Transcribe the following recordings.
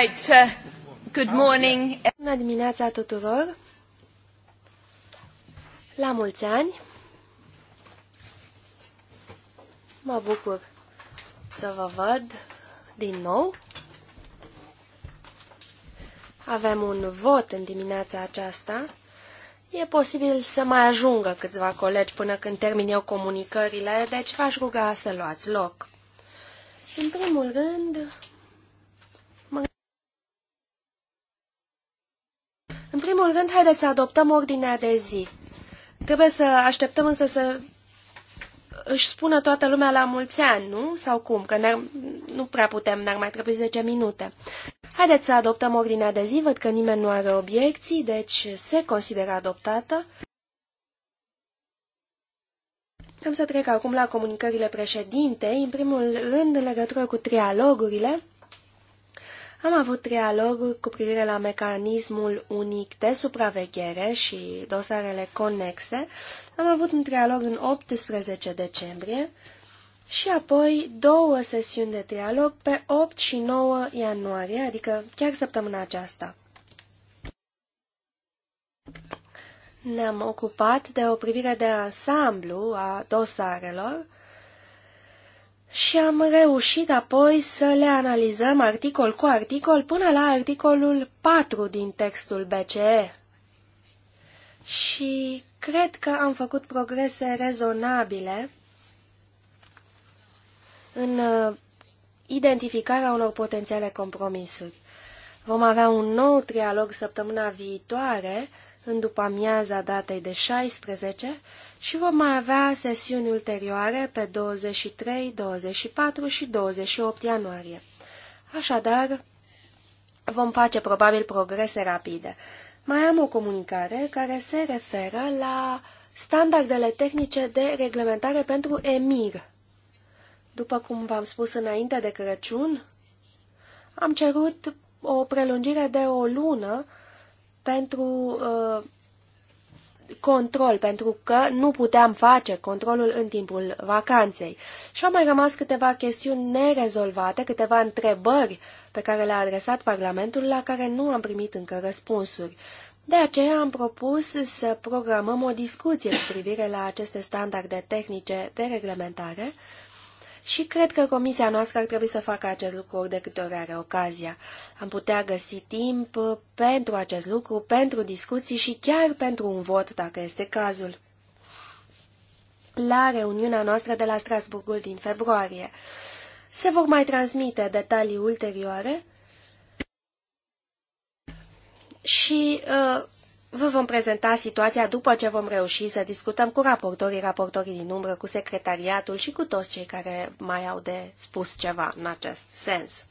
Right, uh, good morning. Bună dimineața tuturor. La mulți ani. Mă bucur să vă văd din nou. Avem un vot în dimineața aceasta. E posibil să mai ajungă câțiva colegi până când termin eu comunicările, deci v-aș ruga să luați loc. În primul rând, primul rând, haideți să adoptăm ordinea de zi. Trebuie să așteptăm însă să își spună toată lumea la mulți ani, nu? Sau cum? Că nu prea putem, n-ar mai trebui 10 minute. Haideți să adoptăm ordinea de zi, văd că nimeni nu are obiecții, deci se consideră adoptată. Am să trec acum la comunicările președintei, în primul rând în legătură cu trialogurile. Am avut trialoguri cu privire la mecanismul unic de supraveghere și dosarele conexe. Am avut un trialog în 18 decembrie și apoi două sesiuni de trialog pe 8 și 9 ianuarie, adică chiar săptămâna aceasta. Ne-am ocupat de o privire de ansamblu a dosarelor și am reușit apoi să le analizăm articol cu articol până la articolul 4 din textul BCE. Și cred că am făcut progrese rezonabile în uh, identificarea unor potențiale compromisuri. Vom avea un nou trialog săptămâna viitoare în după-amiaza datei de 16 și vom mai avea sesiuni ulterioare pe 23, 24 și 28 ianuarie. Așadar, vom face probabil progrese rapide. Mai am o comunicare care se referă la standardele tehnice de reglementare pentru EMIR. După cum v-am spus înainte de Crăciun, am cerut o prelungire de o lună pentru uh, control, pentru că nu puteam face controlul în timpul vacanței. Și au mai rămas câteva chestiuni nerezolvate, câteva întrebări pe care le-a adresat Parlamentul, la care nu am primit încă răspunsuri. De aceea am propus să programăm o discuție cu privire la aceste standarde tehnice de reglementare, și cred că comisia noastră ar trebui să facă acest lucru ori de câte ori are ocazia. Am putea găsi timp uh, pentru acest lucru, pentru discuții și chiar pentru un vot, dacă este cazul. La reuniunea noastră de la Strasburgul din februarie se vor mai transmite detalii ulterioare și uh, Vă vom prezenta situația după ce vom reuși să discutăm cu raportorii, raportorii din umbră, cu secretariatul și cu toți cei care mai au de spus ceva în acest sens.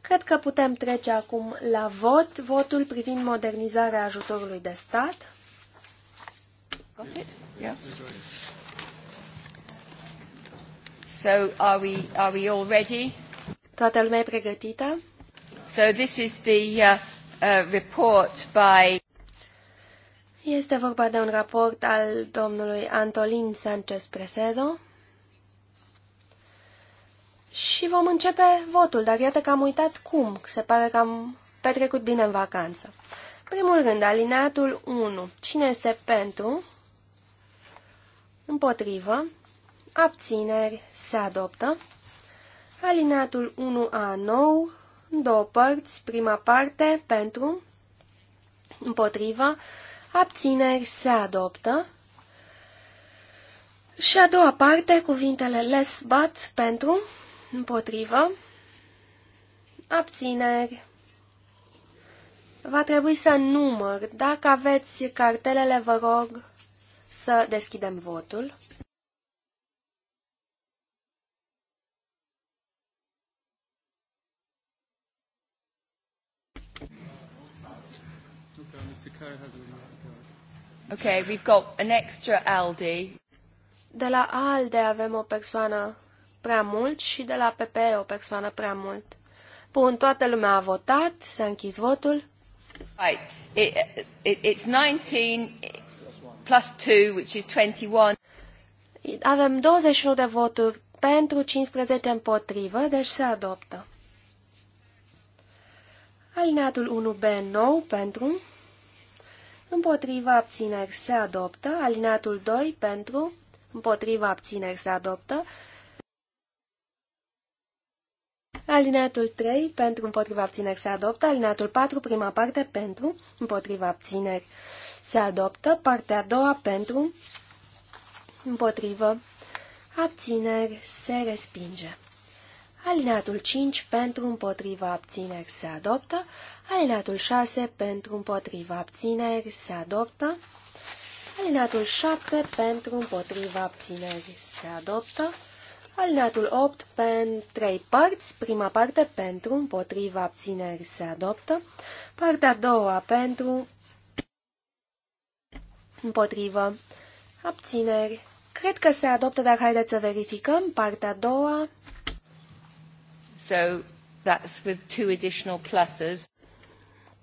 Cred că putem trece acum la vot, votul privind modernizarea ajutorului de stat. So are we, are we all ready? Toată lumea e pregătită? So this is the uh, uh, report by este vorba de un raport al domnului Antolin Sanchez Presedo. Și vom începe votul, dar iată că am uitat cum. Se pare că am petrecut bine în vacanță. Primul rând, alineatul 1. Cine este pentru? Împotrivă. Abțineri. Se adoptă. Alineatul 1A nou. Două părți. Prima parte. Pentru. Împotrivă abțineri se adoptă. Și a doua parte, cuvintele les bat pentru, împotrivă, abțineri. Va trebui să număr. Dacă aveți cartelele, vă rog să deschidem votul. Okay, we've got an extra Aldi. De la ALDE avem o persoană prea mult și de la PP o persoană prea mult. Bun, toată lumea a votat, s-a închis votul. Right. It, it, it's 19 plus 2, which is 21. Avem 21 de voturi pentru, 15 împotrivă, deci se adoptă. Alineatul 1B nou pentru împotriva abțineri se adoptă, alineatul 2 pentru, împotriva abțineri se adoptă, alineatul 3 pentru, împotriva abțineri se adoptă, alineatul 4 prima parte pentru, împotriva abțineri se adoptă, partea a doua pentru, împotrivă, abțineri se respinge alineatul 5 pentru împotriva abțineri se adoptă, alineatul 6 pentru împotriva abțineri se adoptă, alineatul 7 pentru împotriva abțineri se adoptă, alineatul 8 pentru 3 părți, prima parte pentru împotriva abțineri se adoptă, partea a doua pentru împotriva abțineri. Cred că se adoptă, dar haideți să verificăm partea a doua So that's with two additional pluses.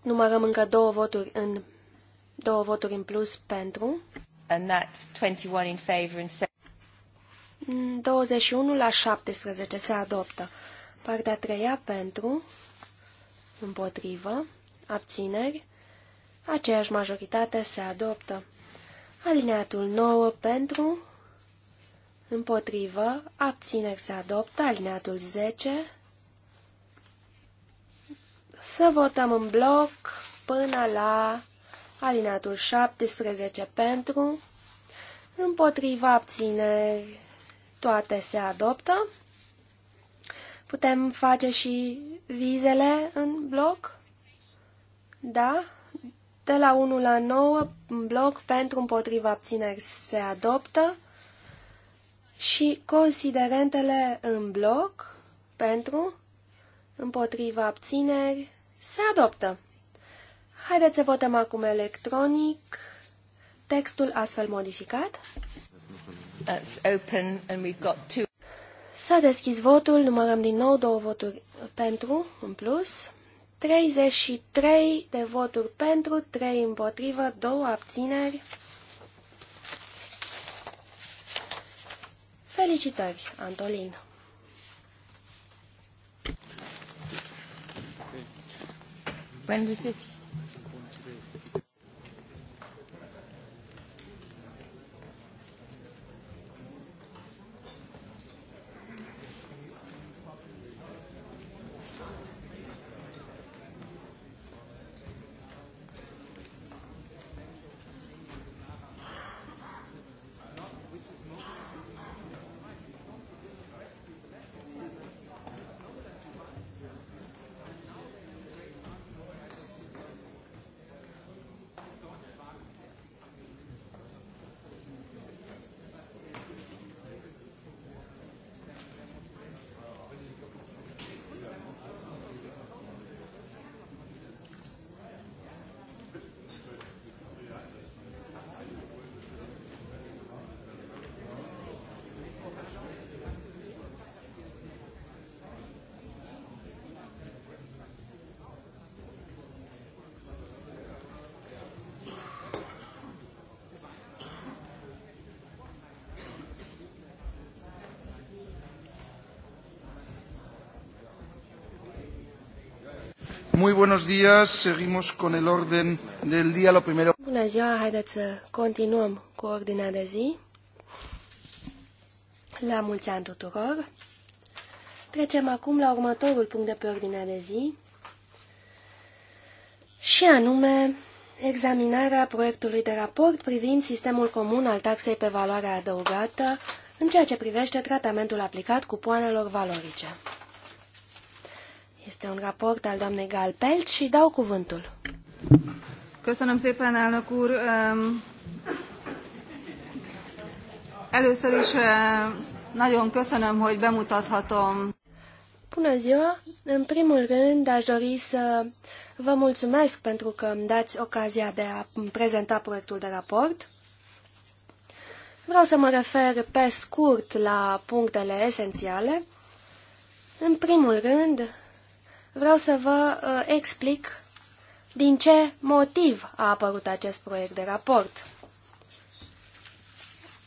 Numărăm încă două voturi în două voturi în plus pentru. And that's 21 in favor and 21 mm, la 17 se adoptă. Partea a treia pentru, împotrivă, abțineri, aceeași majoritate se adoptă. Alineatul 9 pentru, împotrivă, abțineri se adoptă, alineatul 10 să votăm în bloc până la alinatul 17 pentru, împotriva abțineri, toate se adoptă. Putem face și vizele în bloc? Da? De la 1 la 9, în bloc, pentru împotriva abțineri se adoptă. Și considerentele în bloc, pentru împotriva abțineri se adoptă. Haideți să votăm acum electronic textul astfel modificat. S-a deschis votul, numărăm din nou două voturi pentru, în plus. 33 de voturi pentru, 3 împotrivă, 2 abțineri. Felicitări, Antolin! When was this? Muy buenos días. Seguimos con el orden del día. Lo primero. Bună ziua, haideți să continuăm cu ordinea de zi. La mulți ani tuturor. Trecem acum la următorul punct de pe ordinea de zi, și anume examinarea proiectului de raport privind sistemul comun al taxei pe valoare adăugată în ceea ce privește tratamentul aplicat cupoanelor valorice. Este un raport al doamnei Galpelt și dau cuvântul. Köszönöm szépen, elnök úr. Először is nagyon köszönöm, hogy bemutathatom. Bună ziua! În primul rând, aș dori să vă mulțumesc pentru că îmi dați ocazia de a prezenta proiectul de raport. Vreau să mă refer pe scurt la punctele esențiale. În primul rând, vreau să vă uh, explic din ce motiv a apărut acest proiect de raport.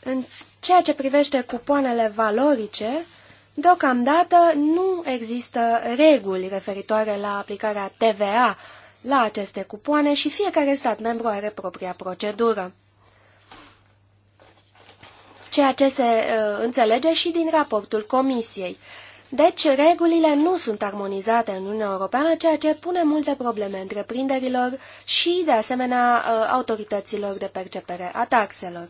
În ceea ce privește cupoanele valorice, deocamdată nu există reguli referitoare la aplicarea TVA la aceste cupoane și fiecare stat membru are propria procedură. Ceea ce se uh, înțelege și din raportul Comisiei. Uh, deci, regulile nu sunt armonizate în Uniunea Europeană, ceea ce pune multe probleme întreprinderilor și, de asemenea, uh, autorităților de percepere a taxelor.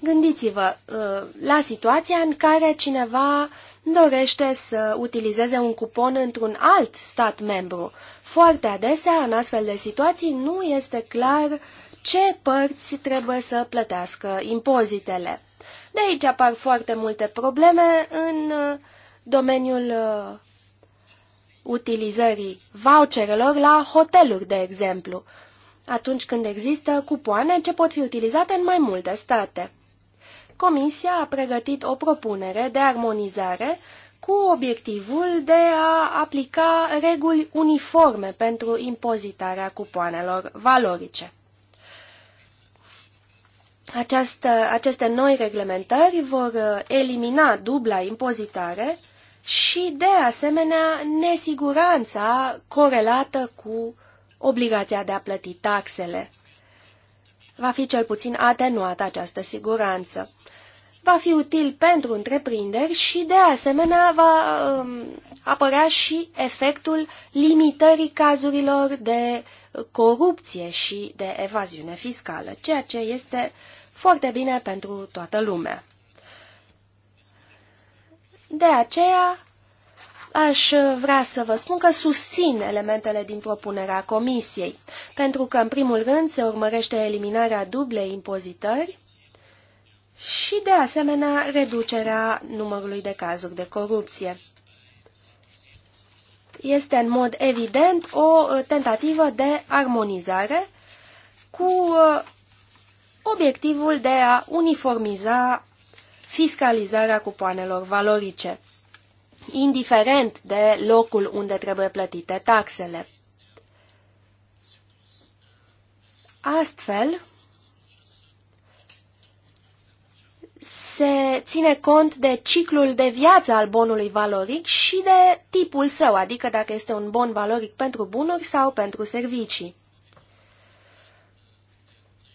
Gândiți-vă uh, la situația în care cineva dorește să utilizeze un cupon într-un alt stat membru. Foarte adesea, în astfel de situații, nu este clar ce părți trebuie să plătească impozitele. De aici apar foarte multe probleme în uh, domeniul uh, utilizării voucherelor la hoteluri, de exemplu, atunci când există cupoane ce pot fi utilizate în mai multe state. Comisia a pregătit o propunere de armonizare cu obiectivul de a aplica reguli uniforme pentru impozitarea cupoanelor valorice. Această, aceste noi reglementări vor uh, elimina dubla impozitare și, de asemenea, nesiguranța corelată cu obligația de a plăti taxele. Va fi cel puțin atenuată această siguranță. Va fi util pentru întreprinderi și, de asemenea, va um, apărea și efectul limitării cazurilor de corupție și de evaziune fiscală, ceea ce este foarte bine pentru toată lumea. De aceea, aș vrea să vă spun că susțin elementele din propunerea Comisiei, pentru că, în primul rând, se urmărește eliminarea dublei impozitări și, de asemenea, reducerea numărului de cazuri de corupție. Este, în mod evident, o tentativă de armonizare cu uh, obiectivul de a uniformiza fiscalizarea cupoanelor valorice, indiferent de locul unde trebuie plătite taxele. Astfel, se ține cont de ciclul de viață al bonului valoric și de tipul său, adică dacă este un bon valoric pentru bunuri sau pentru servicii.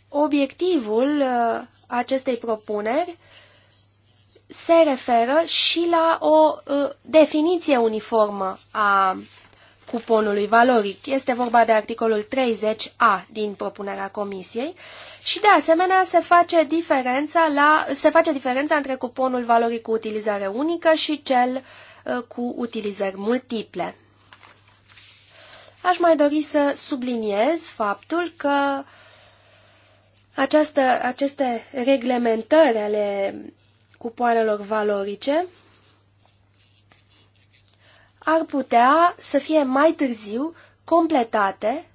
Obiectivul uh, acestei propuneri se referă și la o uh, definiție uniformă a cuponului valoric. Este vorba de articolul 30A din propunerea comisiei și de asemenea se face diferența, la, se face diferența între cuponul valoric cu utilizare unică și cel uh, cu utilizări multiple. Aș mai dori să subliniez faptul că această, aceste reglementări ale cupoanelor valorice ar putea să fie mai târziu completate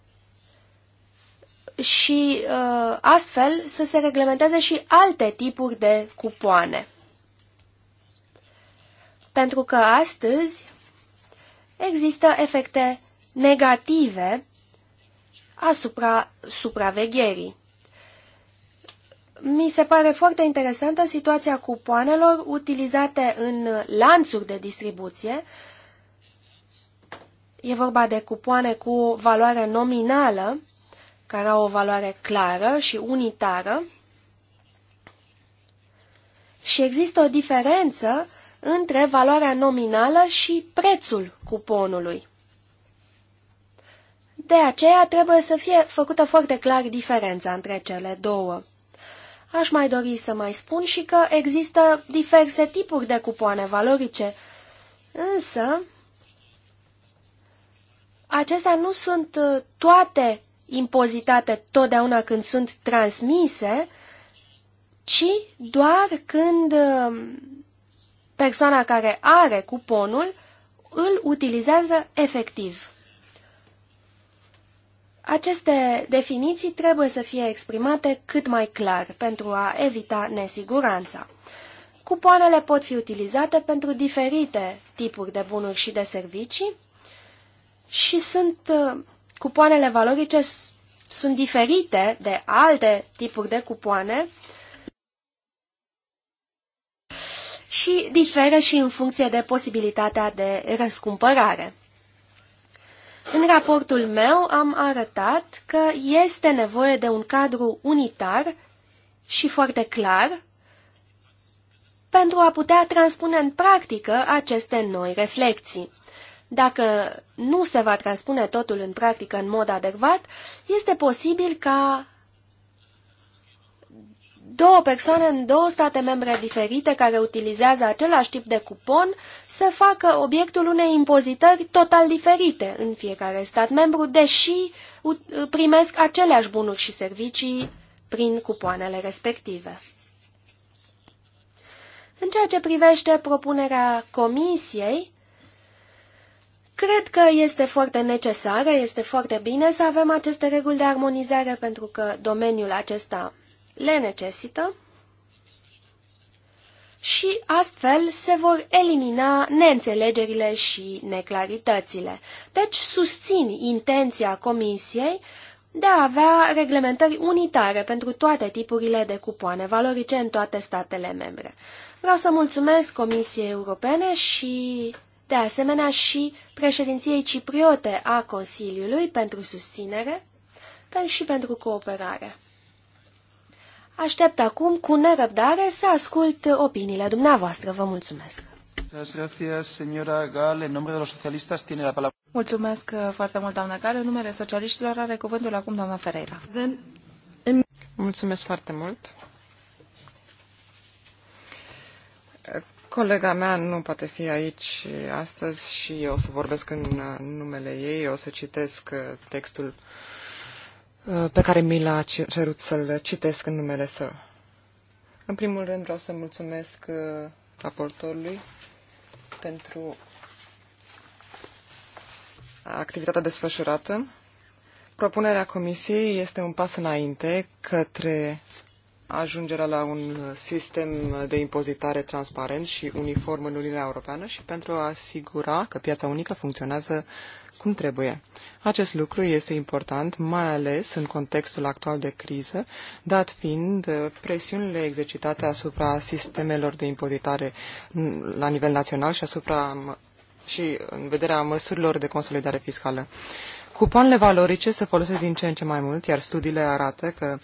și uh, astfel să se reglementeze și alte tipuri de cupoane. Pentru că astăzi există efecte negative asupra supravegherii. Mi se pare foarte interesantă situația cupoanelor utilizate în lanțuri de distribuție. E vorba de cupoane cu valoare nominală, care au o valoare clară și unitară. Și există o diferență între valoarea nominală și prețul cuponului. De aceea trebuie să fie făcută foarte clar diferența între cele două. Aș mai dori să mai spun și că există diverse tipuri de cupoane valorice, însă acestea nu sunt uh, toate impozitate totdeauna când sunt transmise, ci doar când uh, persoana care are cuponul îl utilizează efectiv. Aceste definiții trebuie să fie exprimate cât mai clar pentru a evita nesiguranța. Cupoanele pot fi utilizate pentru diferite tipuri de bunuri și de servicii și sunt uh, cupoanele valorice sunt diferite de alte tipuri de cupoane și diferă și în funcție de posibilitatea de răscumpărare. În raportul meu am arătat că este nevoie de un cadru unitar și foarte clar pentru a putea transpune în practică aceste noi reflexii. Dacă nu se va transpune totul în practică în mod adecvat, este posibil ca două persoane în două state membre diferite care utilizează același tip de cupon să facă obiectul unei impozitări total diferite în fiecare stat membru, deși primesc aceleași bunuri și servicii prin cupoanele respective. În ceea ce privește propunerea Comisiei, Cred că este foarte necesară, este foarte bine să avem aceste reguli de armonizare pentru că domeniul acesta le necesită și astfel se vor elimina neînțelegerile și neclaritățile. Deci susțin intenția Comisiei de a avea reglementări unitare pentru toate tipurile de cupoane valorice în toate statele membre. Vreau să mulțumesc Comisiei Europene și, de asemenea, și președinției cipriote a Consiliului pentru susținere și pentru cooperare. Aștept acum cu nerăbdare să ascult opiniile dumneavoastră. Vă mulțumesc! Mulțumesc uh, foarte mult, doamna Gale. În numele socialiștilor are cuvântul acum doamna Ferreira. Mulțumesc foarte mult. Colega mea nu poate fi aici astăzi și eu o să vorbesc în uh, numele ei, o să citesc uh, textul uh, Uh, pe care mi l-a cerut să-l citesc în numele său. În primul rând vreau să mulțumesc uh, raportorului pentru activitatea desfășurată. Propunerea comisiei este un pas înainte către ajungerea la un sistem de impozitare transparent și uniform în Uniunea Europeană și pentru a asigura că piața unică funcționează cum trebuie. Acest lucru este important, mai ales în contextul actual de criză, dat fiind uh, presiunile exercitate asupra sistemelor de impozitare mm, la nivel național și asupra și în vederea măsurilor de consolidare fiscală. Cupoanele valorice se folosesc din ce în ce mai mult, iar studiile arată că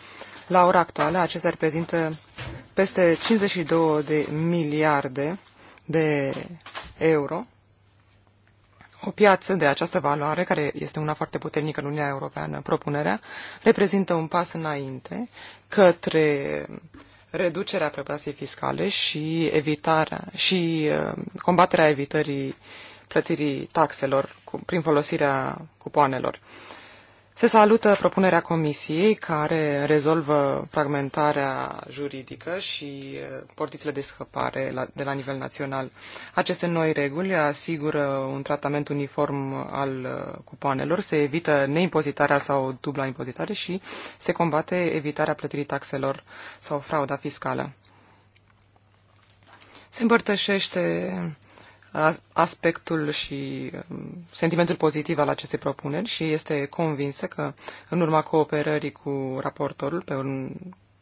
la ora actuală acestea reprezintă peste 52 de miliarde de euro o piață de această valoare, care este una foarte puternică în Uniunea Europeană, propunerea, reprezintă un pas înainte către reducerea prepasiei fiscale și evitarea și uh, combaterea evitării plătirii taxelor prin folosirea cupoanelor. Se salută propunerea Comisiei care rezolvă fragmentarea juridică și portițele de scăpare la, de la nivel național. Aceste noi reguli asigură un tratament uniform al cupoanelor, se evită neimpozitarea sau dubla impozitare și se combate evitarea plătirii taxelor sau frauda fiscală. Se împărtășește aspectul și um, sentimentul pozitiv al acestei propuneri și este convinsă că în urma cooperării cu raportorul pe un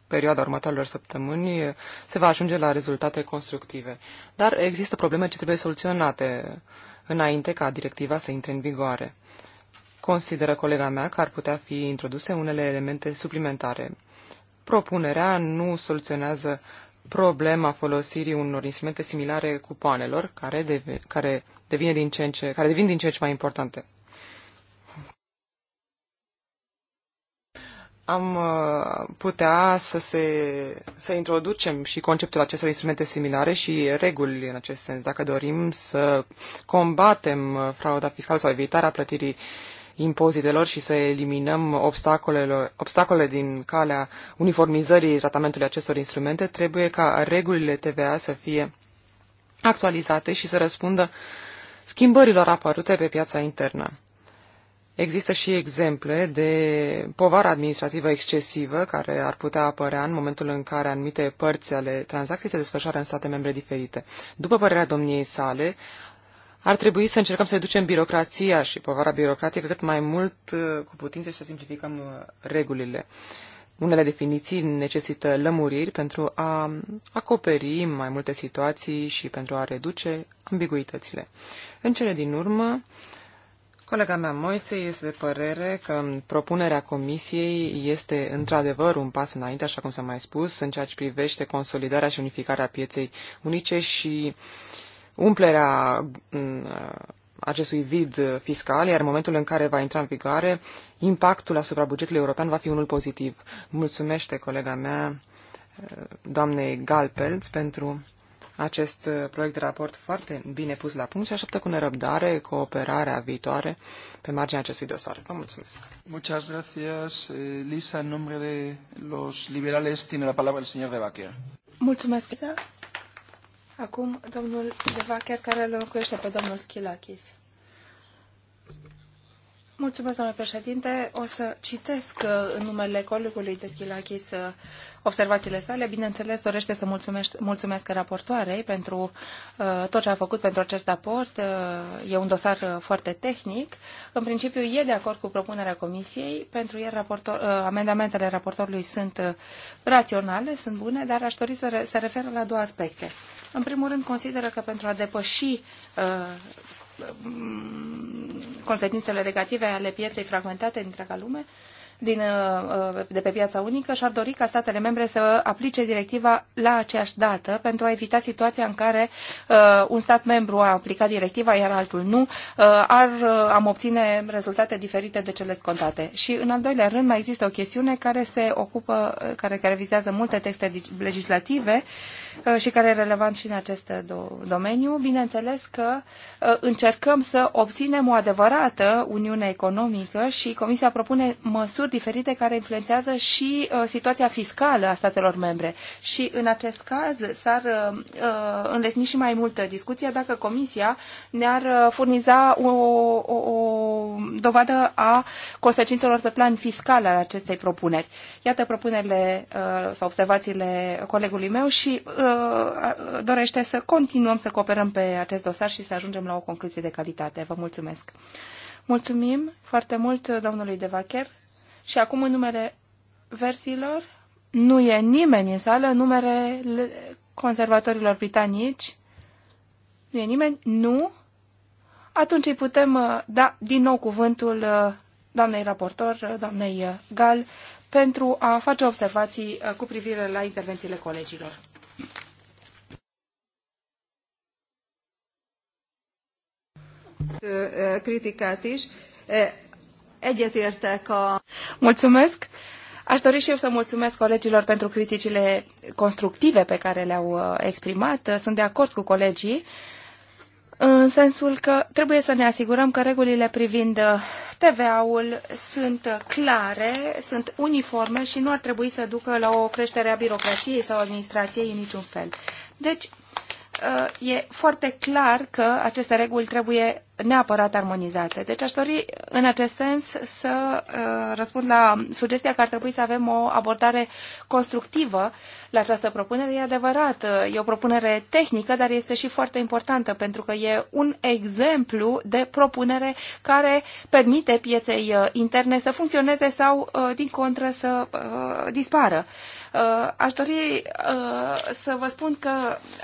perioada următoarelor săptămâni se va ajunge la rezultate constructive. Dar există probleme ce trebuie soluționate înainte ca directiva să intre în vigoare. Consideră colega mea că ar putea fi introduse unele elemente suplimentare. Propunerea nu soluționează problema folosirii unor instrumente similare cupoanelor, care, deve, care, devine din ce în ce, care devin din ce în ce mai importante. Am uh, putea să, se, să introducem și conceptul acestor instrumente similare și reguli în acest sens, dacă dorim să combatem uh, frauda fiscală sau evitarea plătirii uh, impozitelor și să eliminăm obstacolele, obstacole din calea uniformizării tratamentului acestor instrumente, trebuie ca regulile TVA să fie actualizate și să răspundă schimbărilor apărute pe piața internă. Există și exemple de povară administrativă excesivă care ar putea apărea în momentul în care anumite părți ale tranzacției se desfășoară în state membre diferite. După părerea domniei sale, ar trebui să încercăm să reducem birocrația și povara birocratică cât mai mult uh, cu putință și să simplificăm uh, regulile. Unele definiții necesită lămuriri pentru a acoperi mai multe situații și pentru a reduce ambiguitățile. În cele din urmă, colega mea Moițe este de părere că propunerea comisiei este într-adevăr un pas înainte, așa cum s-a mai spus, în ceea ce privește consolidarea și unificarea pieței unice și uh, umplerea mm, acestui vid fiscal, iar în momentul în care va intra în vigoare, impactul asupra bugetului european va fi unul pozitiv. Mulțumește colega mea, eh, doamnei Galpelz, pentru acest eh, proiect de raport foarte bine pus la punct și așteaptă cu nerăbdare cooperarea viitoare pe marginea acestui dosar. Vă mulțumesc. Muchas gracias, eh, Lisa. En de los liberales tiene la palabra el señor De Mulțumesc, Acum, domnul Devacher, care îl locuiește pe domnul Schilachis. Mulțumesc, domnule președinte. O să citesc uh, în numele colegului de Schilachis uh, observațiile sale. Bineînțeles, dorește să mulțumesc, mulțumesc raportoarei pentru uh, tot ce a făcut pentru acest raport. e un dosar foarte tehnic. În principiu, e de acord cu propunerea comisiei. Pentru el, raportor, amendamentele raportorului sunt raționale, sunt bune, dar aș dori să se referă la două aspecte. În primul rând, consideră că pentru a depăși uh, consecințele negative ale pieței fragmentate din întreaga lume, din, uh, uh, de pe piața unică și-ar dori ca statele membre să aplice directiva la aceeași dată pentru a evita situația în care uh, un stat membru a aplicat directiva, iar altul nu, ar, am obține rezultate diferite de cele scontate. Și în al doilea rând mai există o chestiune care se ocupă, care, care vizează multe texte legislative și care e relevant și în acest domeniu. Bineînțeles că încercăm să obținem o adevărată uniune economică și Comisia propune măsuri diferite care influențează și uh, situația fiscală a statelor membre. Și în acest caz s-ar uh, uh, înlesni și mai multă discuția dacă Comisia ne-ar furniza o, o, o dovadă a consecințelor pe plan fiscal al acestei propuneri. Iată propunerile sau observațiile colegului meu și dorește să continuăm să cooperăm pe acest dosar și să ajungem la o concluzie de calitate. Vă mulțumesc! Mulțumim foarte mult domnului Devacher. Și acum în numele versilor nu e nimeni în sală, în numele conservatorilor britanici nu e nimeni, nu, atunci îi putem uh, da din nou cuvântul uh, doamnei raportor, uh, doamnei Gal, pentru a face observații cu privire la intervențiile colegilor. Kritikát Egyetértek a... Mulțumesc! Aș dori și eu să mulțumesc colegilor pentru criticile constructive pe care le-au uh, exprimat. Sunt de acord cu colegii în sensul că trebuie să ne asigurăm că regulile privind uh, TVA-ul sunt clare, sunt uniforme și nu ar trebui să ducă la o creștere a birocrației sau administrației în niciun fel. Deci, Uh, e foarte clar că aceste reguli trebuie neapărat armonizate. Deci aș dori în acest sens să uh, răspund la sugestia că ar trebui să avem o abordare constructivă la această propunere. E adevărat, uh, e o propunere tehnică, dar este și foarte importantă pentru că e un exemplu de propunere care permite pieței interne să funcționeze sau, din contră, să dispară. Uh, aș dori uh, să vă spun că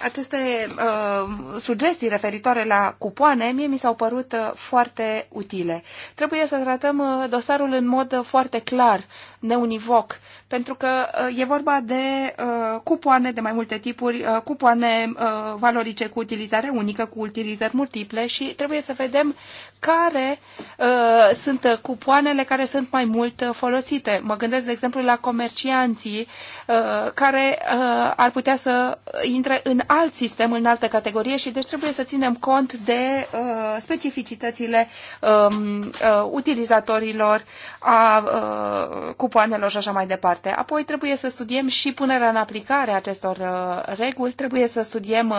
aceste uh, sugestii referitoare la cupoane mie mi s-au părut foarte utile. Trebuie să tratăm dosarul în mod foarte clar, neunivoc, pentru că e vorba de cupoane de mai multe tipuri, cupoane valorice cu utilizare unică, cu utilizări multiple și trebuie să vedem care uh, sunt cupoanele care sunt mai mult uh, folosite. Mă gândesc, de exemplu, la comercianții uh, care uh, ar putea să intre în alt sistem, în altă categorie și deci trebuie să ținem cont de uh, specificitățile um, uh, utilizatorilor a uh, cupoanelor și așa mai departe. Apoi trebuie să studiem și punerea în aplicare acestor uh, reguli, trebuie să studiem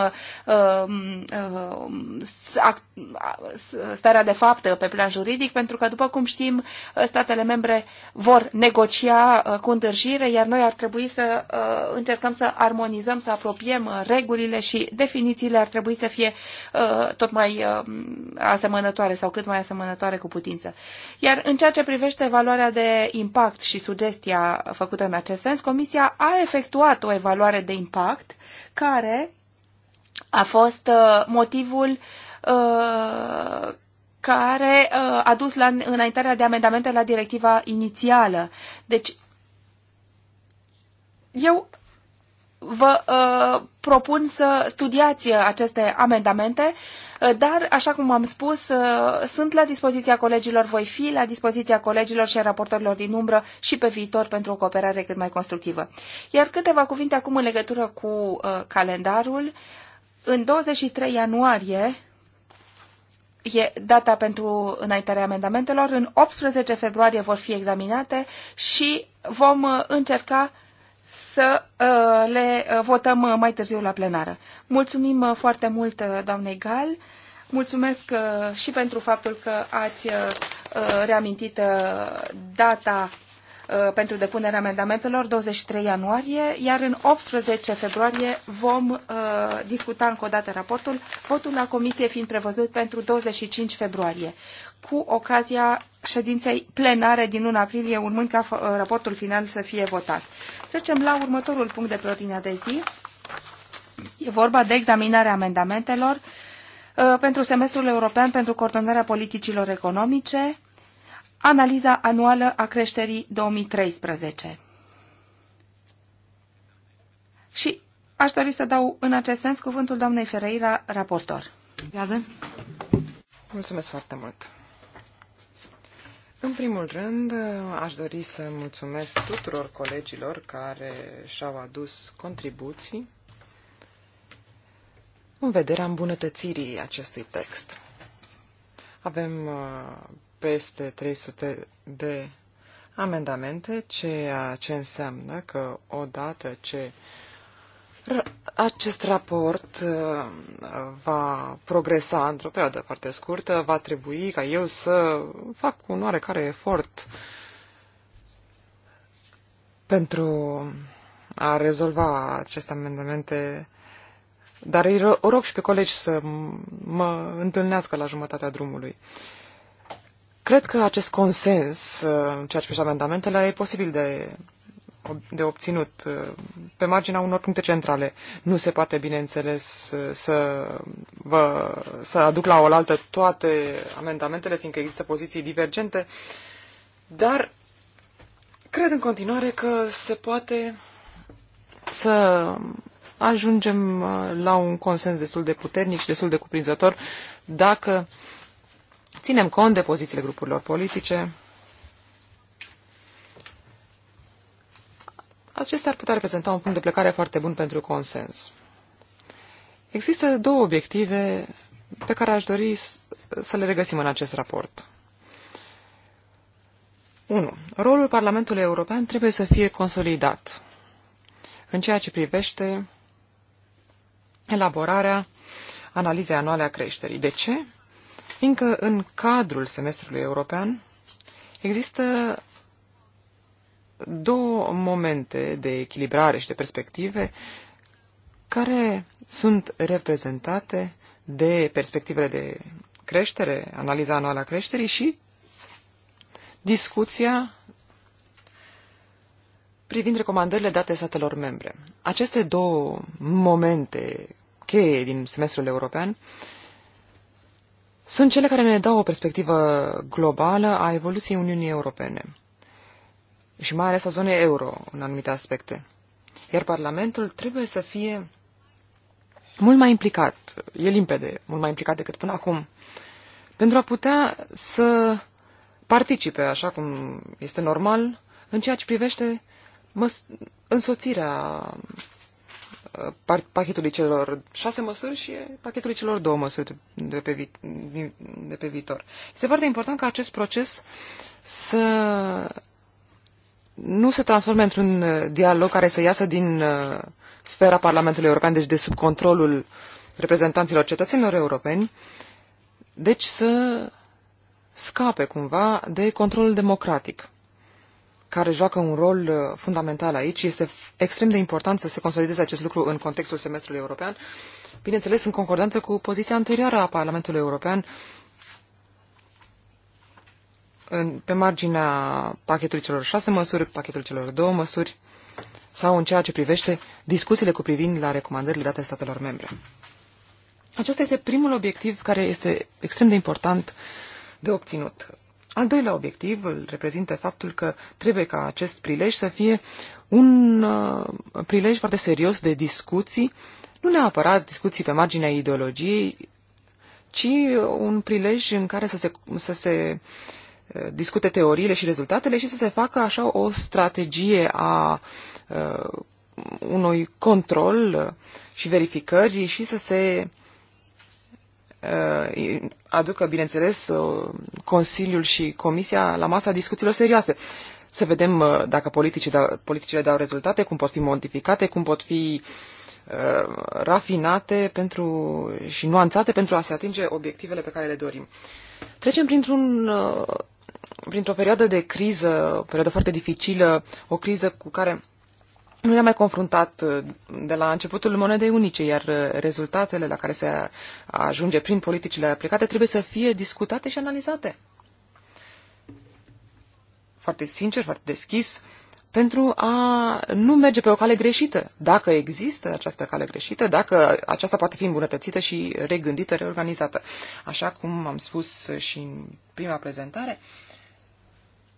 uh, um, uh, starea de de fapt pe plan juridic, pentru că, după cum știm, statele membre vor negocia uh, cu întârziere, iar noi ar trebui să uh, încercăm să armonizăm, să apropiem uh, regulile și definițiile ar trebui să fie tot mai asemănătoare sau cât mai asemănătoare cu putință. Iar în ceea ce privește valoarea de impact și sugestia făcută în acest sens, Comisia a efectuat o evaluare de impact care a fost motivul care uh, a dus la înaintarea de amendamente la directiva inițială. Deci, eu vă uh, propun să studiați aceste amendamente, uh, dar, așa cum am spus, uh, sunt la dispoziția colegilor, voi fi la dispoziția colegilor și a raportorilor din umbră și pe viitor pentru o cooperare cât mai constructivă. Iar câteva cuvinte acum în legătură cu uh, calendarul. În 23 ianuarie, e data pentru înaintarea amendamentelor. În 18 februarie vor fi examinate și vom uh, încerca să uh, le uh, votăm mai târziu la plenară. Mulțumim foarte mult, doamnei Gal. Mulțumesc și pentru faptul că ați reamintit data Uh, pentru depunerea amendamentelor, 23 ianuarie, iar în 18 februarie vom uh, discuta încă o dată raportul, votul la comisie fiind prevăzut pentru 25 februarie, cu ocazia ședinței plenare din 1 aprilie, urmând ca uh, raportul final să fie votat. Trecem la următorul punct de pe ordinea de zi. E vorba de examinarea amendamentelor uh, pentru semestrul european pentru coordonarea politicilor economice, analiza anuală a creșterii 2013. Și aș dori să dau în acest sens cuvântul doamnei Ferreira, raportor. Iadă. Mulțumesc foarte mult. În primul rând, aș dori să mulțumesc tuturor colegilor care și-au adus contribuții în vederea îmbunătățirii acestui text. Avem uh, peste 300 de amendamente, ceea ce înseamnă că odată ce acest raport uh, va progresa într-o perioadă foarte scurtă, va trebui ca eu să fac un oarecare efort pentru a rezolva aceste amendamente, dar îi rog și pe colegi să mă întâlnească la jumătatea drumului. Cred că acest consens, uh, în ceea ce privește amendamentele, e posibil de, de obținut uh, pe marginea unor puncte centrale. Nu se poate, bineînțeles, uh, să, vă, să aduc la oaltă toate amendamentele, fiindcă există poziții divergente, dar cred în continuare că se poate să ajungem la un consens destul de puternic și destul de cuprinzător dacă uh, Ținem cont de pozițiile grupurilor politice. Acestea ar putea reprezenta un punct de plecare foarte bun pentru consens. Există două obiective pe care aș dori să le regăsim în acest raport. 1. Rolul Parlamentului European trebuie să fie consolidat în ceea ce privește elaborarea analizei anuale a creșterii. De ce? fiindcă în cadrul semestrului european există două momente de echilibrare și de perspective care sunt reprezentate de perspectivele de creștere, analiza anuală a creșterii și discuția privind recomandările date statelor membre. Aceste două momente cheie din semestrul european uh, sunt cele care ne dau o perspectivă globală a evoluției Uniunii Europene și mai ales a zonei euro în anumite aspecte. Iar Parlamentul trebuie să fie mult mai implicat, e limpede, mult mai implicat decât până acum, pentru a putea să participe, așa cum este normal, în ceea ce privește însoțirea pachetului celor șase măsuri și pachetului celor două măsuri de pe, vi- de pe viitor. Este foarte important ca acest proces să nu se transforme într-un uh, dialog care să iasă din uh, sfera Parlamentului European, deci de sub controlul reprezentanților cetățenilor europeni, deci să scape cumva de controlul democratic care joacă un rol uh, fundamental aici. Este extrem de important să se consolideze acest lucru în contextul semestrului european, bineînțeles în concordanță cu poziția anterioară a Parlamentului European în, pe marginea pachetului celor șase măsuri, pachetul celor două măsuri sau în ceea ce privește discuțiile cu privind la recomandările date statelor membre. Acesta este primul obiectiv care este extrem de important de obținut. Al doilea obiectiv îl reprezintă faptul că trebuie ca acest prilej să fie un uh, prilej foarte serios de discuții, nu neapărat discuții pe marginea ideologiei, ci un prilej în care să se, să se uh, discute teoriile și rezultatele și să se facă așa o strategie a uh, unui control și verificări și să se Uh, aducă, bineînțeles, uh, Consiliul și Comisia la masa discuțiilor serioase. Să vedem uh, dacă da, politicile dau rezultate, cum pot fi modificate, cum pot fi rafinate pentru, și nuanțate pentru a se atinge obiectivele pe care le dorim. Trecem printr-un, printr-o perioadă de criză, o perioadă foarte dificilă, o criză cu care nu ne-am mai confruntat uh, de la începutul monedei unice, iar uh, rezultatele la care se ajunge prin politicile aplicate trebuie să fie discutate și analizate. Foarte sincer, foarte deschis, pentru a nu merge pe o cale greșită. Dacă există această cale greșită, dacă aceasta poate fi îmbunătățită și regândită, reorganizată. Așa cum am spus și în prima prezentare, uh,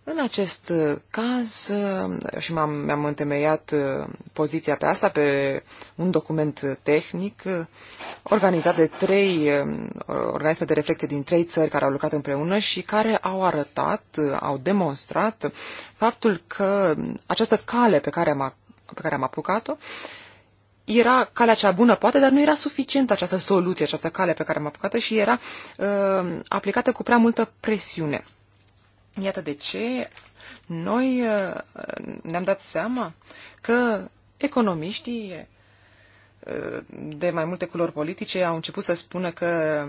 în acest uh, caz, uh, și m-am, mi-am întemeiat uh, poziția pe asta, pe un document tehnic organizat de trei organisme de reflecție din trei țări care au lucrat împreună și care au arătat, au demonstrat faptul că această cale pe care am, pe care am apucat-o era calea cea bună, poate, dar nu era suficientă această soluție, această cale pe care am apucat-o și era uh, aplicată cu prea multă presiune. Iată de ce noi uh, ne-am dat seama că economiștii uh, de mai multe culori politice au început să spună că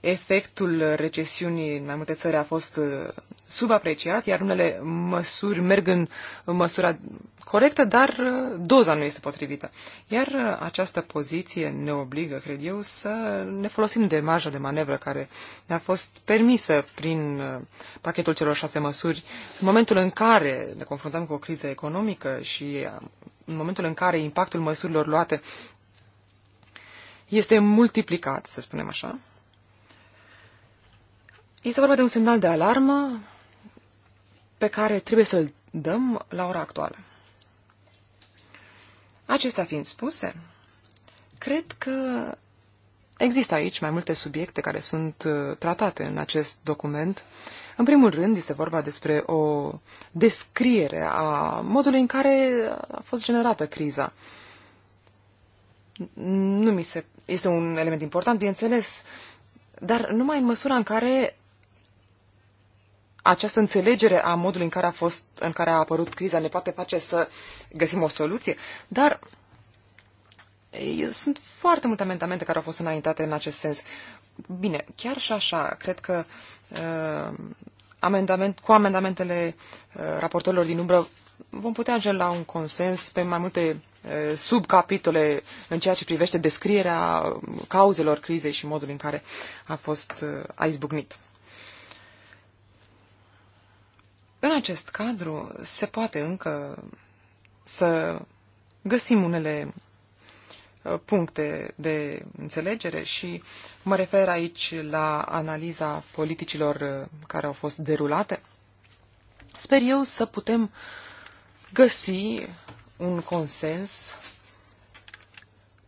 efectul recesiunii în mai multe țări a fost uh, subapreciat, iar unele măsuri merg în măsura corectă, dar uh, doza nu este potrivită. Iar uh, această poziție ne obligă, cred eu, să ne folosim de marja de manevră care ne-a fost permisă prin uh, pachetul celor șase măsuri. În momentul în care ne confruntăm cu o criză economică și în momentul în care impactul măsurilor luate este multiplicat, să spunem așa, este vorba de un semnal de alarmă pe care trebuie să-l dăm la ora actuală. Acestea fiind spuse, cred că există aici mai multe subiecte care sunt uh, tratate în acest document. În primul rând, este vorba despre o descriere a modului în care a fost generată criza. Nu mi se... Este un element important, bineînțeles, dar numai în măsura în care această înțelegere a modului în care a, fost, în care a apărut criza ne poate face să găsim o soluție, dar sunt foarte multe amendamente care au fost înaintate în acest sens. Bine, chiar și așa, cred că uh, amendament, cu amendamentele uh, raportorilor din umbră vom putea ajunge la un consens pe mai multe uh, subcapitole în ceea ce privește descrierea cauzelor crizei și modul în care a fost uh, a izbucnit. În acest cadru se poate încă să găsim unele uh, puncte de înțelegere și mă refer aici la analiza politicilor uh, care au fost derulate. Sper eu să putem găsi un consens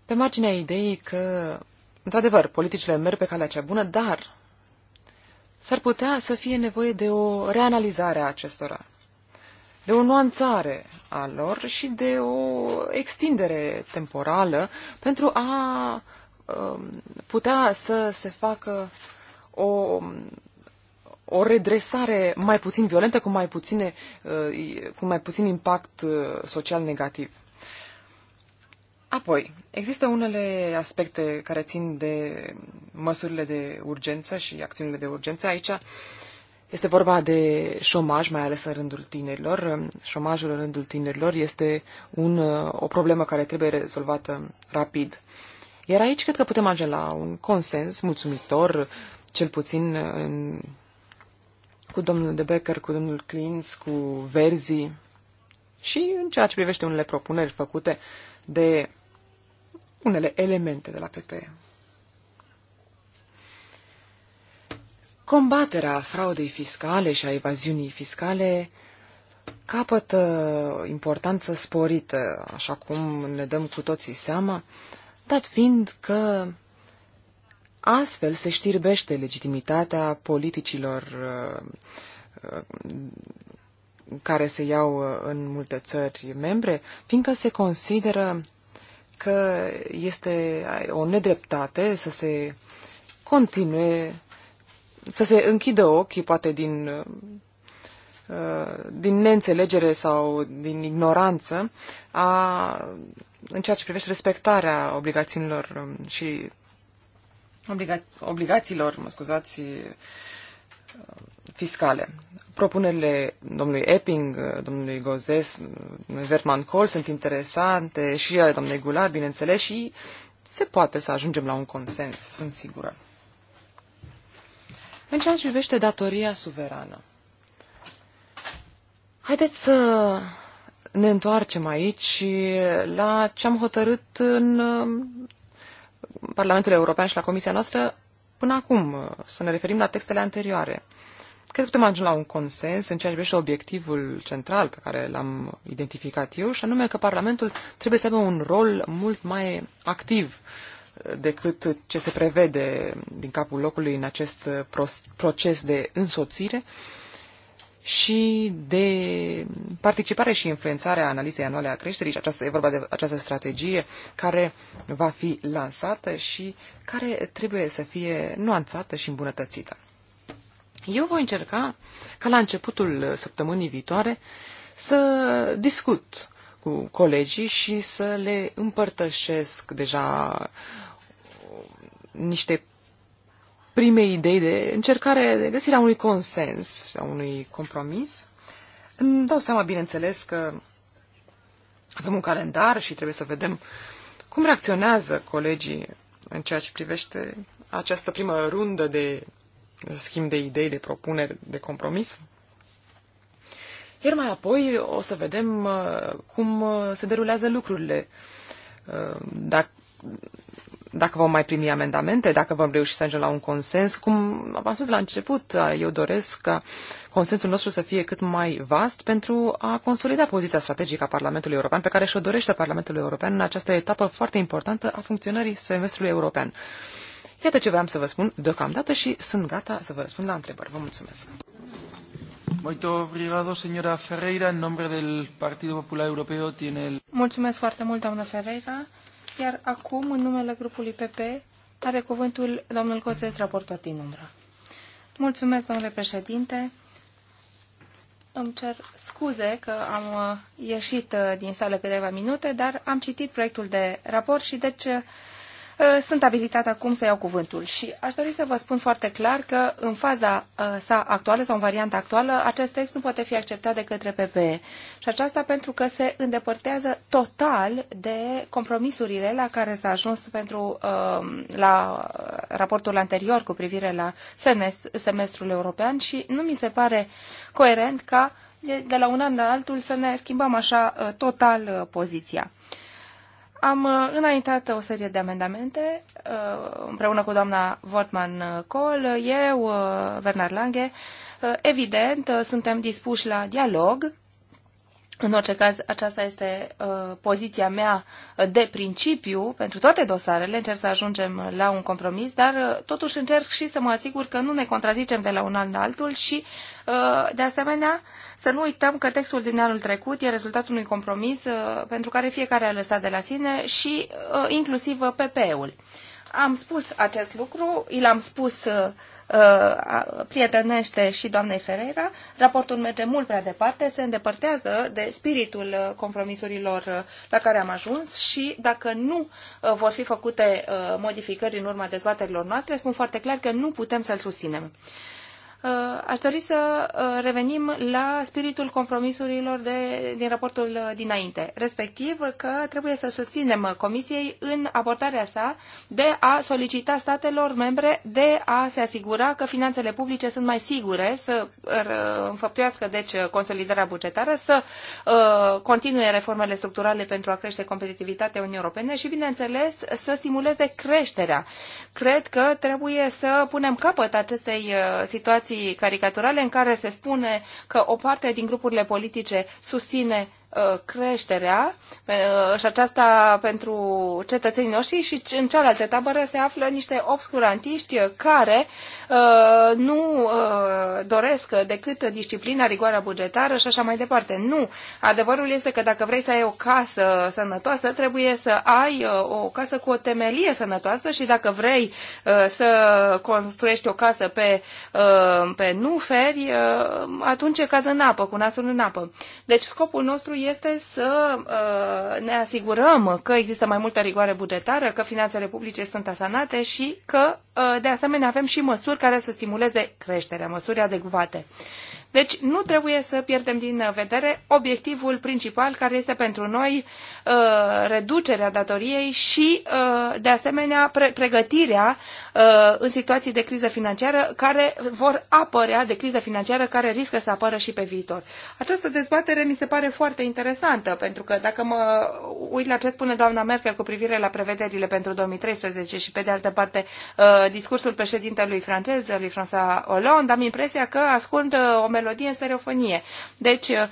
pe marginea ideii că, într-adevăr, politicile merg pe calea cea bună, dar s-ar putea să fie nevoie de o reanalizare a acestora, de o nuanțare a lor și de o extindere temporală pentru a um, putea să se facă o, o redresare mai puțin violentă, cu mai, puține, uh, cu mai puțin impact uh, social negativ. Apoi, există unele aspecte care țin de măsurile de urgență și acțiunile de urgență. Aici este vorba de șomaj, mai ales în rândul tinerilor. Șomajul în rândul tinerilor este un, o problemă care trebuie rezolvată rapid. Iar aici cred că putem ajunge la un consens mulțumitor, cel puțin în, cu domnul De Becker, cu domnul Klins, cu Verzi și în ceea ce privește unele propuneri făcute de unele elemente de la PPE. Combaterea fraudei fiscale și a evaziunii fiscale capătă importanță sporită, așa cum ne dăm cu toții seama, dat fiind că astfel se știrbește legitimitatea politicilor uh, uh, care se iau uh, în multe țări membre, fiindcă se consideră că este o nedreptate să se continue, să se închidă ochii, poate din, uh, din neînțelegere sau din ignoranță, a, în ceea ce privește respectarea obligațiunilor um, și obliga, obligațiilor, mă scuzați, uh, fiscale. Propunerile domnului Epping, domnului Gozes, domnului Verman Cole sunt interesante și ale domnului Gular, bineînțeles, și se poate să ajungem la un consens, sunt sigură. În ceea ce privește datoria suverană, haideți să ne întoarcem aici la ce am hotărât în uh, Parlamentul European și la Comisia noastră până acum, să ne referim la textele anterioare. Cred că putem ajunge la un consens în ceea ce privește obiectivul central pe care l-am identificat eu, și anume că Parlamentul trebuie să aibă un rol mult mai activ eh, decât ce se prevede din capul locului în acest eh, proces de însoțire și de participare și influențare a analizei anuale a creșterii. Aceasta, e vorba de această strategie care va fi lansată și care trebuie să fie nuanțată și îmbunătățită. Eu voi încerca ca la începutul săptămânii viitoare să discut cu colegii și să le împărtășesc deja niște prime idei de încercare de găsirea unui consens, a unui compromis. Îmi dau seama, bineînțeles, că avem un calendar și trebuie să vedem cum reacționează colegii în ceea ce privește această primă rundă de schimb de idei, de propuneri, de compromis. Iar mai apoi o să vedem uh, cum uh, se derulează lucrurile. Uh, dacă, dacă vom mai primi amendamente, dacă vom reuși să ajungem la un consens. Cum am spus la început, eu doresc ca consensul nostru să fie cât mai vast pentru a consolida poziția strategică a Parlamentului European, pe care și-o dorește Parlamentul European în această etapă foarte importantă a funcționării semestrului european. Iată ce vreau să vă spun deocamdată și sunt gata să vă răspund la întrebări. Vă mulțumesc. obrigado, señora Ferreira. nombre del Partido Popular Europeo tiene el... Mulțumesc foarte mult, doamnă Ferreira. Iar acum, în numele grupului PP, are cuvântul domnul Cozet, raportor din umbră. Mulțumesc, domnule președinte. Îmi cer scuze că am uh, ieșit uh, din sală câteva minute, dar am citit proiectul de raport și deci Uh, sunt abilitat acum să iau cuvântul și aș dori să vă spun foarte clar că în faza uh, sa actuală sau în varianta actuală, acest text nu poate fi acceptat de către PPE. Și aceasta pentru că se îndepărtează total de compromisurile la care s-a ajuns pentru uh, la raportul anterior cu privire la semestrul european și nu mi se pare coerent ca de la un an la altul să ne schimbăm așa total poziția. Am uh, înaintat o serie de amendamente uh, împreună cu doamna Wortman Col, uh, eu, Werner Lange. Evident, suntem dispuși la dialog în orice caz, aceasta este uh, poziția mea de principiu pentru toate dosarele. Încerc să ajungem la un compromis, dar uh, totuși încerc și să mă asigur că nu ne contrazicem de la un an la altul și, uh, de asemenea, să nu uităm că textul din anul trecut e rezultatul unui compromis uh, pentru care fiecare a lăsat de la sine și uh, inclusiv PP-ul. Am spus acest lucru, l-am spus. Uh, prietenește și doamnei Ferreira. Raportul merge mult prea departe, se îndepărtează de spiritul uh, compromisurilor uh, la care am ajuns și dacă nu uh, vor fi făcute modificări în urma dezbaterilor noastre, spun foarte clar că nu putem să-l susținem. Uh, aș dori să uh, revenim la spiritul compromisurilor de, din raportul uh, dinainte, respectiv că trebuie să susținem Comisiei în abordarea sa de a solicita statelor membre de a se asigura că finanțele publice sunt mai sigure, să înfăptuiască deci consolidarea bugetară, să continue reformele structurale pentru a crește competitivitatea Uniunii Europene și, bineînțeles, să stimuleze creșterea. Cred că trebuie să punem capăt acestei situații situații caricaturale în care se spune că o parte din grupurile politice susține Uh, creșterea uh, și aceasta pentru cetățenii noștri și în cealaltă tabără se află niște obscurantiști care uh, nu doresc decât disciplina, rigoarea bugetară și așa mai departe. Nu! Adevărul este că dacă vrei să ai o casă sănătoasă, trebuie să ai o casă cu o temelie sănătoasă și dacă vrei să construiești o casă pe, pe nuferi, atunci e cază în apă, cu nasul în apă. Deci scopul nostru este să uh, ne asigurăm că există mai multă rigoare bugetară, că finanțele publice sunt asanate și că, uh, de asemenea, avem și măsuri care să stimuleze creșterea, măsuri adecvate. Uh, deci nu trebuie să pierdem din vedere obiectivul principal care este pentru noi uh, reducerea datoriei și uh, de asemenea pregătirea uh, în situații de criză financiară care vor apărea de criză financiară care riscă să apară și pe viitor. Această dezbatere mi se pare foarte interesantă pentru că dacă mă uit la ce spune doamna Merkel cu privire la prevederile pentru 2013 și pe de altă parte discursul președintelui francez, lui François Hollande, am impresia că ascund o melodie stereofonie. Deci, uh,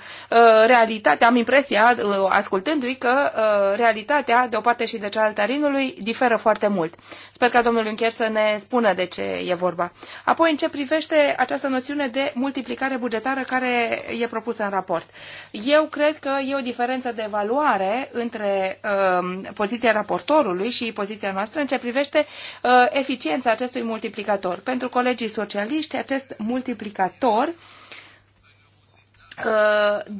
realitatea, am impresia, uh, ascultându-i, că uh, realitatea, de o parte și de cealaltă a rinului, diferă foarte mult. Sper ca domnul Juncker să ne spună de ce e vorba. Apoi, în ce privește această noțiune de multiplicare bugetară care e propusă în raport. Eu cred că e o diferență de valoare între uh, poziția raportorului și poziția noastră în ce privește uh, eficiența acestui multiplicator. Pentru colegii socialiști, acest multiplicator uh, Uh,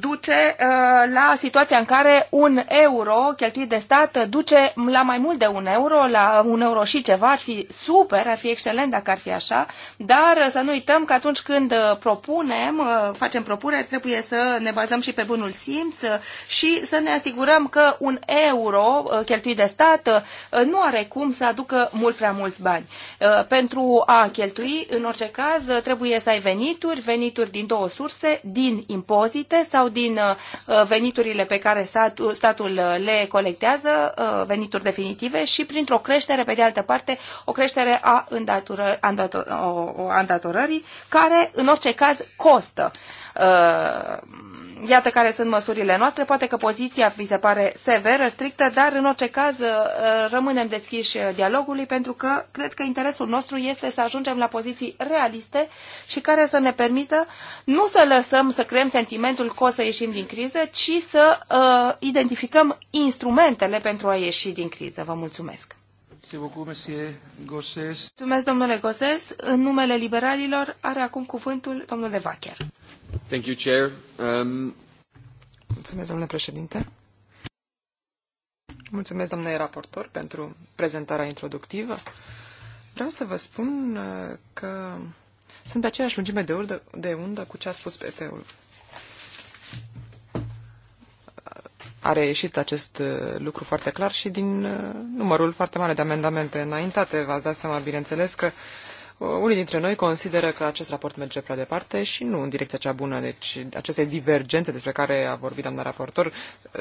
duce uh, la situația în care un euro cheltuit de stat duce la mai mult de un euro, la un euro și ceva, ar fi super, ar fi excelent dacă ar fi așa, dar să nu uităm că atunci când uh, propunem, facem propuneri, trebuie să ne bazăm și pe bunul simț și să ne asigurăm că un euro cheltuit de stat nu are cum să aducă mult prea mulți bani. Pentru a cheltui, în orice caz, trebuie să ai venituri, venituri din două surse, din import impozite sau din uh, veniturile pe care statul uh, le colectează, uh, venituri definitive, și printr-o creștere, pe de altă parte, o creștere a îndatorării, care, în orice caz, costă Iată care sunt măsurile noastre. Poate că poziția vi se pare severă, strictă, dar în orice caz uh, rămânem deschiși uh, dialogului pentru că cred că interesul nostru este să ajungem la poziții realiste și care să ne permită nu să lăsăm să creăm sentimentul că o să ieșim din criză, ci să uh, identificăm instrumentele pentru a ieși din criză. Vă mulțumesc! Mulțumesc, domnule Goses. În numele liberalilor are acum cuvântul domnul Vacher. Um, Mulțumesc, domnule președinte. Mulțumesc, domnule raportor, pentru prezentarea introductivă. Vreau să vă spun uh, că sunt pe aceeași lungime de undă, de undă cu ce a spus PT-ul. A reieșit acest uh, lucru foarte clar și din uh, numărul foarte mare de amendamente înaintate. V-ați dat seama, bineînțeles, că uh, unii dintre noi consideră că acest raport merge prea departe și nu în direcția cea bună. Deci aceste divergențe despre care a vorbit doamna raportor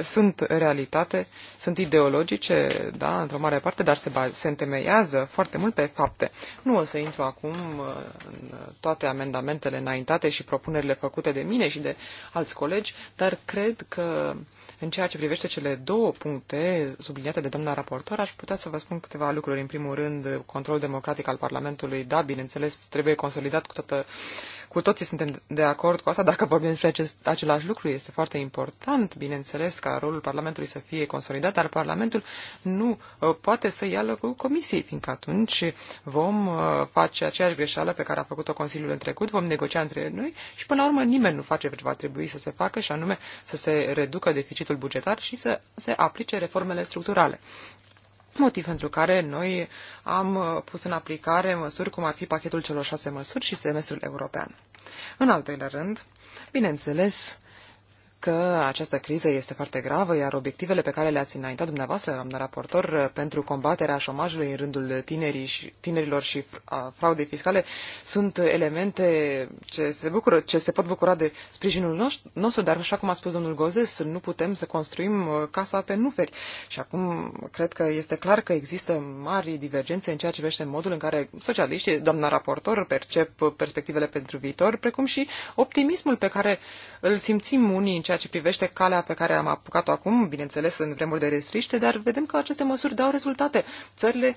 sunt realitate, sunt ideologice, da, într-o mare parte, dar se, se întemeiază foarte mult pe fapte. Nu o să intru acum uh, în toate amendamentele înaintate și propunerile făcute de mine și de alți colegi, dar cred că în ceea ce privește cele două puncte subliniate de doamna raportor, aș putea să vă spun câteva lucruri. În primul rând, controlul democratic al Parlamentului, da, bineînțeles, trebuie consolidat cu toată... Cu toții suntem de acord cu asta, dacă vorbim despre acest, același lucru, este foarte important, bineînțeles, ca rolul Parlamentului să fie consolidat, dar Parlamentul nu uh, poate să ia cu Comisiei, fiindcă atunci vom uh, face aceeași greșeală pe care a făcut-o Consiliul în trecut, vom negocia între noi și până la urmă nimeni nu face ce va trebui să se facă și anume să se reducă deficitul bugetar și să se aplice reformele structurale. Motiv pentru care noi am uh, pus în aplicare măsuri cum ar fi pachetul celor șase măsuri și semestrul european. În al doilea rând, bineînțeles, că această criză este foarte gravă, iar obiectivele pe care le-ați înaintat dumneavoastră, doamnă raportor, pentru combaterea șomajului în rândul tinerii și, tinerilor și a fraudei fiscale sunt elemente ce se, bucură, ce se pot bucura de sprijinul nostru, dar așa cum a spus domnul Gozes, nu putem să construim uh, casa pe nuferi. Și acum cred că este clar că există mari divergențe în ceea ce privește modul în care socialiștii, doamna raportor, percep perspectivele pentru viitor, precum și optimismul pe care îl simțim unii în ceea ce privește calea pe care am apucat-o acum, bineînțeles, în vremuri de restriște, dar vedem că aceste măsuri dau rezultate. Țările,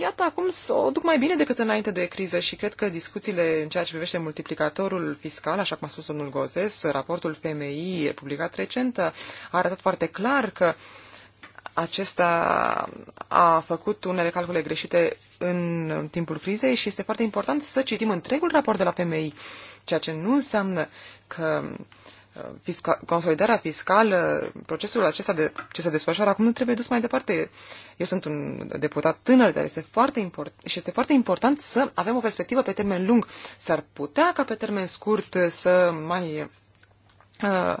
iată, acum o duc mai bine decât înainte de criză și cred că discuțiile în ceea ce privește multiplicatorul fiscal, așa cum a spus domnul Gozes, raportul FMI publicat recent, a arătat foarte clar că acesta a făcut unele calcule greșite în timpul crizei și este foarte important să citim întregul raport de la FMI, ceea ce nu înseamnă că fisca- consolidarea fiscală, procesul acesta de, ce se desfășoară acum nu trebuie dus mai departe. Eu sunt un deputat tânăr, dar este foarte import- și este foarte important să avem o perspectivă pe termen lung. S-ar putea ca pe termen scurt să mai uh,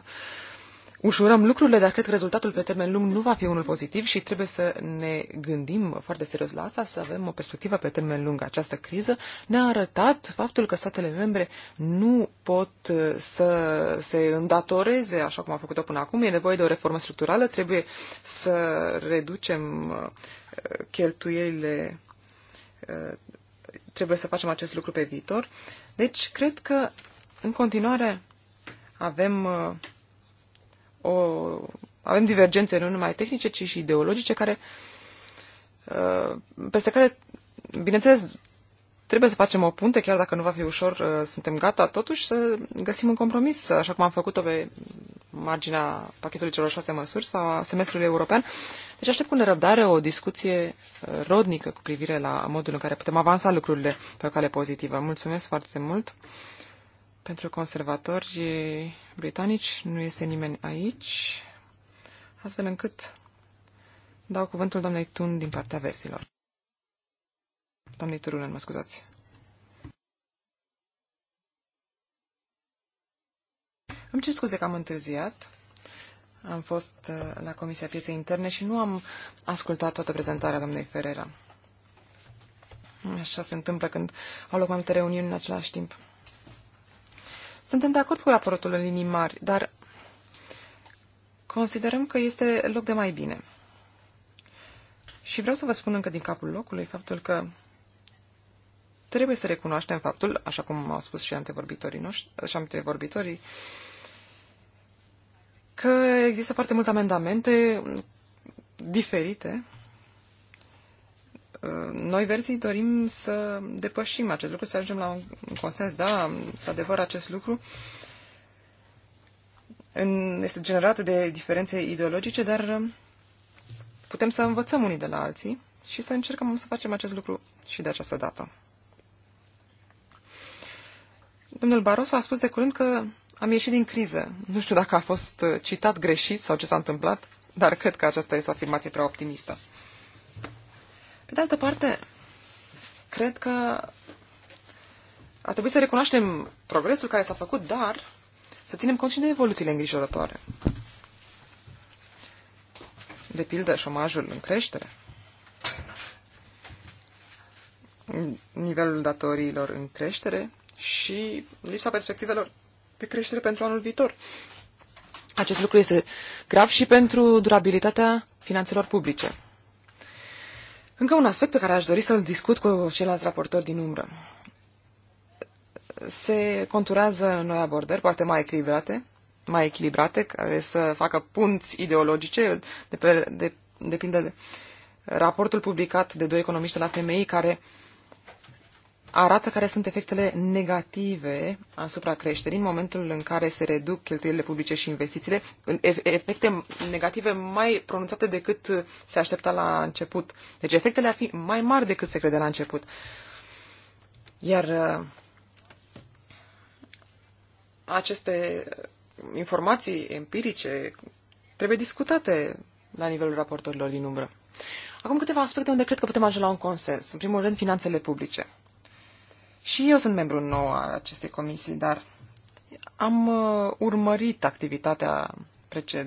ușurăm lucrurile, dar cred că rezultatul pe termen lung nu va fi unul pozitiv și trebuie să ne gândim foarte serios la asta, să avem o perspectivă pe termen lung. Această criză ne-a arătat faptul că statele membre nu pot uh, să se îndatoreze așa cum a făcut-o până acum. E nevoie de o reformă structurală, trebuie să reducem uh, cheltuielile, uh, trebuie să facem acest lucru pe viitor. Deci, cred că în continuare avem o, avem divergențe nu numai tehnice, ci și ideologice, care, uh, peste care, bineînțeles, trebuie să facem o punte, chiar dacă nu va fi ușor, uh, suntem gata totuși să găsim un compromis, așa cum am făcut-o pe marginea pachetului celor șase măsuri sau a semestrului european. Deci aștept cu nerăbdare o discuție uh, rodnică cu privire la modul în care putem avansa lucrurile pe o cale pozitivă. Mulțumesc foarte mult! Pentru conservatori britanici nu este nimeni aici, astfel încât dau cuvântul doamnei Tun din partea verzilor. Doamnei Turunen, mă scuzați. Îmi cer scuze că am întârziat. Am fost uh, la Comisia Pieței Interne și nu am ascultat toată prezentarea doamnei Ferrera. Așa se întâmplă când au loc mai multe reuniuni în același timp. Suntem de acord cu raportul în linii mari, dar considerăm că este loc de mai bine. Și vreau să vă spun încă din capul locului faptul că trebuie să recunoaștem faptul, așa cum au spus și antevorbitorii noștri, și antevorbitorii, că există foarte multe amendamente diferite noi versii dorim să depășim acest lucru, să ajungem la un consens. Da, într-adevăr, acest lucru în, este generat de diferențe ideologice, dar putem să învățăm unii de la alții și să încercăm să facem acest lucru și de această dată. Domnul Baros a spus de curând că am ieșit din criză. Nu știu dacă a fost citat greșit sau ce s-a întâmplat, dar cred că aceasta este o afirmație prea optimistă. Pe de altă parte, cred că ar trebui să recunoaștem progresul care s-a făcut, dar să ținem cont și de evoluțiile îngrijorătoare. De pildă, șomajul în creștere, nivelul datoriilor în creștere și lipsa perspectivelor de creștere pentru anul viitor. Acest lucru este grav și pentru durabilitatea finanțelor publice. Încă un aspect pe care aș dori să-l discut cu ceilalți raportori din umbră. Se conturează noi abordări, poate mai echilibrate, mai echilibrate, care să facă punți ideologice, de, pe, de, de, de, de raportul publicat de doi economiști la FMI, care uh, arată care sunt efectele negative asupra creșterii în momentul în care se reduc cheltuielile publice și investițiile, efecte negative mai pronunțate decât se aștepta la început. Deci efectele ar fi mai mari decât se crede la început. Iar uh, aceste informații empirice trebuie discutate la nivelul raportorilor din umbră. Acum câteva aspecte unde cred că putem ajunge la un consens. În primul rând, finanțele publice. Și eu sunt membru nou al acestei comisii, dar am uh, urmărit activitatea preced...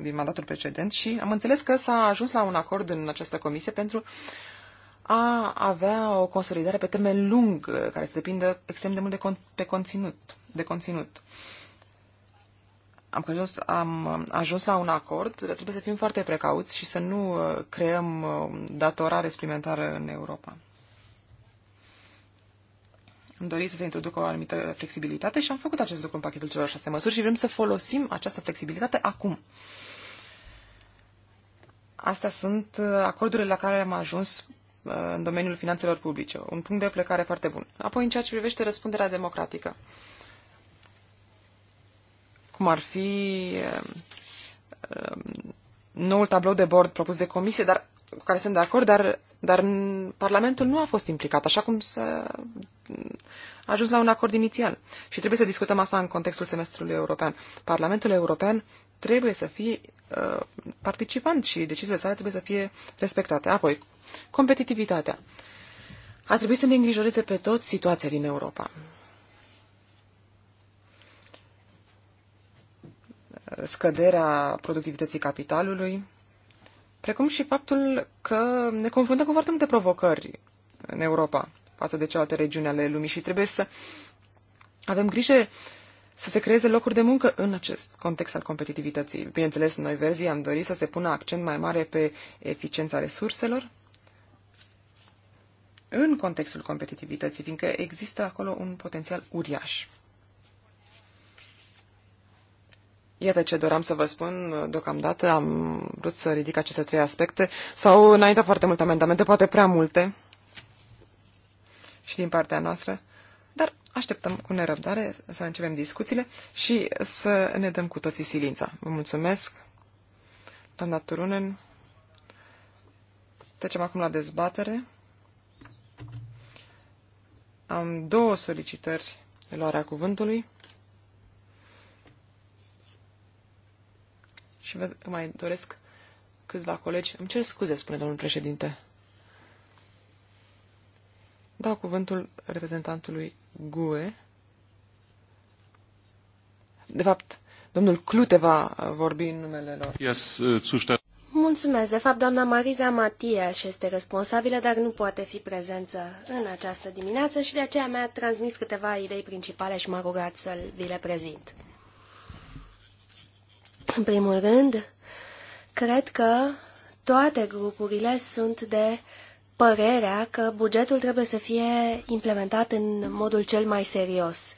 din mandatul precedent și am înțeles că s-a ajuns la un acord în această comisie pentru a avea o consolidare pe termen lung, uh, care să depindă extrem de mult de, con- pe conținut, de conținut. Am ajuns, am ajuns la un acord, dar trebuie să fim foarte precauți și să nu uh, creăm datorare suplimentară în Europa am dorit să se introducă o anumită flexibilitate și am făcut acest lucru în pachetul celor șase măsuri și vrem să folosim această flexibilitate acum. Astea sunt uh, acordurile la care am ajuns uh, în domeniul finanțelor publice. Un punct de plecare foarte bun. Apoi, în ceea ce privește răspunderea democratică, cum ar fi uh, noul tablou de bord propus de comisie, dar cu care sunt de acord, dar, dar Parlamentul nu a fost implicat, așa cum s-a ajuns la un acord inițial. Și trebuie să discutăm asta în contextul semestrului european. Parlamentul european trebuie să fie uh, participant și deciziile sale trebuie să fie respectate. Apoi, competitivitatea. A trebuit să ne îngrijoreze pe tot situația din Europa. Scăderea productivității capitalului, precum și faptul că ne confruntăm cu foarte multe provocări în Europa față de celelalte regiuni ale lumii și trebuie să avem grijă să se creeze locuri de muncă în acest context al competitivității. Bineînțeles, noi verzii am dorit să se pună accent mai mare pe eficiența resurselor în contextul competitivității, fiindcă există acolo un potențial uriaș. Iată ce doream să vă spun deocamdată. Am vrut să ridic aceste trei aspecte. S-au înaintat foarte multe amendamente, poate prea multe și din partea noastră, dar așteptăm cu nerăbdare să începem discuțiile și să ne dăm cu toții silința. Vă mulțumesc, doamna Turunen. Trecem acum la dezbatere. Am două solicitări de luarea cuvântului. Și văd că mai doresc câțiva colegi. Îmi cer scuze, spune domnul președinte. Dau cuvântul reprezentantului GUE. De fapt, domnul Clute va vorbi în numele lor. Yes, uh, Mulțumesc. De fapt, doamna Mariza Matias este responsabilă, dar nu poate fi prezentă în această dimineață și de aceea mi-a transmis câteva idei principale și m-a rugat să vi le prezint. În primul rând, cred că toate grupurile sunt de părerea că bugetul trebuie să fie implementat în modul cel mai serios.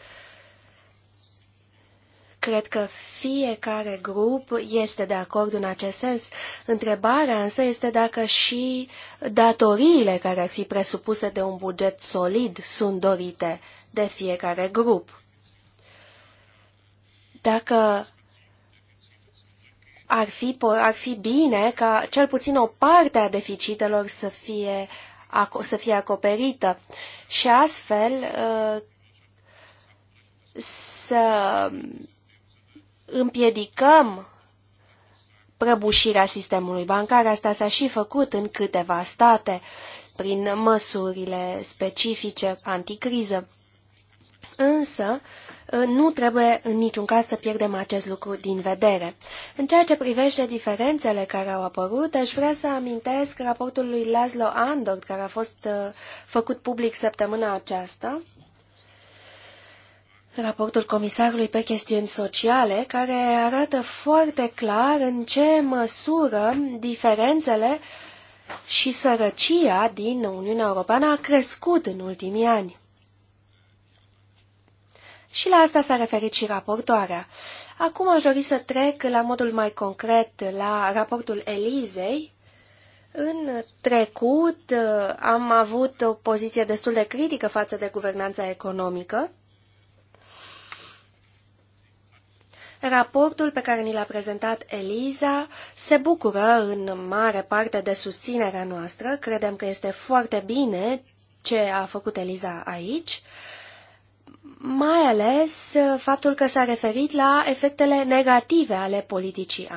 Cred că fiecare grup este de acord în acest sens. Întrebarea însă este dacă și datoriile care ar fi presupuse de un buget solid sunt dorite de fiecare grup. Dacă ar fi, ar fi bine ca cel puțin o parte a deficitelor să fie, să fie acoperită și astfel uh, să împiedicăm prăbușirea sistemului bancar. Asta s-a și făcut în câteva state prin măsurile specifice anticriză. Însă, uh, nu trebuie în niciun caz să pierdem acest lucru din vedere. În ceea ce privește diferențele care au apărut, aș vrea să amintesc raportul lui Laszlo Andor, care a fost uh, făcut public săptămâna aceasta, raportul comisarului pe chestiuni sociale, care arată foarte clar în ce măsură diferențele și sărăcia din Uniunea Europeană a crescut în ultimii ani. Și la asta s-a referit și raportoarea. Acum aș dori să trec la modul mai concret la raportul Elizei. În trecut uh, am avut o poziție destul de critică față de guvernanța economică. Raportul pe care ni l-a prezentat Eliza se bucură în mare parte de susținerea noastră. Credem că este foarte bine ce a făcut Eliza aici. Uh, mai ales uh, faptul că s-a referit la efectele negative ale politicii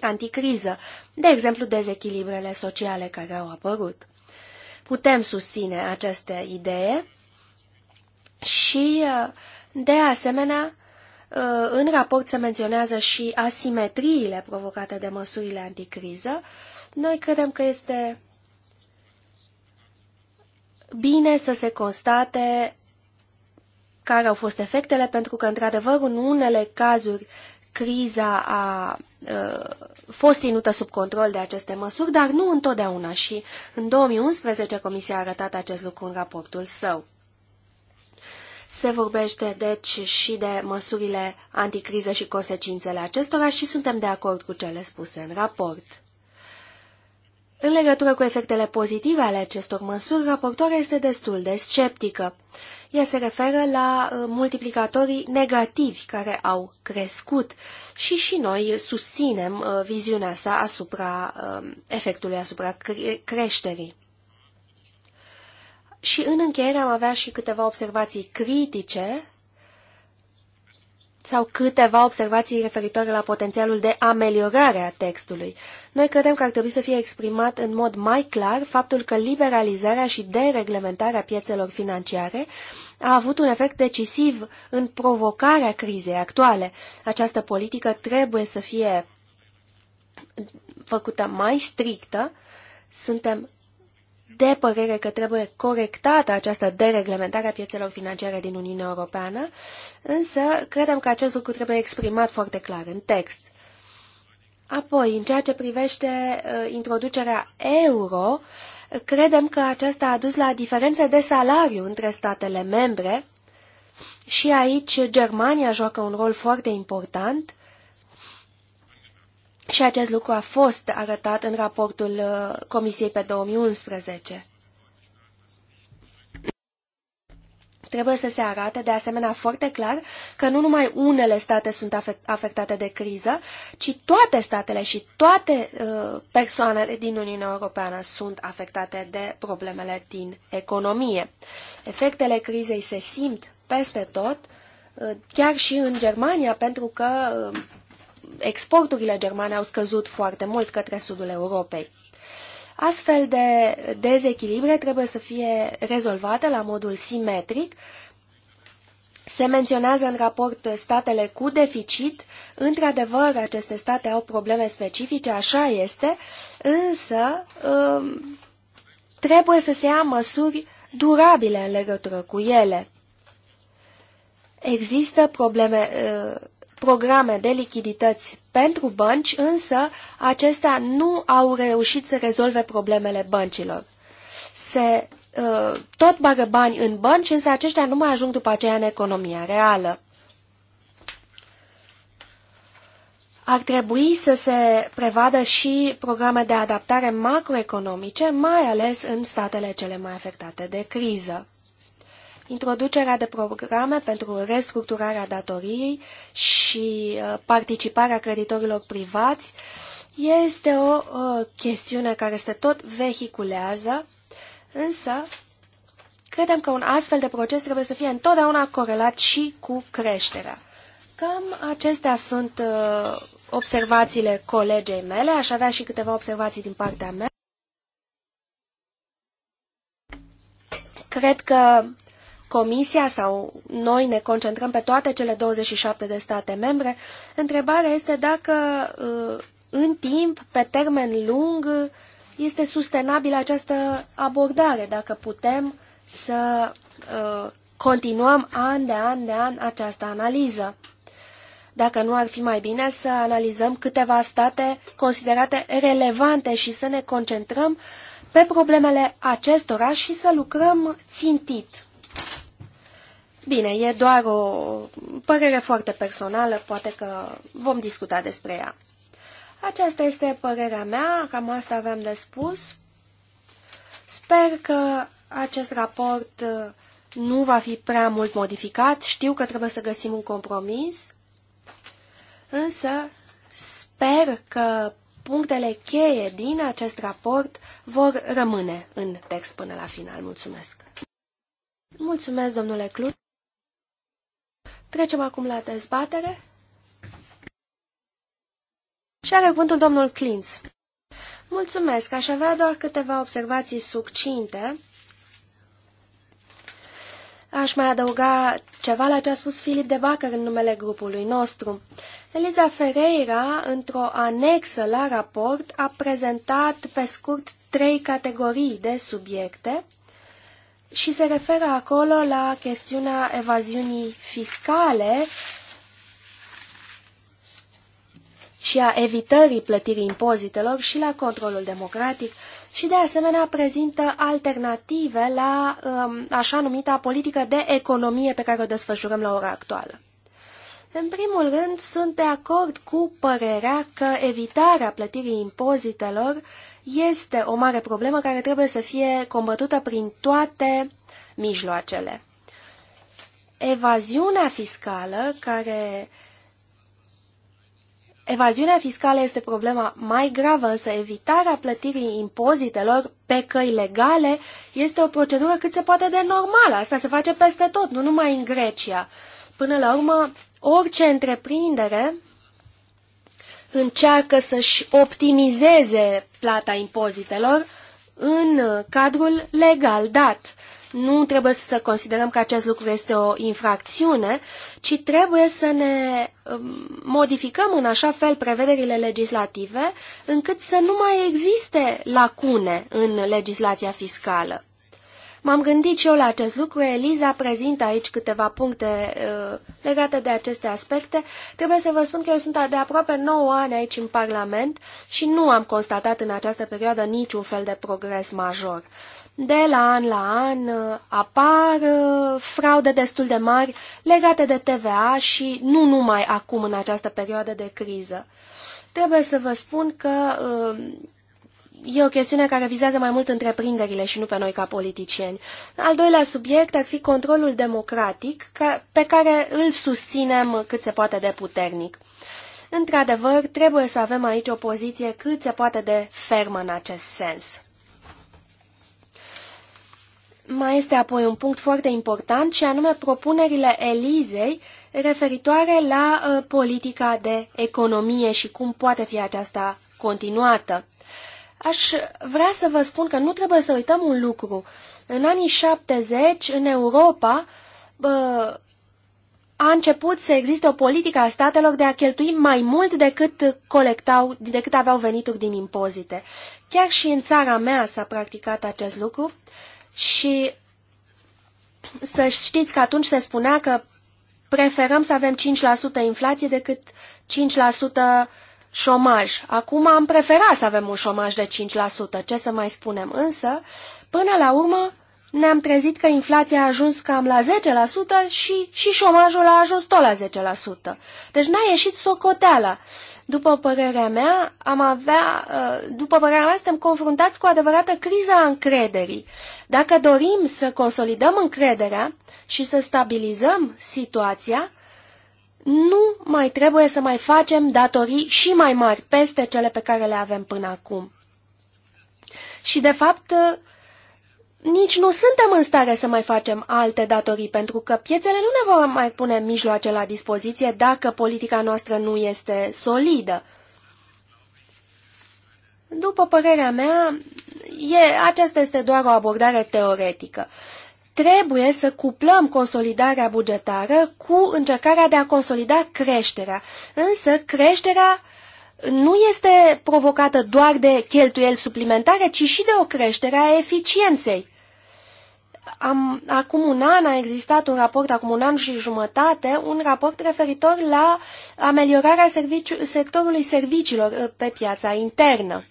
anticriză, de exemplu dezechilibrele sociale care au apărut. Putem susține această idee și, uh, de asemenea, uh, în raport se menționează și asimetriile provocate de măsurile anticriză. Noi credem că este bine să se constate care au fost efectele, pentru că, într-adevăr, în unele cazuri, criza a uh, fost ținută sub control de aceste măsuri, dar nu întotdeauna și în 2011 Comisia a arătat acest lucru în raportul său. Se vorbește, deci, și de măsurile anticriză și consecințele acestora și suntem de acord cu cele spuse în raport. În legătură cu efectele pozitive ale acestor măsuri, raportoarea este destul de sceptică. Ea se referă la uh, multiplicatorii negativi care au crescut și și noi susținem uh, viziunea sa asupra um, efectului asupra creșterii. Și în încheiere am avea și câteva observații critice sau câteva observații referitoare la potențialul de ameliorare a textului. Noi credem că ar trebui să fie exprimat în mod mai clar faptul că liberalizarea și dereglementarea piețelor financiare a avut un efect decisiv în provocarea crizei actuale. Această politică trebuie să fie făcută mai strictă. Suntem de părere că trebuie corectată această dereglementare a piețelor financiare din Uniunea Europeană, însă credem că acest lucru trebuie exprimat foarte clar în text. Apoi, în ceea ce privește uh, introducerea euro, credem că aceasta a dus la diferențe de salariu între statele membre și aici Germania joacă un rol foarte important și acest lucru a fost arătat în raportul uh, Comisiei pe 2011. Trebuie să se arate de asemenea foarte clar că nu numai unele state sunt afectate de criză, ci toate statele și toate uh, persoanele din Uniunea Europeană sunt afectate de problemele din economie. Efectele crizei se simt peste tot, uh, chiar și în Germania, pentru că exporturile germane au scăzut foarte mult către sudul Europei. Astfel de dezechilibre trebuie să fie rezolvate la modul simetric. Se menționează în raport statele cu deficit. Într-adevăr, aceste state au probleme specifice, așa este, însă um, trebuie să se ia măsuri durabile în legătură cu ele. Există probleme uh, programe de lichidități pentru bănci, însă acestea nu au reușit să rezolve problemele băncilor. Se uh, tot bagă bani în bănci, însă aceștia nu mai ajung după aceea în economia reală. Ar trebui să se prevadă și programe de adaptare macroeconomice, mai ales în statele cele mai afectate de criză introducerea de programe pentru restructurarea datoriei și uh, participarea creditorilor privați este o, uh, chestiune care se tot vehiculează, însă credem că un astfel de proces trebuie să fie întotdeauna corelat și cu creșterea. Cam acestea sunt uh, observațiile colegei mele, aș avea și câteva observații din partea mea. Cred că Comisia sau noi ne concentrăm pe toate cele 27 de state membre, întrebarea este dacă uh, în timp, pe termen lung, este sustenabilă această abordare, dacă putem să uh, continuăm an de an de an această analiză. Dacă nu ar fi mai bine să analizăm câteva state considerate relevante și să ne concentrăm pe problemele acestora și să lucrăm țintit. Bine, e doar o părere foarte personală, poate că vom discuta despre ea. Aceasta este părerea mea, cam asta aveam de spus. Sper că acest raport uh, nu va fi prea mult modificat, știu că trebuie să găsim un compromis, însă sper că punctele cheie din acest raport vor rămâne în text până la final. Mulțumesc! Mulțumesc, domnule Clut! Trecem acum la dezbatere. Și are cuvântul domnul Clintz. Mulțumesc, aș avea doar câteva observații succinte. Aș mai adăuga ceva la ce a spus Filip de Bacăr în numele grupului nostru. Eliza Ferreira, într-o anexă la raport, a prezentat pe scurt trei categorii de subiecte și se referă acolo la chestiunea evaziunii fiscale și a evitării plătirii impozitelor și la controlul democratic și de asemenea prezintă alternative la um, așa numita politică de economie pe care o desfășurăm la ora actuală. În primul rând, sunt de acord cu părerea că evitarea plătirii impozitelor este o mare problemă care trebuie să fie combătută prin toate mijloacele. Evaziunea fiscală, care Evaziunea fiscală este problema mai gravă, însă evitarea plătirii impozitelor pe căi legale este o procedură cât se poate de normală. Asta se face peste tot, nu numai în Grecia. Până la urmă, orice întreprindere încearcă să-și optimizeze plata impozitelor în cadrul legal dat. Nu trebuie să considerăm că acest lucru este o infracțiune, ci trebuie să ne um, modificăm în așa fel prevederile legislative încât să nu mai existe lacune în legislația fiscală. M-am gândit și eu la acest lucru. Eliza prezintă aici câteva puncte uh, legate de aceste aspecte. Trebuie să vă spun că eu sunt de aproape 9 ani aici în Parlament și nu am constatat în această perioadă niciun fel de progres major. De la an la an uh, apar uh, fraude destul de mari legate de TVA și nu numai acum în această perioadă de criză. Trebuie să vă spun că uh, e o chestiune care vizează mai mult întreprinderile și nu pe noi ca politicieni. Al doilea subiect ar fi controlul democratic pe care îl susținem cât se poate de puternic. Într-adevăr, trebuie să avem aici o poziție cât se poate de fermă în acest sens. Mai este apoi un punct foarte important și anume propunerile Elizei referitoare la uh, politica de economie și cum poate fi aceasta continuată aș vrea să vă spun că nu trebuie să uităm un lucru. În anii 70, în Europa, bă, a început să existe o politică a statelor de a cheltui mai mult decât colectau, decât aveau venituri din impozite. Chiar și în țara mea s-a practicat acest lucru și să știți că atunci se spunea că preferăm să avem 5% inflație decât 5% șomaj. Acum am preferat să avem un șomaj de 5%, ce să mai spunem, însă, până la urmă, ne-am trezit că inflația a ajuns cam la 10% și, și șomajul a ajuns tot la 10%. Deci n-a ieșit socoteala. După părerea mea, am avea, uh, după părerea mea, suntem confruntați cu o adevărată criza încrederii. Dacă dorim să consolidăm încrederea și să stabilizăm situația, nu mai trebuie să mai facem datorii și mai mari peste cele pe care le avem până acum. Și, de fapt, nici nu suntem în stare să mai facem alte datorii, pentru că piețele nu ne vor mai pune mijloace la dispoziție dacă politica noastră nu este solidă. După părerea mea, e, aceasta este doar o abordare teoretică trebuie să cuplăm consolidarea bugetară cu încercarea de a consolida creșterea. Însă creșterea nu este provocată doar de cheltuieli suplimentare, ci și de o creștere a eficienței. Am, acum un an a existat un raport, acum un an și jumătate, un raport referitor la ameliorarea serviciu, sectorului serviciilor uh, pe piața internă.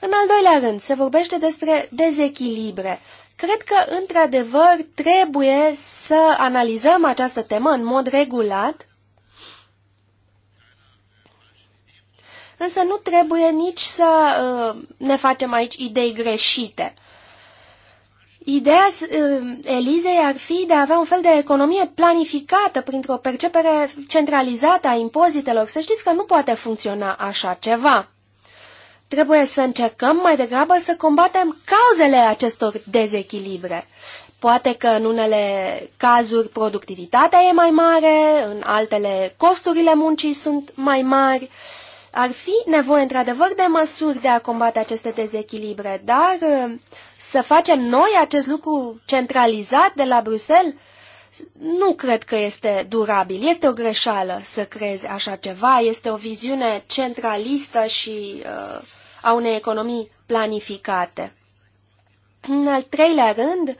În al doilea rând, se vorbește despre dezechilibre. Cred că, într-adevăr, trebuie să analizăm această temă în mod regulat, însă nu trebuie nici să uh, ne facem aici idei greșite. Ideea uh, Elizei ar fi de a avea un fel de economie planificată printr-o percepere centralizată a impozitelor. Să știți că nu poate funcționa așa ceva. Trebuie să încercăm mai degrabă să combatem cauzele acestor dezechilibre. Poate că în unele cazuri productivitatea e mai mare, în altele costurile muncii sunt mai mari. Ar fi nevoie într-adevăr de măsuri de a combate aceste dezechilibre, dar uh, să facem noi acest lucru centralizat de la Bruxelles, nu cred că este durabil. Este o greșeală să crezi așa ceva, este o viziune centralistă și uh, a unei economii planificate. În al treilea rând,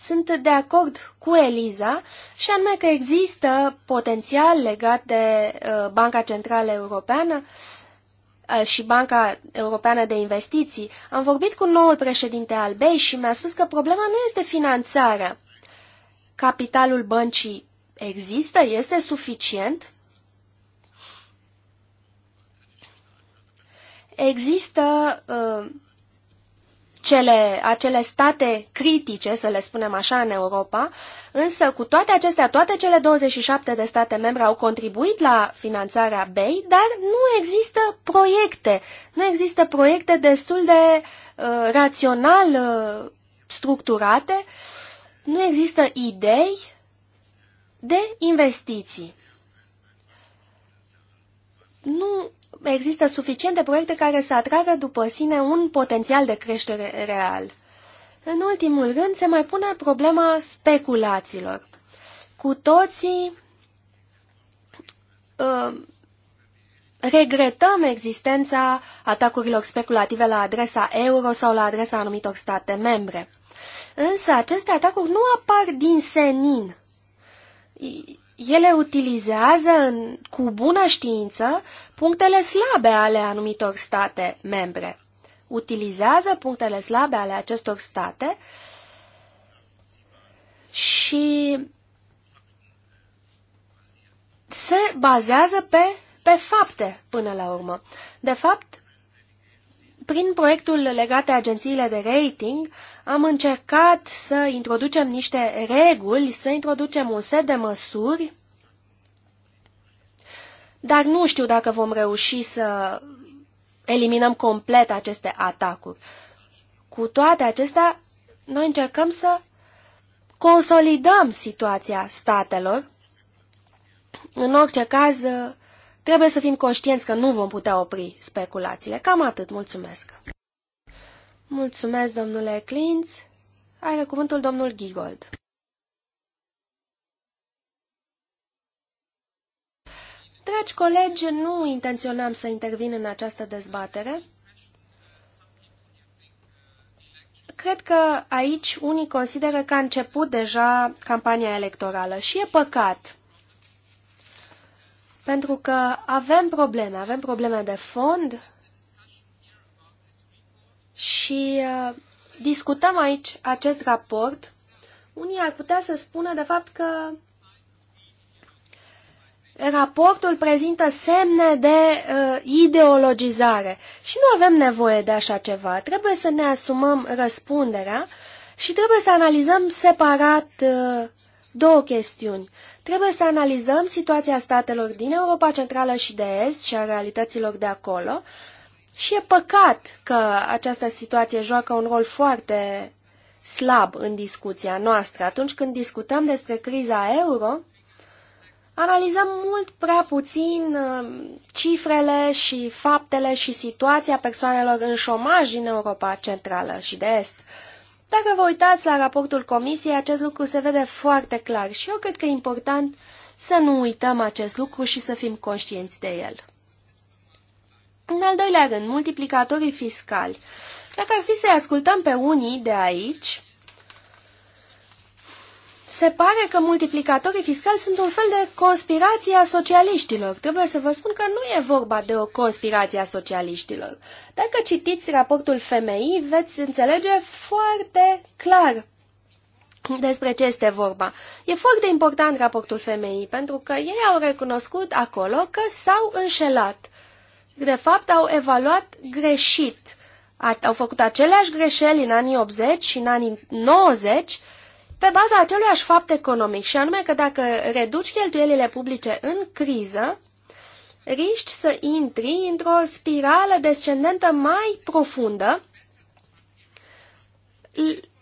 sunt de acord cu Eliza și anume că există potențial legat de uh, Banca Centrală Europeană uh, și Banca Europeană de Investiții. Am vorbit cu noul președinte al BEI și mi-a spus că problema nu este finanțarea. Capitalul băncii există? Este suficient? Există uh, cele, acele state critice, să le spunem așa, în Europa, însă cu toate acestea, toate cele 27 de state membre au contribuit la finanțarea BEI, dar nu există proiecte, nu există proiecte destul de uh, rațional uh, structurate, nu există idei de investiții. Nu există suficiente proiecte care să atragă după sine un potențial de creștere real. În ultimul rând, se mai pune problema speculațiilor. Cu toții uh, regretăm existența atacurilor speculative la adresa euro sau la adresa anumitor state membre. Însă aceste atacuri nu apar din senin ele utilizează în, cu bună știință punctele slabe ale anumitor state membre. Utilizează punctele slabe ale acestor state și se bazează pe, pe fapte până la urmă. De fapt, prin proiectul legat de agențiile de rating, am încercat să introducem niște reguli, să introducem un set de măsuri, dar nu știu dacă vom reuși să eliminăm complet aceste atacuri. Cu toate acestea, noi încercăm să consolidăm situația statelor. În orice caz, Trebuie să fim conștienți că nu vom putea opri speculațiile. Cam atât. Mulțumesc. Mulțumesc, domnule Clinț. Are cuvântul domnul Gigold. Dragi colegi, nu intenționam să intervin în această dezbatere. Cred că aici unii consideră că a început deja campania electorală și e păcat. Pentru că avem probleme, avem probleme de fond și uh, discutăm aici acest raport. Unii ar putea să spună, de fapt, că raportul prezintă semne de uh, ideologizare și nu avem nevoie de așa ceva. Trebuie să ne asumăm răspunderea și trebuie să analizăm separat uh, Două chestiuni. Trebuie să analizăm situația statelor din Europa Centrală și de Est și a realităților de acolo și e păcat că această situație joacă un rol foarte slab în discuția noastră. Atunci când discutăm despre criza euro, analizăm mult prea puțin uh, cifrele și faptele și situația persoanelor în șomaj din Europa Centrală și de Est. Dacă vă uitați la raportul comisiei, acest lucru se vede foarte clar și eu cred că e important să nu uităm acest lucru și să fim conștienți de el. În al doilea rând, multiplicatorii fiscali. Dacă ar fi să-i ascultăm pe unii de aici, se pare că multiplicatorii fiscali sunt un fel de conspirație a socialiștilor. Trebuie să vă spun că nu e vorba de o conspirație a socialiștilor. Dacă citiți raportul FMI, veți înțelege foarte clar despre ce este vorba. E foarte important raportul femeii, pentru că ei au recunoscut acolo că s-au înșelat. De fapt, au evaluat greșit. Au făcut aceleași greșeli în anii 80 și în anii 90 pe baza aceluiași fapt economic, și anume că dacă reduci cheltuielile publice în criză, riști să intri într-o spirală descendentă mai profundă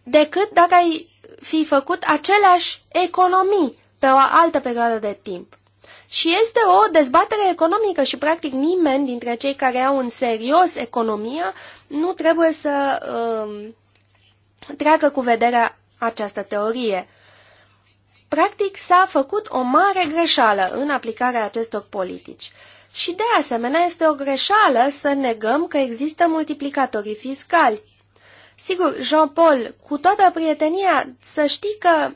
decât dacă ai fi făcut aceleași economii pe o altă perioadă de timp. Și este o dezbatere economică și practic nimeni dintre cei care au în serios economia nu trebuie să uh, treacă cu vederea această teorie. Practic, s-a făcut o mare greșeală în aplicarea acestor politici. Și de asemenea este o greșeală să negăm că există multiplicatorii fiscali. Sigur, Jean-Paul, cu toată prietenia, să știi că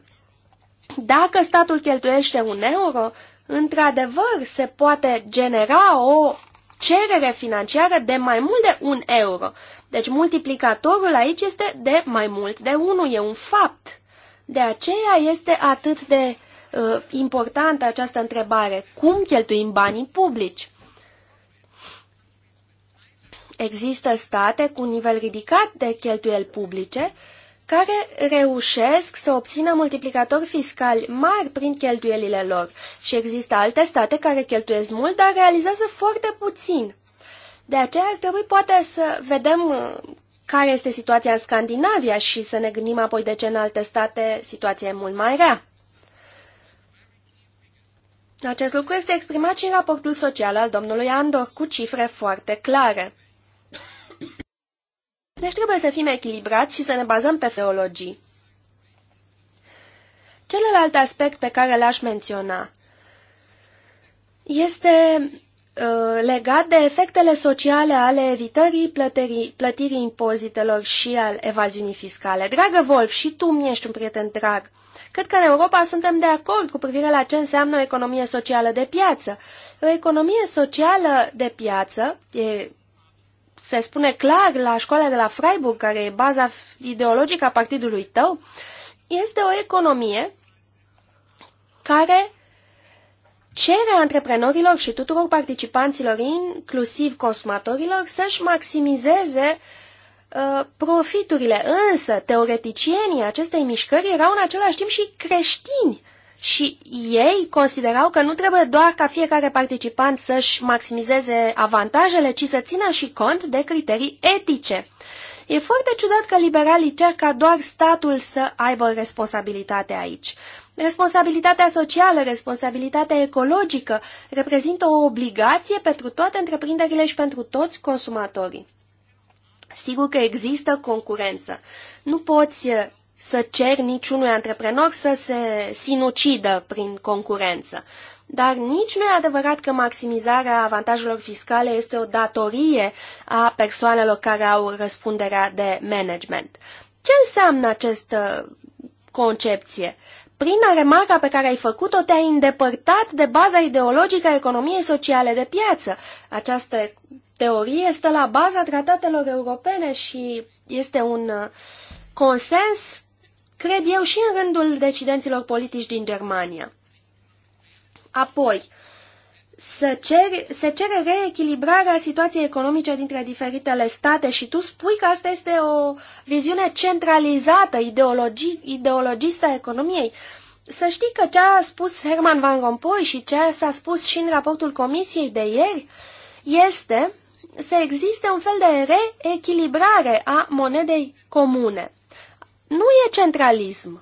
dacă statul cheltuiește un euro, într-adevăr se poate genera o cerere financiară de mai mult de un euro. Deci multiplicatorul aici este de mai mult de unu, e un fapt. De aceea este atât de uh, importantă această întrebare. Cum cheltuim banii publici? Există state cu un nivel ridicat de cheltuieli publice care reușesc să obțină multiplicatori fiscali mari prin cheltuielile lor. Și există alte state care cheltuiesc mult, dar realizează foarte puțin. De aceea ar trebui poate să vedem uh, care este situația în Scandinavia și să ne gândim apoi de ce în alte state situația e mult mai rea. Acest lucru este exprimat și în raportul social al domnului Andor cu cifre foarte clare. Deci trebuie să fim echilibrați și să ne bazăm pe teologii. Celălalt aspect pe care l-aș menționa este uh, legat de efectele sociale ale evitării plătirii impozitelor și al evaziunii fiscale. Dragă Wolf, și tu mi ești un prieten drag. Cred că în Europa suntem de acord cu privire la ce înseamnă o economie socială de piață. O economie socială de piață, e se spune clar la școala de la Freiburg, care e baza ideologică a partidului tău, este o economie care cere antreprenorilor și tuturor participanților, inclusiv consumatorilor, să-și maximizeze uh, profiturile. Însă, teoreticienii acestei mișcări erau în același timp și creștini și ei considerau că nu trebuie doar ca fiecare participant să-și maximizeze avantajele, ci să țină și cont de criterii etice. E foarte ciudat că liberalii cer ca doar statul să aibă responsabilitate aici. Responsabilitatea socială, responsabilitatea ecologică reprezintă o obligație pentru toate întreprinderile și pentru toți consumatorii. Sigur că există concurență. Nu poți să cer niciunui antreprenor să se sinucidă prin concurență. Dar nici nu e adevărat că maximizarea avantajelor fiscale este o datorie a persoanelor care au răspunderea de management. Ce înseamnă această uh, concepție? Prin remarca pe care ai făcut-o, te-ai îndepărtat de baza ideologică a economiei sociale de piață. Această teorie stă la baza tratatelor europene și este un uh, consens cred eu, și în rândul decidenților politici din Germania. Apoi, să cer, se cere reechilibrarea situației economice dintre diferitele state și tu spui că asta este o viziune centralizată, ideologi, ideologistă a economiei. Să știi că ce a spus Herman Van Rompuy și ce s-a spus și în raportul comisiei de ieri este să existe un fel de reechilibrare a monedei comune. Nu e centralism.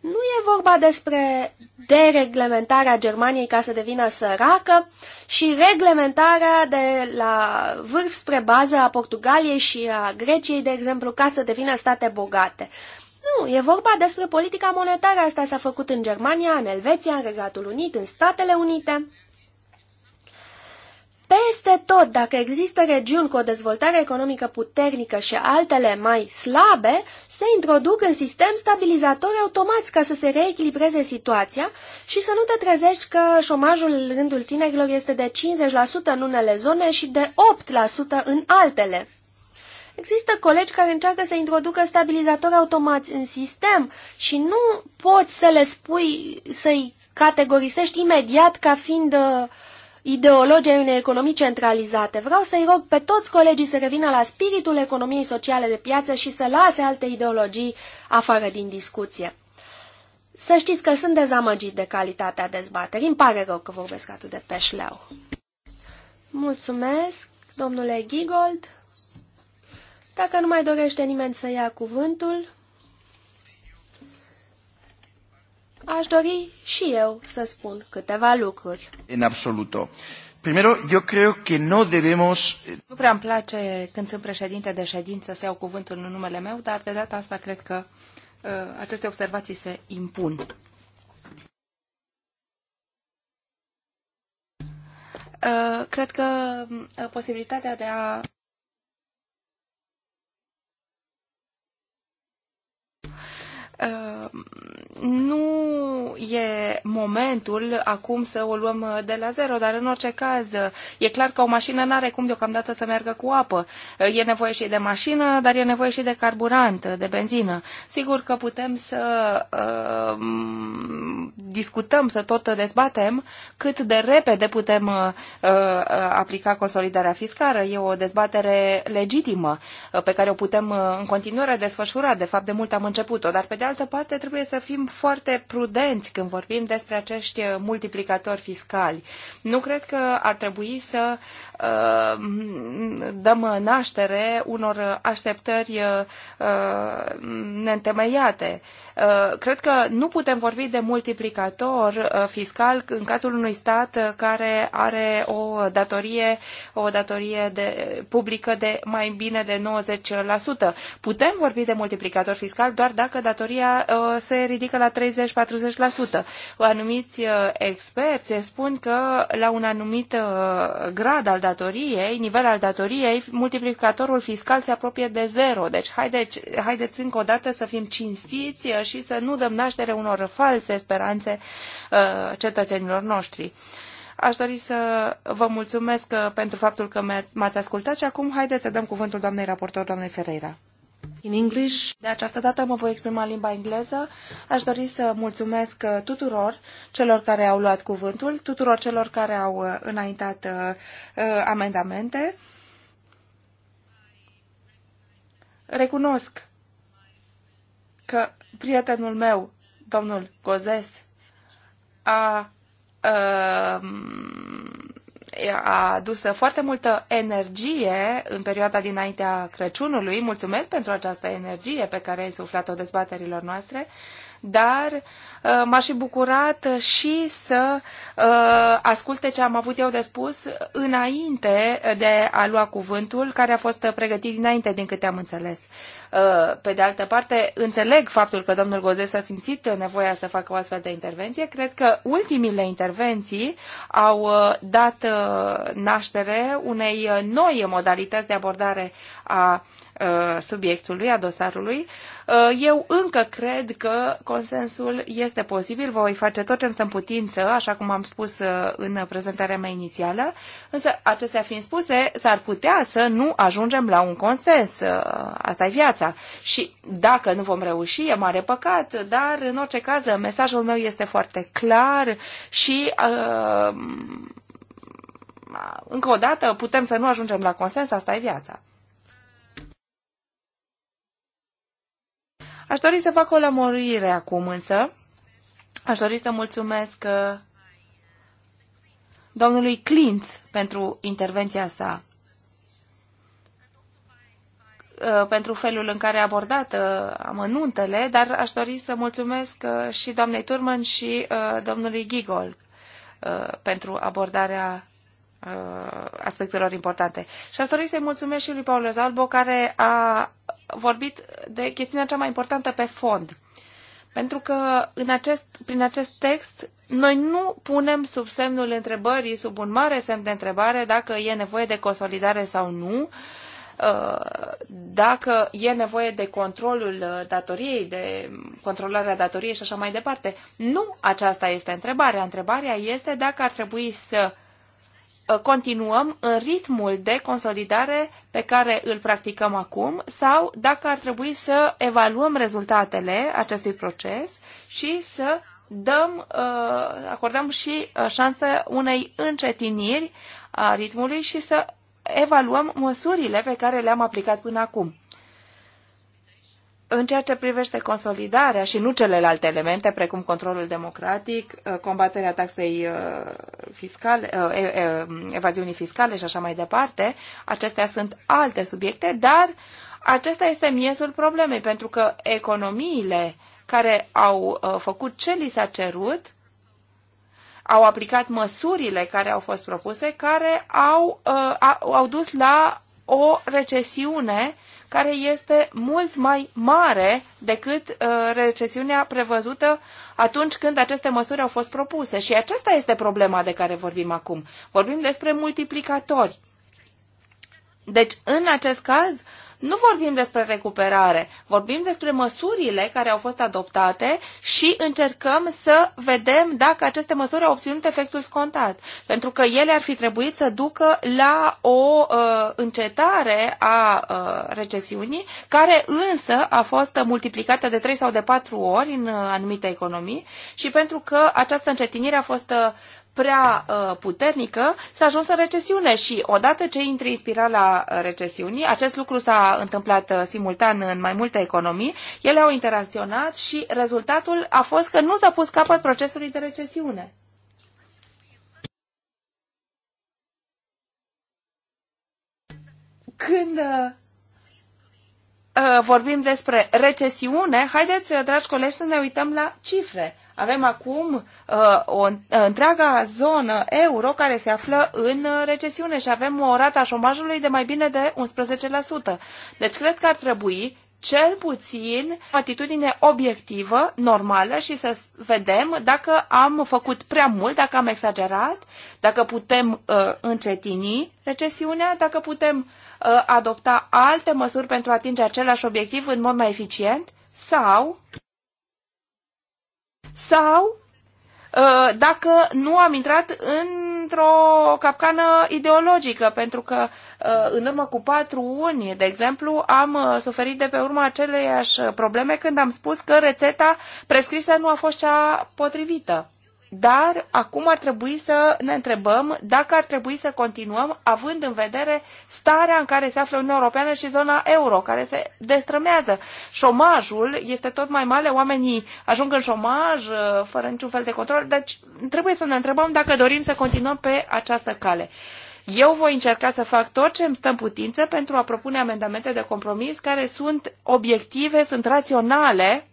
Nu e vorba despre dereglementarea Germaniei ca să devină săracă și reglementarea de la vârf spre bază a Portugaliei și a Greciei, de exemplu, ca să devină state bogate. Nu, e vorba despre politica monetară. Asta s-a făcut în Germania, în Elveția, în Regatul Unit, în Statele Unite peste tot, dacă există regiuni cu o dezvoltare economică puternică și altele mai slabe, se introduc în sistem stabilizatori automați ca să se reechilibreze situația și să nu te trezești că șomajul în rândul tinerilor este de 50% în unele zone și de 8% în altele. Există colegi care încearcă să introducă stabilizatori automați în sistem și nu poți să le spui, să-i categorisești imediat ca fiind uh, Ideologia unei economii centralizate. Vreau să-i rog pe toți colegii să revină la spiritul economiei sociale de piață și să lase alte ideologii afară din discuție. Să știți că sunt dezamăgit de calitatea dezbaterii. Îmi pare rău că vorbesc atât de pe șleau. Mulțumesc, domnule Gigold. Dacă nu mai dorește nimeni să ia cuvântul, Aș dori și eu să spun câteva lucruri. În absoluto. Primero, yo creo que no debemos... Nu prea îmi place când sunt președinte de ședință să iau cuvântul în numele meu, dar de data asta cred că uh, aceste observații se impun. Uh, cred că uh, posibilitatea de a Ehm, nu e momentul acum să o luăm uh, de la zero, dar în orice caz uh, e clar că o mașină nu are cum deocamdată să meargă cu apă. Uh, e nevoie și de mașină, dar e nevoie și de carburant, de benzină. Sigur că putem să uh, discutăm, să tot dezbatem cât de repede putem uh, aplica consolidarea fiscală. E o dezbatere legitimă pe care o putem în continuare desfășura. De fapt, de mult am început-o, dar pe de altă parte, trebuie să fim foarte prudenți când vorbim despre acești multiplicatori fiscali. Nu cred că ar trebui să Uh, dăm naștere unor așteptări uh, neîntemeiate. Uh, cred că nu putem vorbi de multiplicator fiscal în cazul unui stat care are o datorie, o datorie de, publică de mai bine de 90%. Putem vorbi de multiplicator fiscal doar dacă datoria se ridică la 30-40%. Anumiți experți spun că la un anumit grad al datoriei datoriei, nivel al datoriei, multiplicatorul fiscal se apropie de zero. Deci haideți, haideți încă o dată să fim cinstiți uh, și să nu dăm naștere unor false speranțe uh, cetățenilor noștri. Aș dori să vă mulțumesc uh, pentru faptul că m-ați ascultat și acum haideți să dăm cuvântul doamnei raportor, doamnei Ferreira. In English. De această dată mă voi exprima în limba engleză. Aș dori să mulțumesc uh, tuturor celor care au luat cuvântul, tuturor celor care au uh, înaintat uh, amendamente. Recunosc că prietenul meu, domnul Gozes, a a adus foarte multă energie în perioada dinaintea Crăciunului. Mulțumesc pentru această energie pe care ai suflat-o dezbaterilor noastre dar uh, m-aș fi bucurat și să uh, asculte ce am avut eu de spus înainte de a lua cuvântul, care a fost pregătit dinainte din câte am înțeles. Uh, pe de altă parte, înțeleg faptul că domnul Gozes a simțit nevoia să facă o astfel de intervenție. Cred că ultimile intervenții au dat naștere unei noi modalități de abordare a Uh, subiectului, a dosarului. Uh, eu încă cred că consensul este posibil, voi face tot ce îmi stă în putință, așa cum am spus uh, în prezentarea mea inițială, însă acestea fiind spuse, s-ar putea să nu ajungem la un consens. Asta e viața. Și dacă nu vom reuși, e mare păcat, dar în orice caz mesajul meu este foarte clar și uh, încă o dată putem să nu ajungem la consens, asta e viața. Aș dori să fac o lămurire acum însă. Aș dori să mulțumesc uh, domnului Clint pentru intervenția sa, uh, pentru felul în care a abordat uh, amănuntele, dar aș dori să mulțumesc și doamnei Turman și domnului Gigol pentru abordarea aspectelor importante. Și aș dori să-i mulțumesc și lui Paul Zalbo, care a vorbit de chestiunea cea mai importantă pe fond. Pentru că în acest, prin acest text noi nu punem sub semnul întrebării, sub un mare semn de întrebare, dacă e nevoie de consolidare sau nu, uh, dacă e nevoie de controlul uh, datoriei, de controlarea datoriei și așa mai departe. Nu aceasta este întrebarea. Întrebarea este dacă ar trebui să Uh, continuăm în ritmul de consolidare pe care îl practicăm acum sau dacă ar trebui să evaluăm rezultatele acestui proces și să dăm, uh, acordăm și uh, șansă unei încetiniri a ritmului și să evaluăm măsurile pe care le-am aplicat până acum. În ceea ce privește consolidarea și nu celelalte elemente, precum controlul democratic, uh, combaterea taxei uh, fiscale, uh, evaziunii fiscale și așa mai departe, acestea sunt alte subiecte, dar acesta este miezul problemei, pentru că economiile care au făcut ce li s-a cerut, au aplicat măsurile care au fost propuse, care au, au dus la o recesiune care este mult mai mare decât uh, recesiunea prevăzută atunci când aceste măsuri au fost propuse. Și aceasta este problema de care vorbim acum. Vorbim despre multiplicatori. Deci, în acest caz, nu vorbim despre recuperare, vorbim despre măsurile care au fost adoptate și încercăm să vedem dacă aceste măsuri au obținut efectul scontat, pentru că ele ar fi trebuit să ducă la o uh, încetare a uh, recesiunii, care însă a fost multiplicată de 3 sau de 4 ori în uh, anumite economii și pentru că această încetinire a fost uh, prea uh, puternică, s-a ajuns în recesiune și odată ce intri în spirala recesiunii, acest lucru s-a întâmplat uh, simultan în mai multe economii, ele au interacționat și rezultatul a fost că nu s-a pus capăt procesului de recesiune. Când uh, uh vorbim despre recesiune, haideți, uh, dragi colegi, să ne uităm la cifre. Avem acum Uh, o uh, întreaga zonă euro care se află în uh, recesiune și avem o rată a șomajului de mai bine de 11%. Deci cred că ar trebui cel puțin o atitudine obiectivă, normală și să vedem dacă am făcut prea mult, dacă am exagerat, dacă putem uh, încetini recesiunea, dacă putem uh, adopta alte măsuri pentru a atinge același obiectiv în mod mai eficient sau sau Uh, dacă nu am intrat într-o capcană ideologică, pentru că uh, în urmă cu patru ani, de exemplu, am uh, suferit de pe urma aceleiași probleme când am spus că rețeta prescrisă nu a fost cea potrivită dar acum ar trebui să ne întrebăm dacă ar trebui să continuăm având în vedere starea în care se află Uniunea Europeană și zona euro, care se destrămează. Șomajul este tot mai mare, oamenii ajung în șomaj uh, fără niciun fel de control, deci trebuie să ne întrebăm dacă dorim să continuăm pe această cale. Eu voi încerca să fac tot ce îmi stă în putință pentru a propune amendamente de compromis care sunt obiective, sunt raționale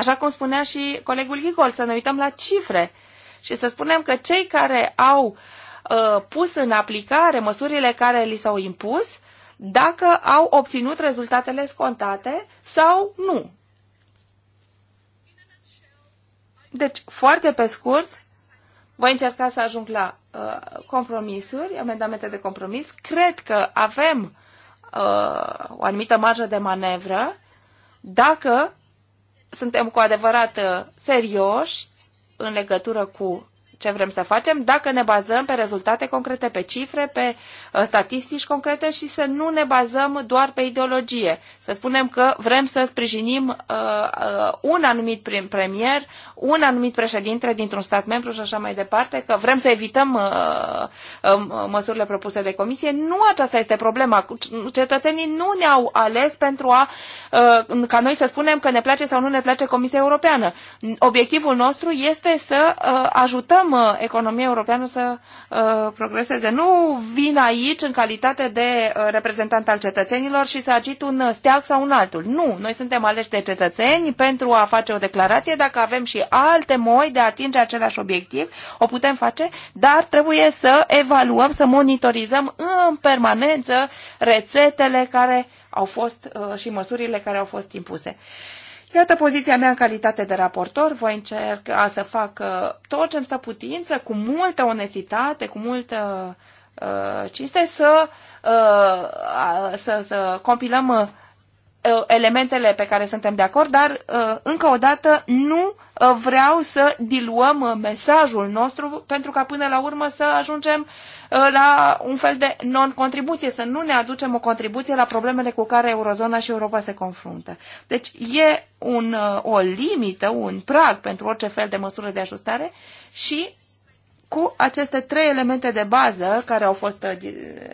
Așa cum spunea și colegul Higol, să ne uităm la cifre și să spunem că cei care au uh, pus în aplicare măsurile care li s-au impus, dacă au obținut rezultatele scontate sau nu. Deci, foarte pe scurt, voi încerca să ajung la uh, compromisuri, amendamente de compromis. Cred că avem uh, o anumită marjă de manevră dacă suntem cu adevărat uh, serioși în legătură cu ce vrem să facem dacă ne bazăm pe rezultate concrete, pe cifre, pe uh, statistici concrete și să nu ne bazăm doar pe ideologie. Să spunem că vrem să sprijinim uh, uh, un anumit premier, un anumit președinte dintr-un stat membru și așa mai departe, că vrem să evităm măsurile propuse de comisie. Nu aceasta este problema. Cetățenii nu ne-au ales pentru a, ca noi să spunem că ne place sau nu ne place Comisia Europeană. Obiectivul nostru este să ajutăm lăsăm uh, economia europeană să uh, progreseze. Nu vin aici în calitate de uh, reprezentant al cetățenilor și să agit un steag sau un altul. Nu, noi suntem aleși de cetățeni pentru a face o declarație. Dacă avem și alte moi de a atinge același obiectiv, o putem face, dar trebuie să evaluăm, să monitorizăm în permanență rețetele care au fost și măsurile care au fost impuse. Iată poziția mea în calitate de raportor. Voi încerca să fac uh, tot ce mi stă putință, cu multă onestitate, cu multă uh, cinste, să, uh, să, să compilăm uh, elementele pe care suntem de acord, dar uh, încă o dată nu Uh, vreau să diluăm uh, mesajul nostru pentru ca până la urmă să ajungem uh, la un fel de non-contribuție, să nu ne aducem o contribuție la problemele cu care eurozona și Europa se confruntă. Deci e un, o limită, un prag pentru orice fel de măsură de ajustare și cu aceste trei elemente de bază care au fost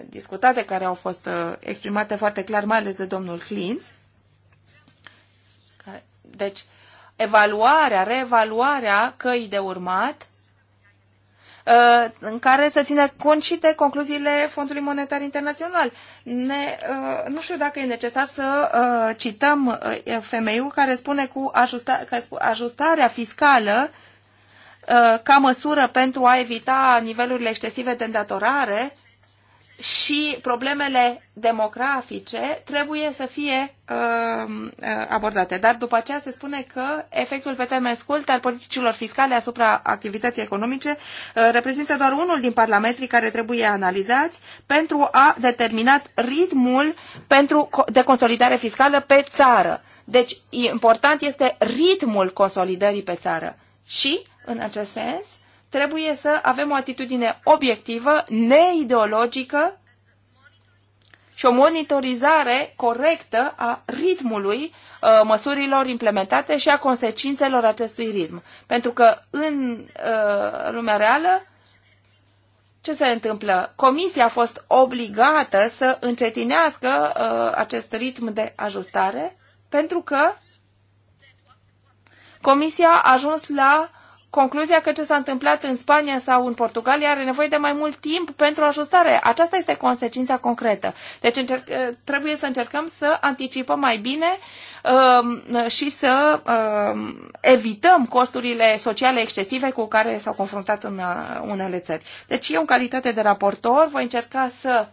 discutate, care au fost exprimate foarte clar, mai ales de domnul Clintz. Deci, evaluarea, reevaluarea căii de urmat, uh, în care să țină cont și de concluziile Fondului Monetar Internațional. Ne, uh, nu știu dacă e necesar să uh, cităm femeiul care spune cu ajusta, ajustarea fiscală ca măsură pentru a evita nivelurile excesive de îndatorare, și problemele demografice trebuie să fie um, uh, abordate. Dar după aceea se spune că efectul pe termen scurt al politicilor fiscale asupra activității economice uh, reprezintă doar unul din parametrii care trebuie analizați pentru a determina ritmul pentru de consolidare fiscală pe țară. Deci important este ritmul consolidării pe țară. Și, în acest sens, uh, trebuie să avem o atitudine obiectivă, neideologică și o monitorizare corectă a ritmului uh, măsurilor implementate și a consecințelor acestui ritm. Pentru că în uh, lumea reală, ce se întâmplă? Comisia a fost obligată să încetinească uh, acest ritm de ajustare pentru că Comisia a ajuns la concluzia că ce s-a întâmplat în Spania sau în Portugalia are nevoie de mai mult timp pentru ajustare. Aceasta este consecința concretă. Deci încerc, eh, trebuie să încercăm să anticipăm mai bine um, și să um, evităm costurile sociale excesive cu care s-au confruntat în eh, unele țări. Deci eu, în calitate de raportor, voi încerca să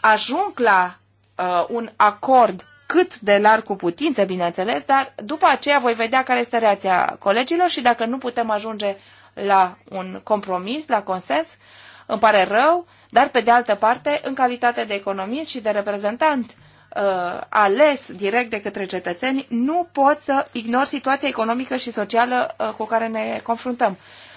ajung la uh, un acord cât de larg cu putință, bineînțeles, dar după aceea voi vedea care este reacția colegilor și dacă nu putem ajunge la un compromis, la consens, îmi pare rău, dar pe de altă parte, în calitate de economist și de reprezentant uh, ales direct de către cetățeni, nu pot să ignor situația economică și socială uh, cu care ne confruntăm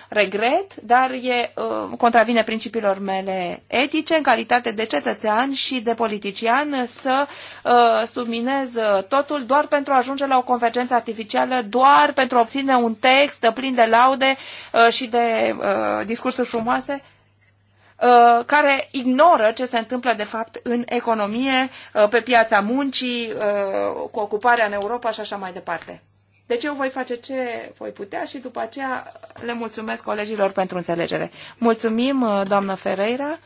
regret, dar e, uh, contravine principiilor mele etice în calitate de cetățean și de politician să uh, subminez totul doar pentru a ajunge la o convergență artificială, doar pentru a obține un text plin de laude uh, și de discursuri frumoase care ignoră ce se întâmplă de fapt în economie, pe piața muncii, cu ocuparea în Europa și așa mai departe. Deci eu voi face ce voi putea și după aceea le mulțumesc colegilor pentru înțelegere. Mulțumim, uh, doamnă Ferreira.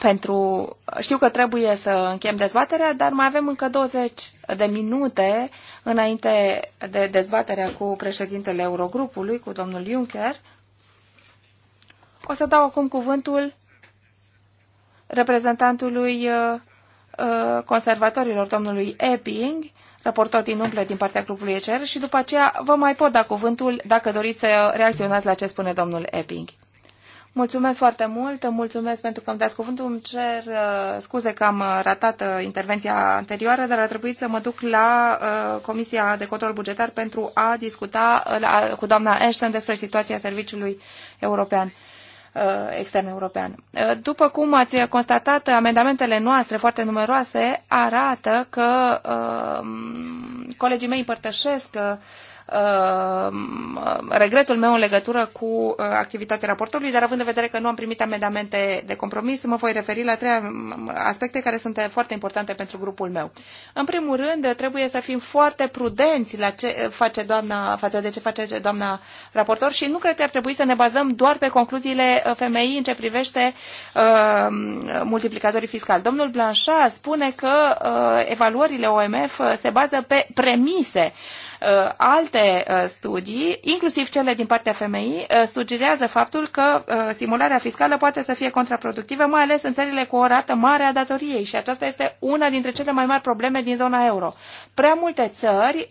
pentru... Știu că trebuie să închem dezbaterea, dar mai avem încă 20 de minute înainte de dezbaterea cu președintele Eurogrupului, cu domnul Juncker. O să dau acum cuvântul reprezentantului uh, Uh, conservatorilor domnului Epping, raportor din umple din partea grupului ECR și după aceea vă mai pot da cuvântul dacă doriți să reacționați la ce spune domnul Epping. Mulțumesc foarte mult, mulțumesc pentru că îmi dați cuvântul. Îmi cer uh, scuze că am ratat uh, intervenția anterioară, dar a trebuit să mă duc la Comisia de Control Bugetar pentru a discuta cu doamna Ashton despre situația Serviciului European. Uh, extern european. Uh, după cum ați constatat, amendamentele noastre foarte numeroase arată că uh, colegii mei împărtășesc Uh, regretul meu în legătură cu uh, activitatea raportorului, dar având în vedere că nu am primit amendamente de compromis, mă voi referi la trei um, aspecte care sunt uh, foarte importante pentru grupul meu. În primul rând, trebuie să fim foarte prudenți la ce face doamna, față de ce face doamna raportor și nu cred că ar trebui să ne bazăm doar pe concluziile FMI în ce privește uh, multiplicatorii fiscali. Domnul Blanchard spune că uh, evaluările OMF se bază pe premise uh, Uh, alte uh, studii, inclusiv cele din partea FMI, uh, sugerează faptul că stimularea fiscală poate să fie contraproductivă, mai ales în țările cu o rată mare a datoriei și aceasta este una dintre cele mai mari probleme din zona euro. Prea multe țări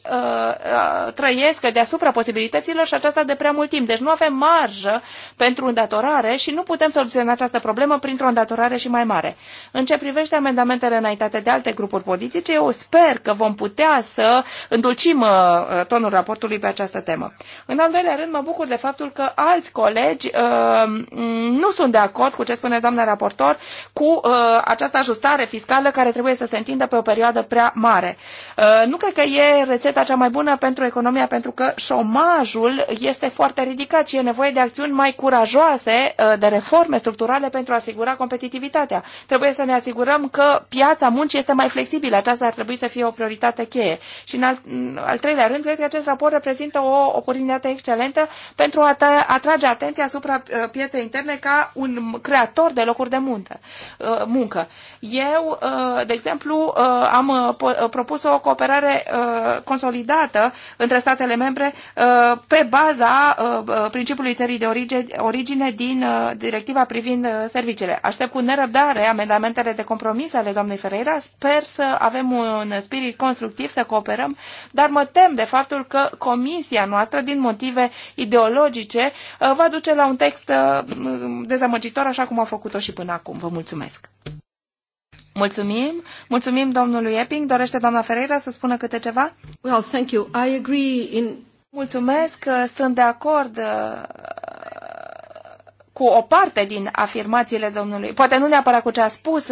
trăiesc deasupra posibilităților și aceasta de prea mult timp. Deci nu avem marjă pentru îndatorare și nu putem soluționa această problemă printr-o îndatorare și mai mare. În ce privește amendamentele înaintate de alte grupuri politice, eu sper că vom putea să îndulcim Uh, tonul raportului pe această temă. În al doilea rând, mă bucur de faptul că alți colegi uh, nu sunt de acord cu ce spune doamna raportor cu uh, această ajustare fiscală care trebuie să se întindă pe o perioadă prea mare. Nu cred că e rețeta cea mai bună pentru economia, pentru că șomajul este foarte ridicat și e nevoie de acțiuni mai curajoase, de reforme structurale pentru a asigura competitivitatea. Trebuie să ne asigurăm că piața muncii este mai flexibilă. Aceasta ar trebui să fie o prioritate cheie. Și în al, al treilea doilea rând, cred că acest raport reprezintă o oportunitate excelentă pentru a atrage atenția asupra uh, pieței interne ca un creator de locuri de muncă. Uh, muncă. Eu, uh, de exemplu, am propus o cooperare consolidată între statele membre pe baza principiului țării de origine din directiva privind serviciile. Aștept cu nerăbdare amendamentele de compromis ale doamnei Ferreira. Sper să avem un spirit constructiv, să cooperăm, dar mă tem de faptul că comisia noastră, din motive ideologice, uh, va duce la un text uh, dezamăgitor, așa cum a făcut-o și până acum. Vă mulțumesc! Mulțumim. Mulțumim domnului Epping. Dorește doamna Ferreira să spună câte ceva? Well, thank you. I agree in... Mulțumesc. Sunt de acord uh, cu o parte din afirmațiile domnului, poate nu neapărat cu ce a spus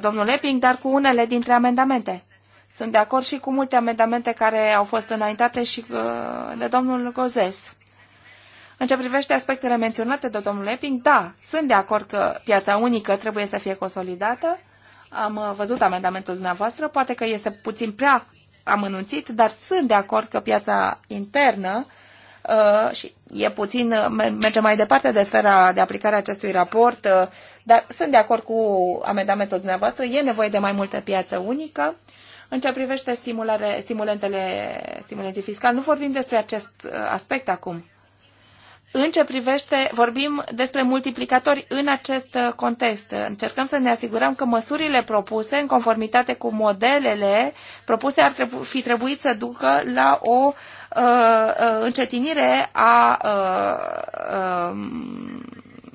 domnul Epping, dar cu unele dintre amendamente. Sunt de acord și cu multe amendamente care au fost înaintate și uh, de domnul Gozes. În ce privește aspectele menționate de domnul Epping, da, sunt de acord că piața unică trebuie să fie consolidată. Am uh, văzut amendamentul dumneavoastră, poate că este puțin prea amănunțit, dar sunt de acord că piața internă uh, și e puțin, uh, merge mai departe de sfera de aplicare a acestui raport, uh, dar sunt de acord cu amendamentul dumneavoastră, e nevoie de mai multă piață unică. În ce privește stimulentele, stimulenții fiscali, nu vorbim despre acest uh, aspect acum. În ce privește, vorbim despre multiplicatori în acest uh, context. Încercăm să ne asigurăm că măsurile propuse, în conformitate cu modelele propuse, ar trebu- fi trebuit să ducă la o uh, uh, încetinire a uh, uh,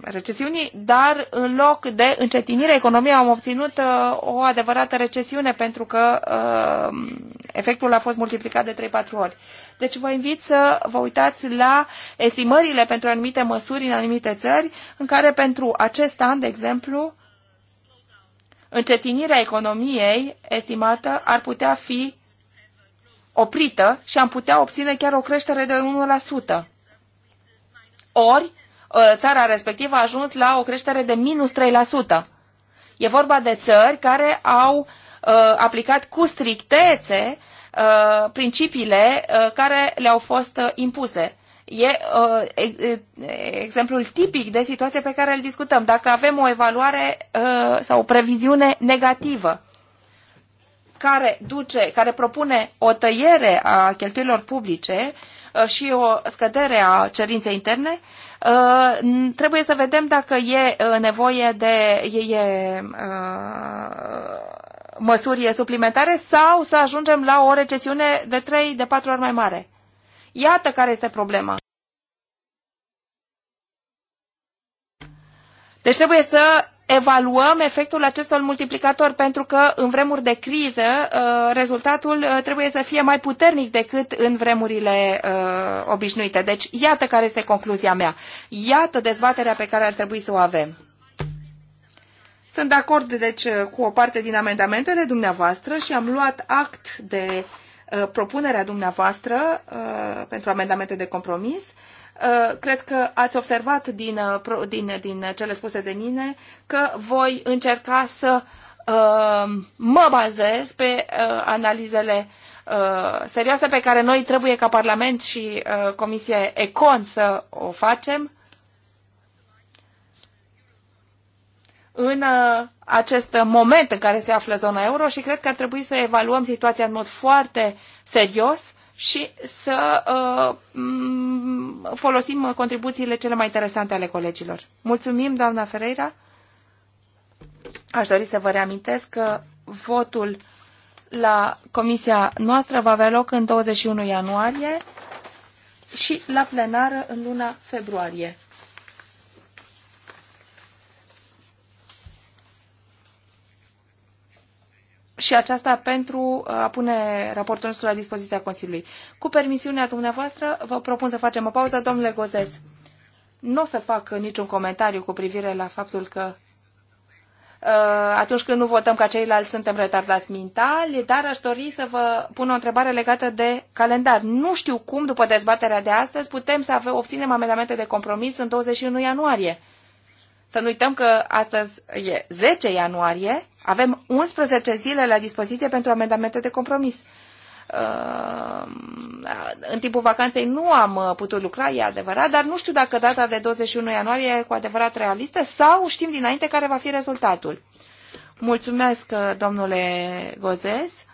recesiunii, dar în loc de încetinire economiei am obținut uh, o adevărată recesiune pentru că uh, efectul a fost multiplicat de 3-4 ori. Deci vă invit să vă uitați la estimările pentru anumite măsuri în anumite țări, în care pentru acest an, de exemplu, încetinirea economiei estimată ar putea fi oprită și am putea obține chiar o creștere de 1%. Ori, Uh, țara respectivă a ajuns la o creștere de minus 3%. E vorba de țări care au uh, aplicat cu strictețe uh, principiile care le-au fost impuse. E exemplul tipic de situație pe care îl discutăm. Dacă avem o evaluare sau o previziune negativă care duce, care propune o tăiere a cheltuielor publice, uh, Uh, și o scădere a cerinței interne, uh, trebuie să vedem dacă e uh, nevoie de e, e, măsuri suplimentare sau să ajungem la o recesiune de 3 de 4 ori mai mare. Iată care este problema. Deci trebuie să evaluăm efectul acestor multiplicator, pentru că în vremuri de criză uh, rezultatul uh, trebuie să fie mai puternic decât în vremurile uh, obișnuite. Deci iată care este concluzia mea. Iată dezbaterea pe care ar trebui să o avem. Sunt de acord, deci, cu o parte din amendamentele dumneavoastră și am luat act de propunerea dumneavoastră pentru amendamente de compromis. Uh, cred că ați observat din, uh, din, din cele spuse de mine că voi încerca să uh, mă bazez pe analizele serioase pe care noi trebuie ca Parlament și Comisie Econ să o facem în acest moment în care se află zona euro și cred că ar trebui să evaluăm situația în mod foarte serios și să uh, folosim contribuțiile cele mai interesante ale colegilor. Mulțumim, doamna Ferreira. Aș dori să vă reamintesc că votul la comisia noastră va avea loc în 21 ianuarie și la plenară în luna februarie. și aceasta pentru uh, a pune raportul nostru la dispoziția Consiliului. Cu permisiunea dumneavoastră, vă propun să facem o pauză, domnule Gozes. Nu o să fac niciun comentariu cu privire la faptul că uh, atunci când nu votăm ca ceilalți suntem retardați mentali, dar aș dori să vă pun o întrebare legată de calendar. Nu știu cum, după dezbaterea de astăzi, putem să obținem amendamente de compromis în 21 ianuarie. Să nu uităm că astăzi e 10 ianuarie, avem 11 zile la dispoziție pentru amendamente de compromis. Uh, în timpul vacanței nu am uh, putut lucra, e adevărat, dar nu știu dacă data de 21 ianuarie e cu adevărat realistă sau știm dinainte care va fi rezultatul. Mulțumesc, uh, domnule Gozes.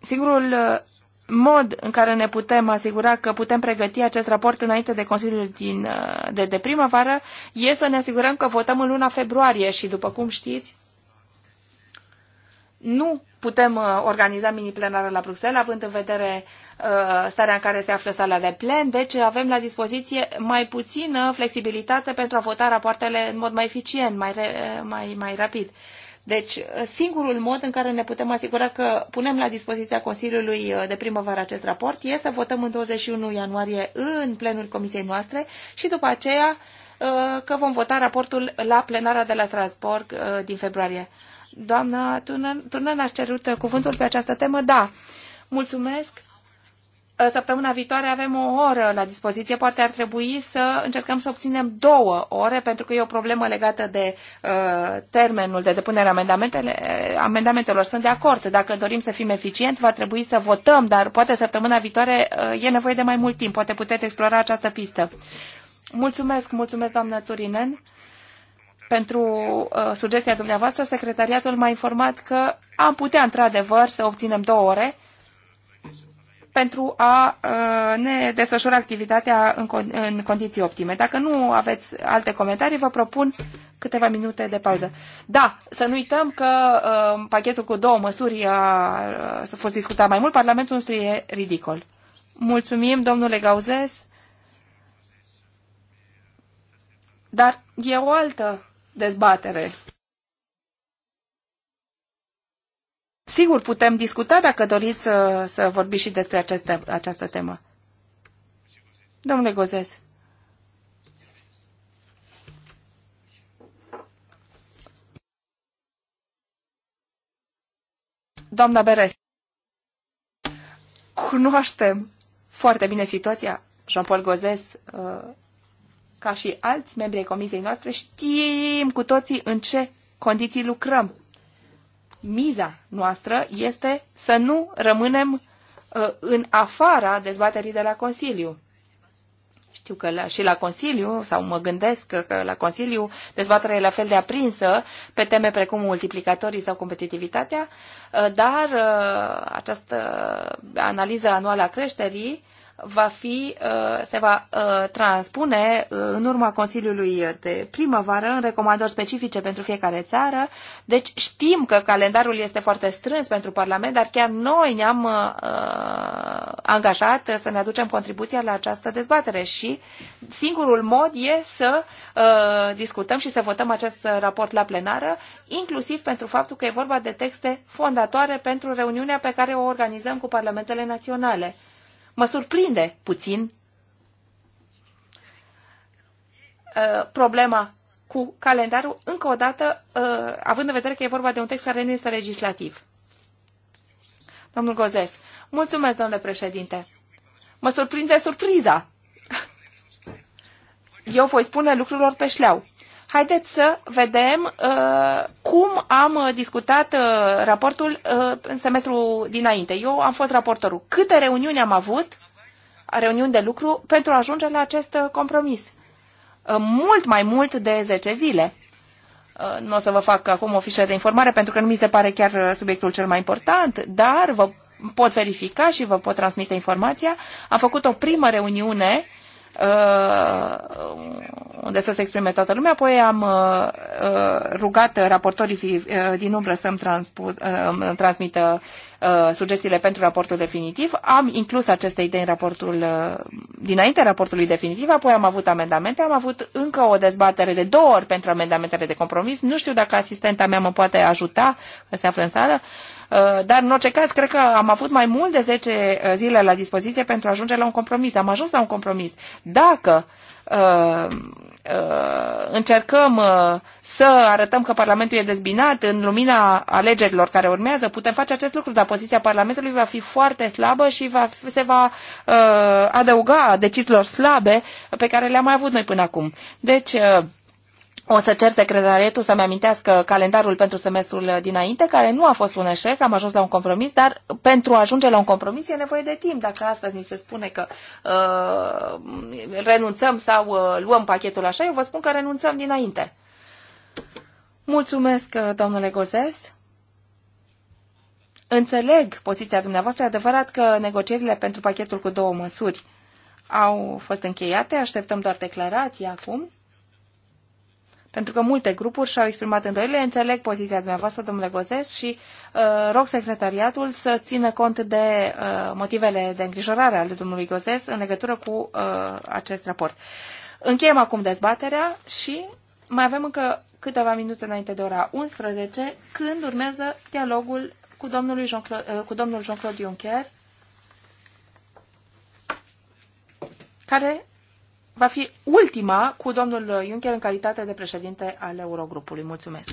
Singurul mod în care ne putem asigura că putem pregăti acest raport înainte de Consiliul din, uh, de, de primăvară e să ne asigurăm că votăm în luna februarie și, după cum știți, nu putem uh, organiza mini-plenară la Bruxelles, având în vedere uh, starea în care se află sala de plen, deci avem la dispoziție mai puțină flexibilitate pentru a vota rapoartele în mod mai eficient, mai, re, mai, mai rapid. Uh, deci, singurul mod în care ne putem asigura că punem la dispoziția Consiliului uh, de primăvară acest raport e să votăm în 21 ianuarie în plenul comisiei noastre și după aceea uh, că vom vota raportul la plenara de la Strasbourg uh, din februarie. Doamna Turnan, Turnan a cerut cuvântul pe această temă? Da. Mulțumesc. Ă, săptămâna viitoare avem o oră la dispoziție, poate ar trebui să încercăm să obținem două ore, pentru că e o problemă legată de uh, termenul de depunere amendamentelor. Sunt de acord, dacă dorim să fim eficienți, va trebui să votăm, dar poate săptămâna viitoare uh, e nevoie de mai mult timp, poate puteți explora această pistă. Mulțumesc, mulțumesc doamnă Turinen pentru uh, sugestia dumneavoastră. Secretariatul m-a informat că am putea într-adevăr să obținem două ore pentru a ă, ne desfășura activitatea în, con în condiții optime. Dacă nu aveți alte comentarii, vă propun câteva minute de pauză. Da, să nu uităm că uh, pachetul cu două măsuri a, a fost discutat mai mult. Parlamentul nostru e ridicol. Mulțumim, domnule Gauzes. Dar e o altă dezbatere. Sigur, putem discuta dacă doriți să, să vorbiți și despre aceste, această temă. Domnule Gozes. Doamna Beres. Cunoaștem foarte bine situația. Jean-Paul Gozes, uh, ca și alți membri ai comisiei noastre, știm cu toții în ce condiții lucrăm miza noastră este să nu rămânem uh, în afara dezbaterii de la Consiliu. Știu că la, și la Consiliu, sau mă gândesc că la Consiliu dezbaterea e la fel de aprinsă pe teme precum multiplicatorii sau competitivitatea, uh, dar uh, această analiză anuală a creșterii va fi, uh, se va uh, transpune uh, în urma Consiliului de primăvară în recomandări specifice pentru fiecare țară. Deci știm că calendarul este foarte strâns pentru Parlament, dar chiar noi ne-am angajat să ne aducem contribuția la această dezbatere și singurul mod e să discutăm și să votăm acest raport la plenară, inclusiv pentru faptul că e vorba de texte fondatoare pentru reuniunea pe care o organizăm cu Parlamentele Naționale mă surprinde puțin uh, problema cu calendarul, încă o dată, uh, având în vedere că e vorba de un text care nu este legislativ. Domnul Gozes, mulțumesc, domnule președinte. Mă surprinde surpriza. Eu voi spune lucrurilor pe șleau. Haideți să vedem uh, cum am uh, discutat uh, raportul uh, în semestru dinainte. Eu am fost raportorul. Câte reuniuni am avut, reuniuni de lucru, pentru a ajunge la acest uh, compromis? Uh, mult mai mult de 10 zile. Uh, nu o să vă fac acum o fișă de informare pentru că nu mi se pare chiar uh, subiectul cel mai important, dar vă pot verifica și vă pot transmite informația. Am făcut o primă reuniune Uh, unde să se exprime toată lumea. Apoi am uh, uh, rugat raportorii din umbră să-mi transmită sugestiile pentru raportul definitiv. Am inclus aceste idei în raportul dinainte raportului definitiv, apoi am avut amendamente, am avut încă o dezbatere de două ori pentru amendamentele de compromis. Nu știu dacă asistenta mea mă poate ajuta, se află în sală. Uh, Uh, dar, în orice caz, cred că am avut mai mult de 10 uh, zile la dispoziție pentru a ajunge la un compromis. Am ajuns la un compromis. Dacă uh, încercăm să arătăm că Parlamentul e dezbinat în lumina alegerilor care urmează, putem face acest lucru, dar poziția Parlamentului va fi foarte slabă și va, se va adăuga deciziilor slabe pe care le-am mai avut noi până acum. Deci, o să cer secretariatul să-mi amintească calendarul pentru semestrul dinainte, care nu a fost un eșec, am ajuns la un compromis, dar pentru a ajunge la un compromis e nevoie de timp. Dacă astăzi ni se spune că uh, renunțăm sau uh, luăm pachetul așa, eu vă spun că renunțăm dinainte. Mulțumesc, uh, domnule Gozes. Înțeleg poziția dumneavoastră. Adevărat că negocierile pentru pachetul cu două măsuri au fost încheiate. Așteptăm doar declarații acum pentru că multe grupuri și-au exprimat îndoielile, înțeleg poziția dumneavoastră, domnule Gozes, și uh, rog secretariatul să țină cont de uh, motivele de îngrijorare ale domnului Gozes în legătură cu uh, acest raport. Încheiem acum dezbaterea și mai avem încă câteva minute înainte de ora 11, când urmează dialogul cu, domnului Jean uh, cu domnul Jean-Claude Juncker, care va fi ultima cu domnul Juncker în calitate de președinte al Eurogrupului. Mulțumesc!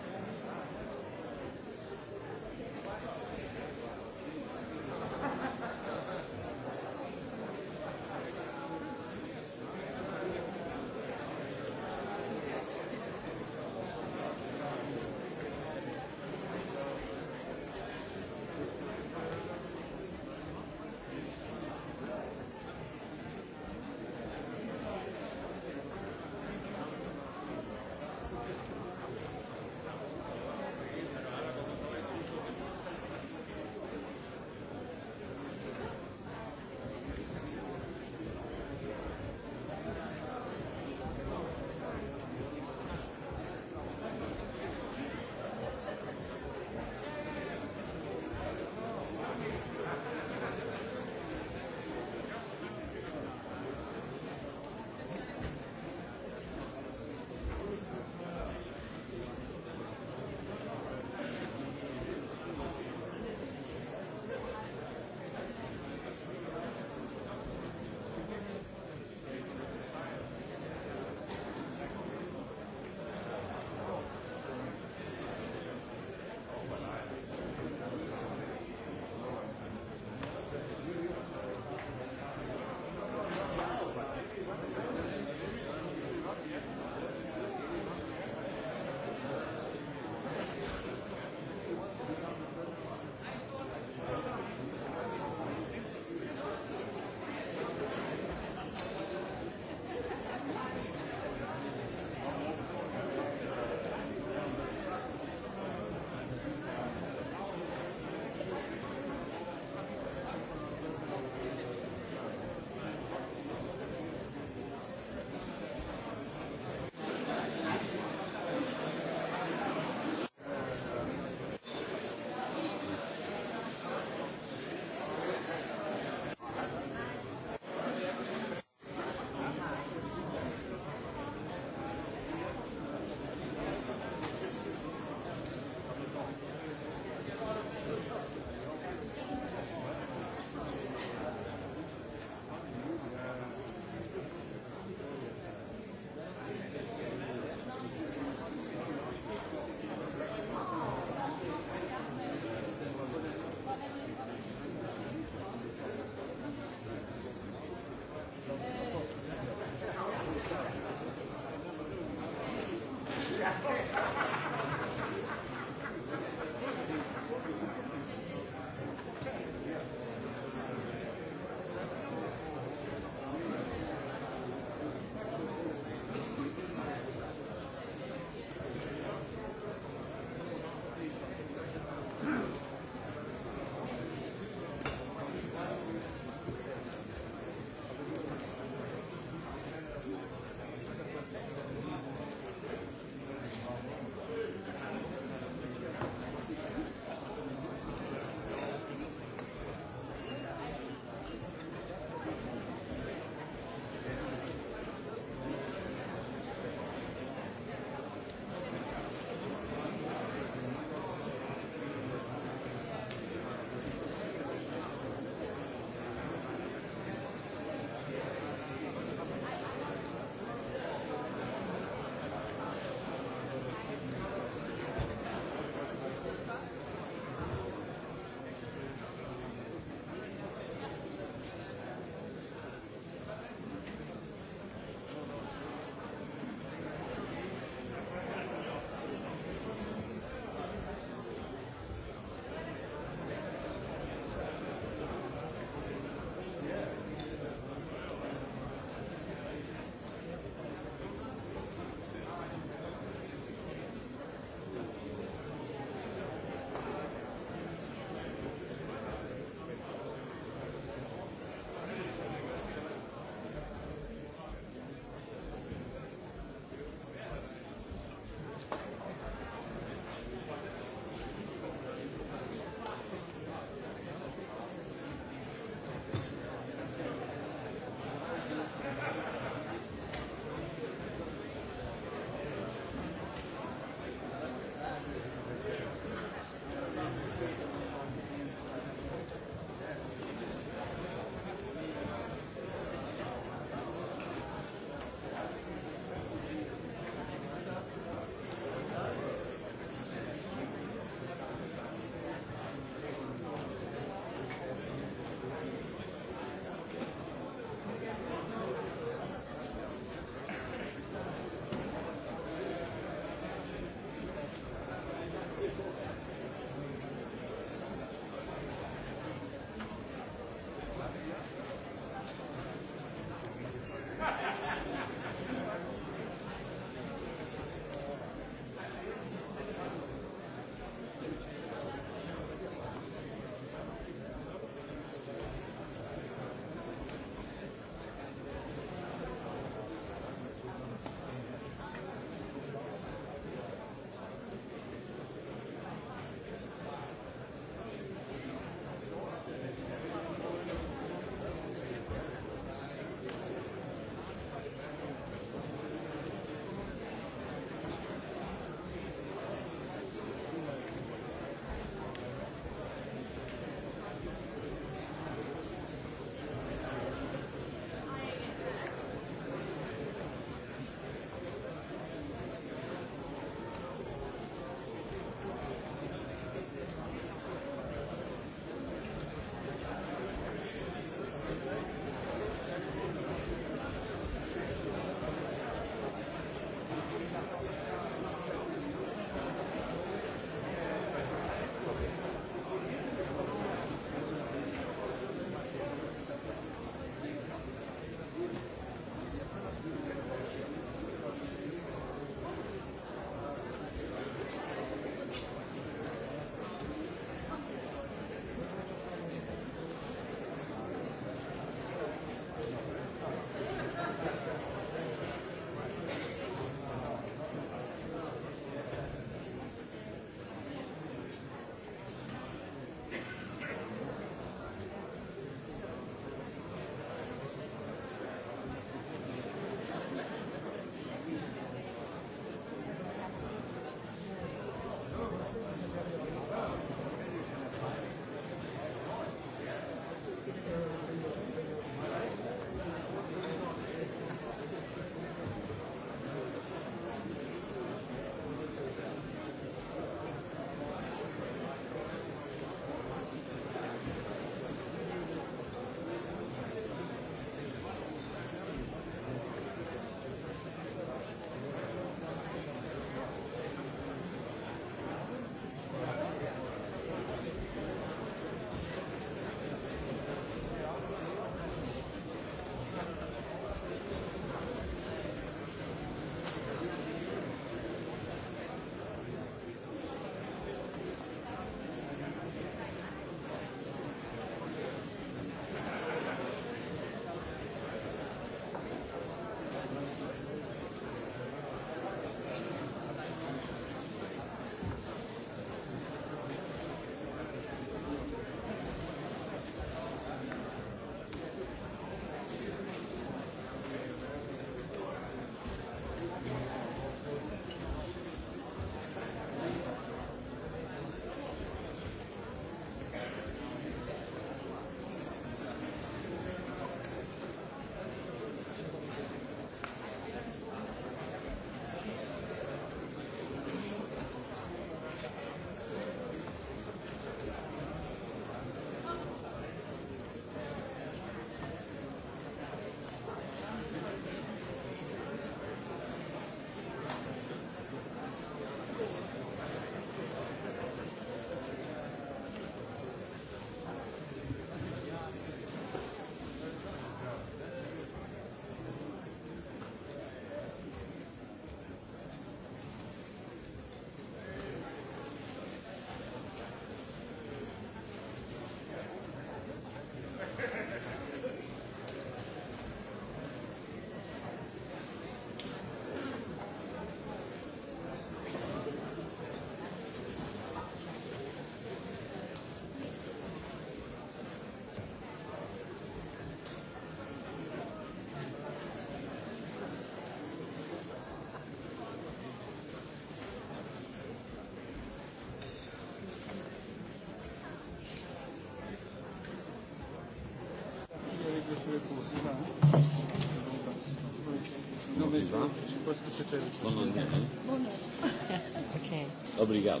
Obrigado.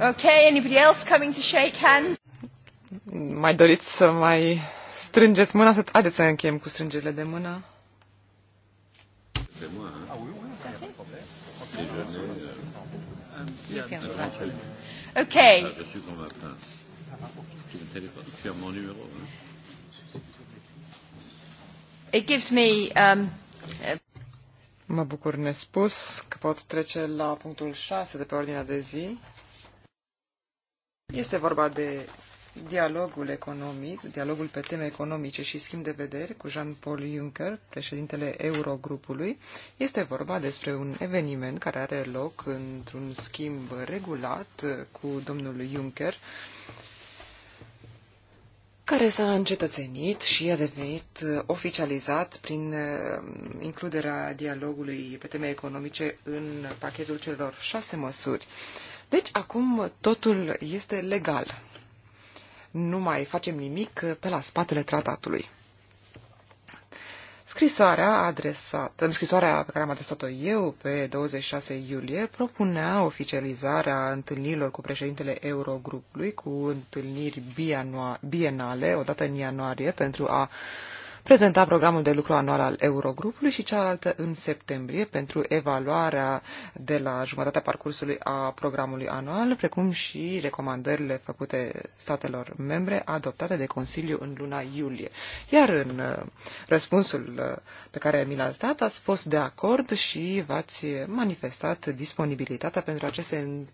Okay, anybody else coming to shake hands? Mai doriți să mai strângeți mâna? Haideți să încheiem cu strângerile de mână. Um, mă bucur nespus că pot trece la punctul 6 de pe ordinea de zi. Este vorba de dialogul economic, dialogul pe teme economice și schimb de vederi cu Jean-Paul Juncker, președintele Eurogrupului, este vorba despre un eveniment care are loc într-un schimb regulat cu domnul Juncker care s-a încetățenit și a devenit uh, oficializat prin uh, includerea dialogului pe teme economice în pachetul celor șase măsuri. Deci acum totul este legal. Nu mai facem nimic pe la spatele tratatului. Scrisoarea adresată, scrisoarea pe care am adresat-o eu pe 26 iulie propunea oficializarea întâlnirilor cu președintele Eurogrupului cu întâlniri bianua, bienale, odată în ianuarie, pentru a uh, prezenta programul de lucru anual al Eurogrupului și cealaltă în septembrie pentru evaluarea de la jumătatea parcursului a programului anual, precum și recomandările făcute statelor membre adoptate de Consiliu în luna iulie. Iar în uh, răspunsul uh, pe care mi l-ați dat, ați fost de acord și v-ați manifestat disponibilitatea pentru aceste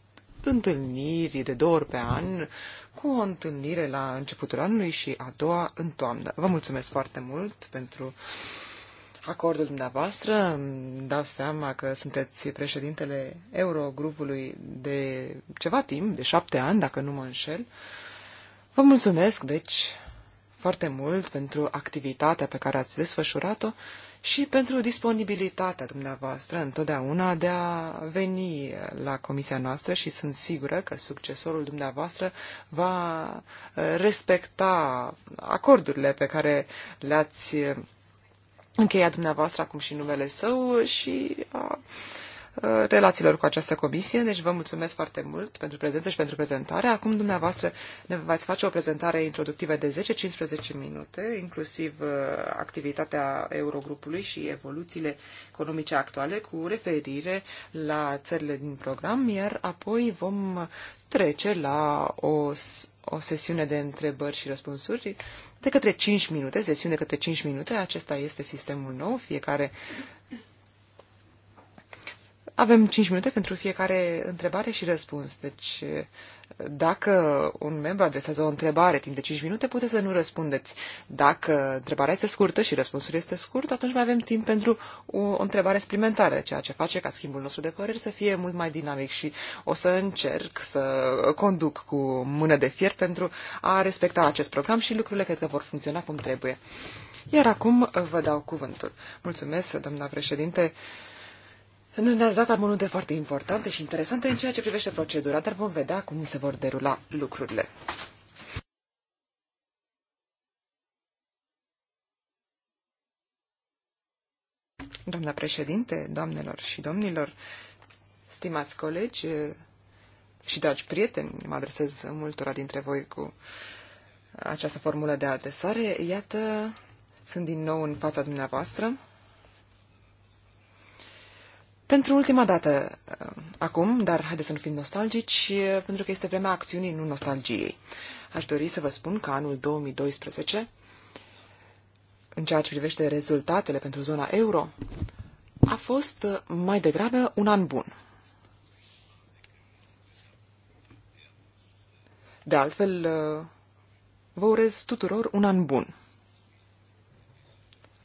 întâlniri de două ori pe an, cu o întâlnire la începutul anului și a doua în toamnă. Vă mulțumesc foarte mult pentru acordul dumneavoastră. dau seama că sunteți președintele Eurogrupului de ceva timp, de șapte ani, dacă nu mă înșel. Vă mulțumesc, deci, foarte mult pentru activitatea pe care ați desfășurat-o și pentru disponibilitatea dumneavoastră întotdeauna de a veni la comisia noastră și sunt sigură că succesorul dumneavoastră va eh, respecta acordurile pe care le-ați eh, încheiat dumneavoastră acum și numele său și a, Uh, relațiilor cu această comisie. Deci vă mulțumesc foarte mult pentru prezență și pentru prezentare. Acum dumneavoastră ne veți face o prezentare introductivă de 10-15 minute, inclusiv uh, activitatea Eurogrupului și evoluțiile economice actuale cu referire la țările din program, iar apoi vom trece la o, o sesiune de întrebări și răspunsuri de către 5 minute, sesiune de către 5 minute. Acesta este sistemul nou. Fiecare avem 5 minute pentru fiecare întrebare și răspuns. Deci, dacă un membru adresează o întrebare timp de 5 minute, puteți să nu răspundeți. Dacă întrebarea este scurtă și răspunsul este scurt, atunci mai avem timp pentru o întrebare suplimentară, ceea ce face ca schimbul nostru de păreri să fie mult mai dinamic și o să încerc să conduc cu mână de fier pentru a respecta acest program și lucrurile cred că vor funcționa cum trebuie. Iar acum vă dau cuvântul. Mulțumesc, doamna președinte. Nu Ne-ați dat amănunte foarte importante și interesante în ceea ce privește procedura, dar vom vedea cum se vor derula lucrurile. Doamna președinte, doamnelor și domnilor, stimați colegi și dragi prieteni, mă adresez multora dintre voi cu această formulă de adresare. Iată, sunt din nou în fața dumneavoastră pentru ultima dată uh, acum, dar haideți să nu fim nostalgici, uh, pentru că este vremea acțiunii, nu nostalgiei. Aș dori să vă spun că anul 2012, în ceea ce privește rezultatele pentru zona euro, a fost uh, mai degrabă un an bun. De altfel, vă urez tuturor un an bun.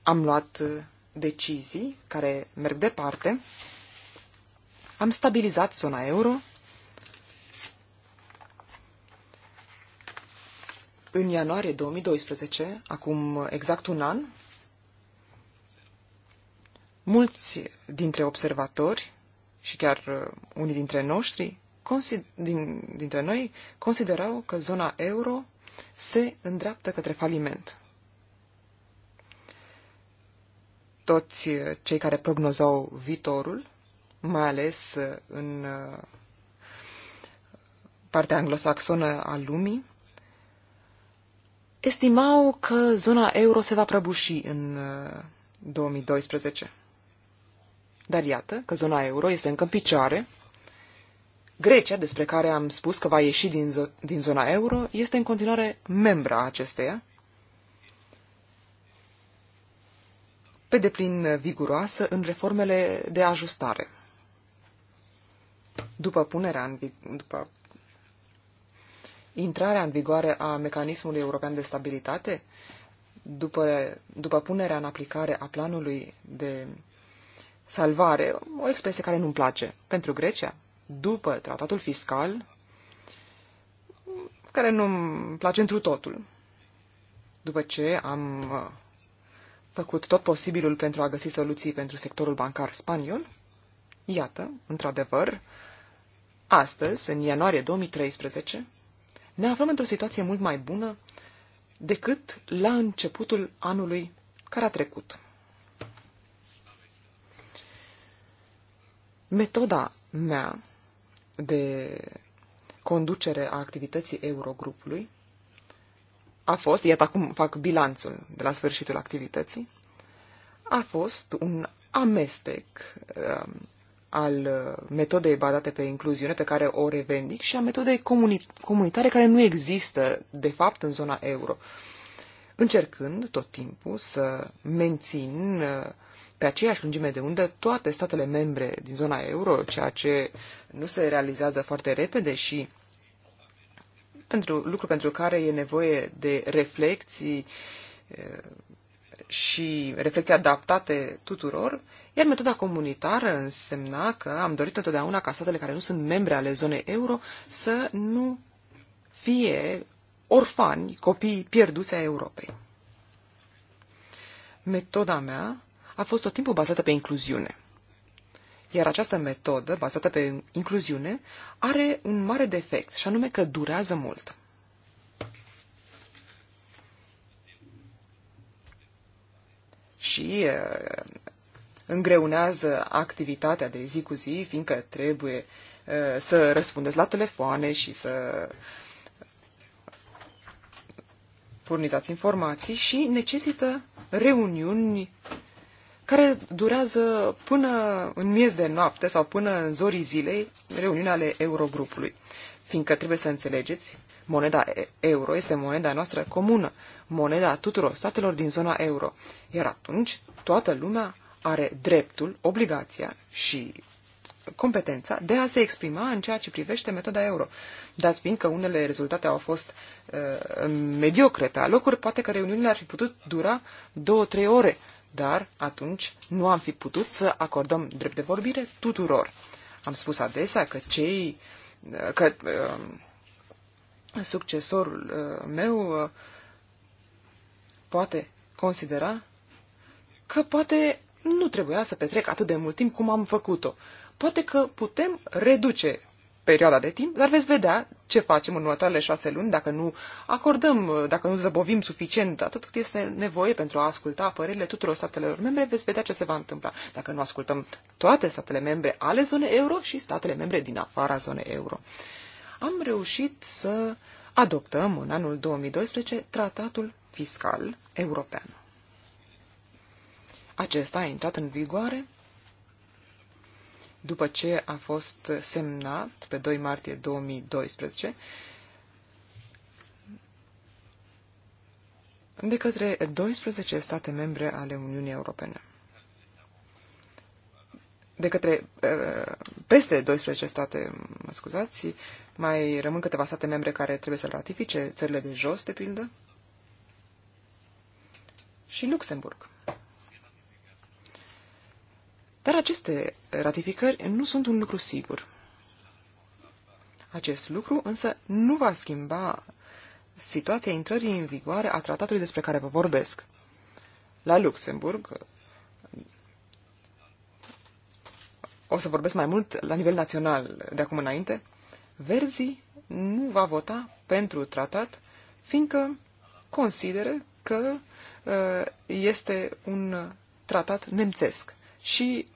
Am luat decizii care merg departe, am stabilizat zona euro în ianuarie 2012, acum exact un an, mulți dintre observatori și chiar uh, unii dintre noștri, din, dintre noi, considerau că zona euro se îndreaptă către faliment. toți uh, cei care prognozau viitorul, mai ales uh, în uh, partea anglosaxonă a lumii, estimau că zona euro se va prăbuși în 2012. Dar iată că zona euro este încă în picioare. Grecia, despre care am spus că va ieși din, zo- din zona euro, este în continuare membra acesteia pe deplin viguroasă în reformele de ajustare. După punerea în, după intrarea în vigoare a mecanismului european de stabilitate, după, după punerea în aplicare a planului de salvare, o expresie care nu-mi place, pentru Grecia, după tratatul fiscal, care nu-mi place întru totul, după ce am făcut tot posibilul pentru a găsi soluții pentru sectorul bancar spaniol, iată, într-adevăr, astăzi, în ianuarie 2013, ne aflăm într-o situație mult mai bună decât la începutul anului care a trecut. Metoda mea de conducere a activității Eurogrupului a fost, iată acum fac bilanțul de la sfârșitul activității, a fost un amestec uh, al metodei bazate pe incluziune pe care o revendic și a metodei comuni- comunitare care nu există, de fapt, în zona euro. Încercând tot timpul să mențin uh, pe aceeași lungime de undă toate statele membre din zona euro, ceea ce nu se realizează foarte repede și uh, pentru, lucru pentru care e nevoie de reflexii și reflexii adaptate tuturor, iar metoda comunitară însemna că am dorit întotdeauna ca statele care nu sunt membre ale zonei euro să nu fie orfani, copii pierduți a Europei. Metoda mea a fost tot timpul bazată pe incluziune. Iar această metodă, bazată pe incluziune, are un mare defect, și anume că durează mult. Și îngreunează activitatea de zi cu zi, fiindcă trebuie să răspundeți la telefoane și să furnizați informații și necesită reuniuni care durează până în miez de noapte sau până în zorii zilei reuniunea ale Eurogrupului. Fiindcă trebuie să înțelegeți, moneda euro este moneda noastră comună, moneda tuturor statelor din zona euro. Iar atunci toată lumea are dreptul, obligația și competența de a se exprima în ceea ce privește metoda euro. Dat fiindcă unele rezultate au fost uh, mediocre pe alocuri, poate că reuniunile ar fi putut dura două-trei ore dar atunci nu am fi putut să acordăm drept de vorbire tuturor. Am spus adesea că cei, că uh, succesorul uh, meu uh, poate considera că poate nu trebuia să petrec atât de mult timp cum am făcut-o. Poate că putem reduce perioada de timp, dar veți vedea ce facem în următoarele șase luni dacă nu acordăm, dacă nu zăbovim suficient, atât cât este nevoie pentru a asculta părerile tuturor statelor membre, veți vedea ce se va întâmpla dacă nu ascultăm toate statele membre ale zonei euro și statele membre din afara zonei euro. Am reușit să adoptăm în anul 2012 tratatul fiscal european. Acesta a intrat în vigoare după ce a fost semnat pe 2 martie 2012 de către 12 state membre ale Uniunii Europene. De către eh, peste 12 state, mă scuzați, mai rămân câteva state membre care trebuie să-l ratifice, țările de jos, de pildă, și Luxemburg. Dar aceste ratificări nu sunt un lucru sigur. Acest lucru însă nu va schimba situația intrării în vigoare a tratatului despre care vă vorbesc. La Luxemburg, o să vorbesc mai mult la nivel național de acum înainte, Verzi nu va vota pentru tratat, fiindcă consideră că uh, este un tratat nemțesc și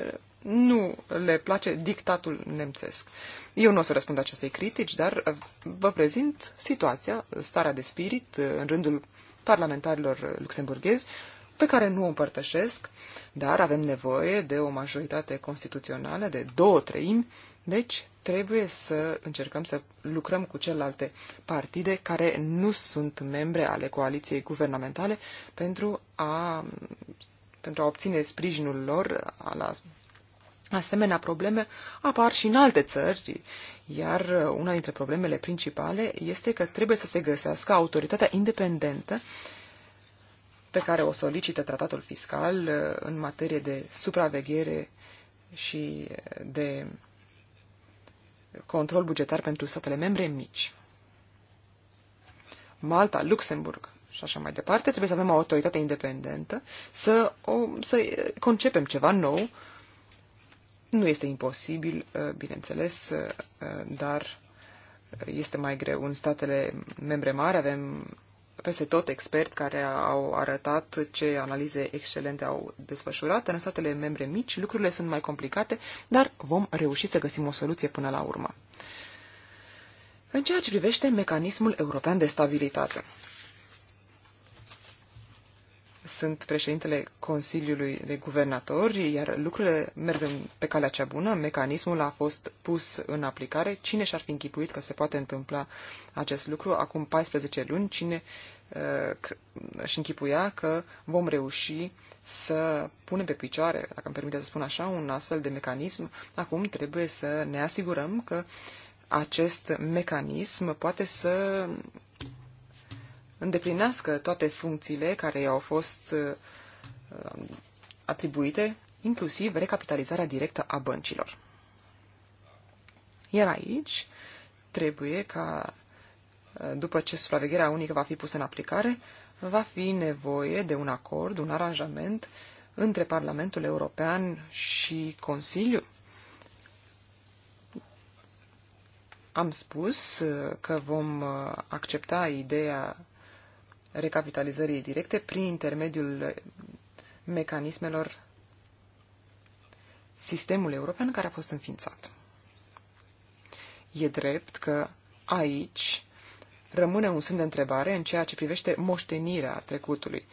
uh, nu le place dictatul nemțesc. Eu nu o să răspund acestei critici, dar uh, vă prezint situația, starea de spirit uh, în rândul parlamentarilor luxemburghezi, pe care nu o împărtășesc, dar avem nevoie de o majoritate constituțională de două treimi, deci trebuie să încercăm să lucrăm cu celelalte partide care nu sunt membre ale coaliției guvernamentale pentru a pentru a obține sprijinul lor la asemenea probleme apar și în alte țări, iar una dintre problemele principale este că trebuie să se găsească autoritatea independentă pe care o solicită tratatul fiscal uh, în materie de supraveghere și de control bugetar pentru statele membre mici. Malta, Luxemburg, și așa mai departe, trebuie să avem o autoritate independentă, să, o, să concepem ceva nou. Nu este imposibil, uh, bineînțeles, uh, dar este mai greu. În statele membre mari avem peste tot experți care au arătat ce analize excelente au desfășurat. În statele membre mici lucrurile sunt mai complicate, dar vom reuși să găsim o soluție până la urmă. În ceea ce privește mecanismul european de stabilitate, sunt președintele Consiliului de Guvernatori, iar lucrurile merg pe calea cea bună, mecanismul a fost pus în aplicare. Cine și-ar fi închipuit că se poate întâmpla acest lucru acum 14 luni? Cine uh, și închipuia că vom reuși să punem pe picioare, dacă îmi permite să spun așa, un astfel de mecanism. Acum trebuie să ne asigurăm că acest mecanism poate să îndeplinească toate funcțiile care i-au fost uh, atribuite, inclusiv recapitalizarea directă a băncilor. Iar aici trebuie ca, uh, după ce supravegherea unică va fi pusă în aplicare, va fi nevoie de un acord, un aranjament între Parlamentul European și Consiliu. Am spus uh, că vom accepta ideea recapitalizării directe prin intermediul mecanismelor sistemului european care a fost înființat. E drept că aici rămâne un semn de întrebare în ceea ce privește moștenirea trecutului.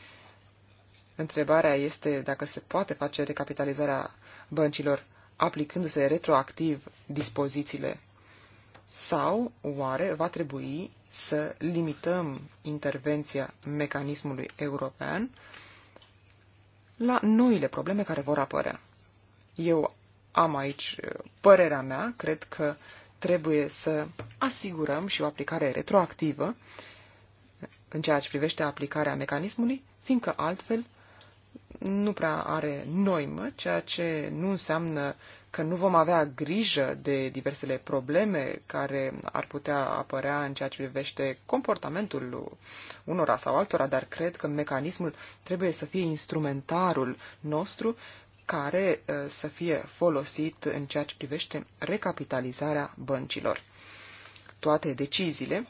Întrebarea este dacă se poate face recapitalizarea băncilor aplicându-se retroactiv dispozițiile sau oare va trebui să limităm intervenția mecanismului european la noile probleme care vor apărea. Eu am aici părerea mea, cred că trebuie să asigurăm și o aplicare retroactivă în ceea ce privește aplicarea mecanismului, fiindcă altfel nu prea are noimă, ceea ce nu înseamnă că nu vom avea grijă de diversele probleme care ar putea apărea în ceea ce privește comportamentul unora sau altora, dar cred că mecanismul trebuie să fie instrumentarul nostru care uh, să fie folosit în ceea ce privește recapitalizarea băncilor. Toate deciziile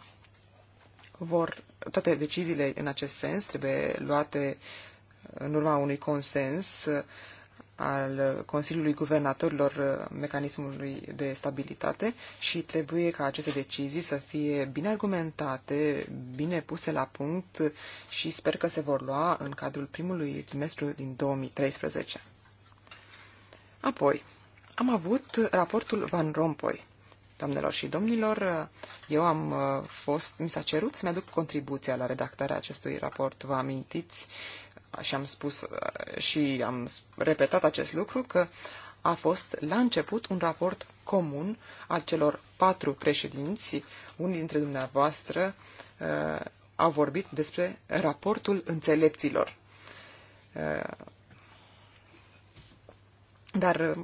vor, toate deciziile în acest sens trebuie luate în urma unui consens uh, al Consiliului Guvernatorilor uh, Mecanismului de Stabilitate și trebuie ca aceste decizii să fie bine argumentate, bine puse la punct și sper că se vor lua în cadrul primului trimestru din 2013. Apoi, am avut raportul Van Rompuy. Doamnelor și domnilor, uh, eu am uh, fost, mi s-a cerut să-mi aduc contribuția la redactarea acestui raport. Vă amintiți și am spus și am repetat acest lucru, că a fost la început un raport comun al celor patru președinți. Unii dintre dumneavoastră uh, au vorbit despre raportul înțelepților. Uh, dar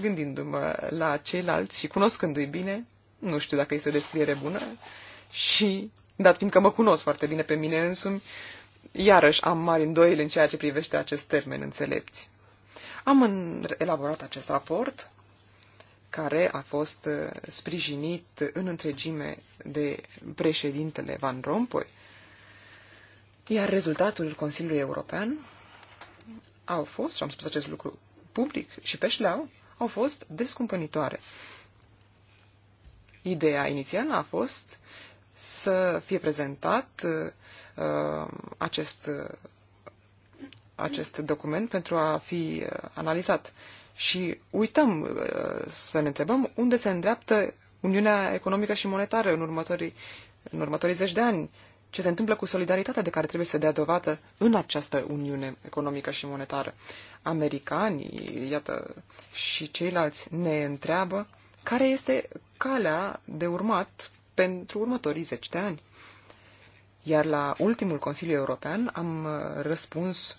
gândindu-mă la ceilalți și cunoscându-i bine, nu știu dacă este o descriere bună, și dat fiindcă mă cunosc foarte bine pe mine însumi, uh, iarăși am mari îndoieli în ceea ce privește acest termen înțelepți. Am elaborat acest raport, care a fost uh, sprijinit în întregime de președintele Van Rompuy, iar rezultatul Consiliului European au fost, și am spus acest lucru public și pe șleau, au fost descumpănitoare. Ideea inițială a fost să fie prezentat uh, acest, uh, acest document pentru a fi uh, analizat. Și uităm uh, să ne întrebăm unde se îndreaptă Uniunea Economică și Monetară în următorii, în următorii zeci de ani. Ce se întâmplă cu solidaritatea de care trebuie să dea dovadă în această Uniune Economică și Monetară. Americanii, iată, și ceilalți ne întreabă care este calea de urmat pentru următorii zeci de ani. Iar la ultimul Consiliu European am uh, răspuns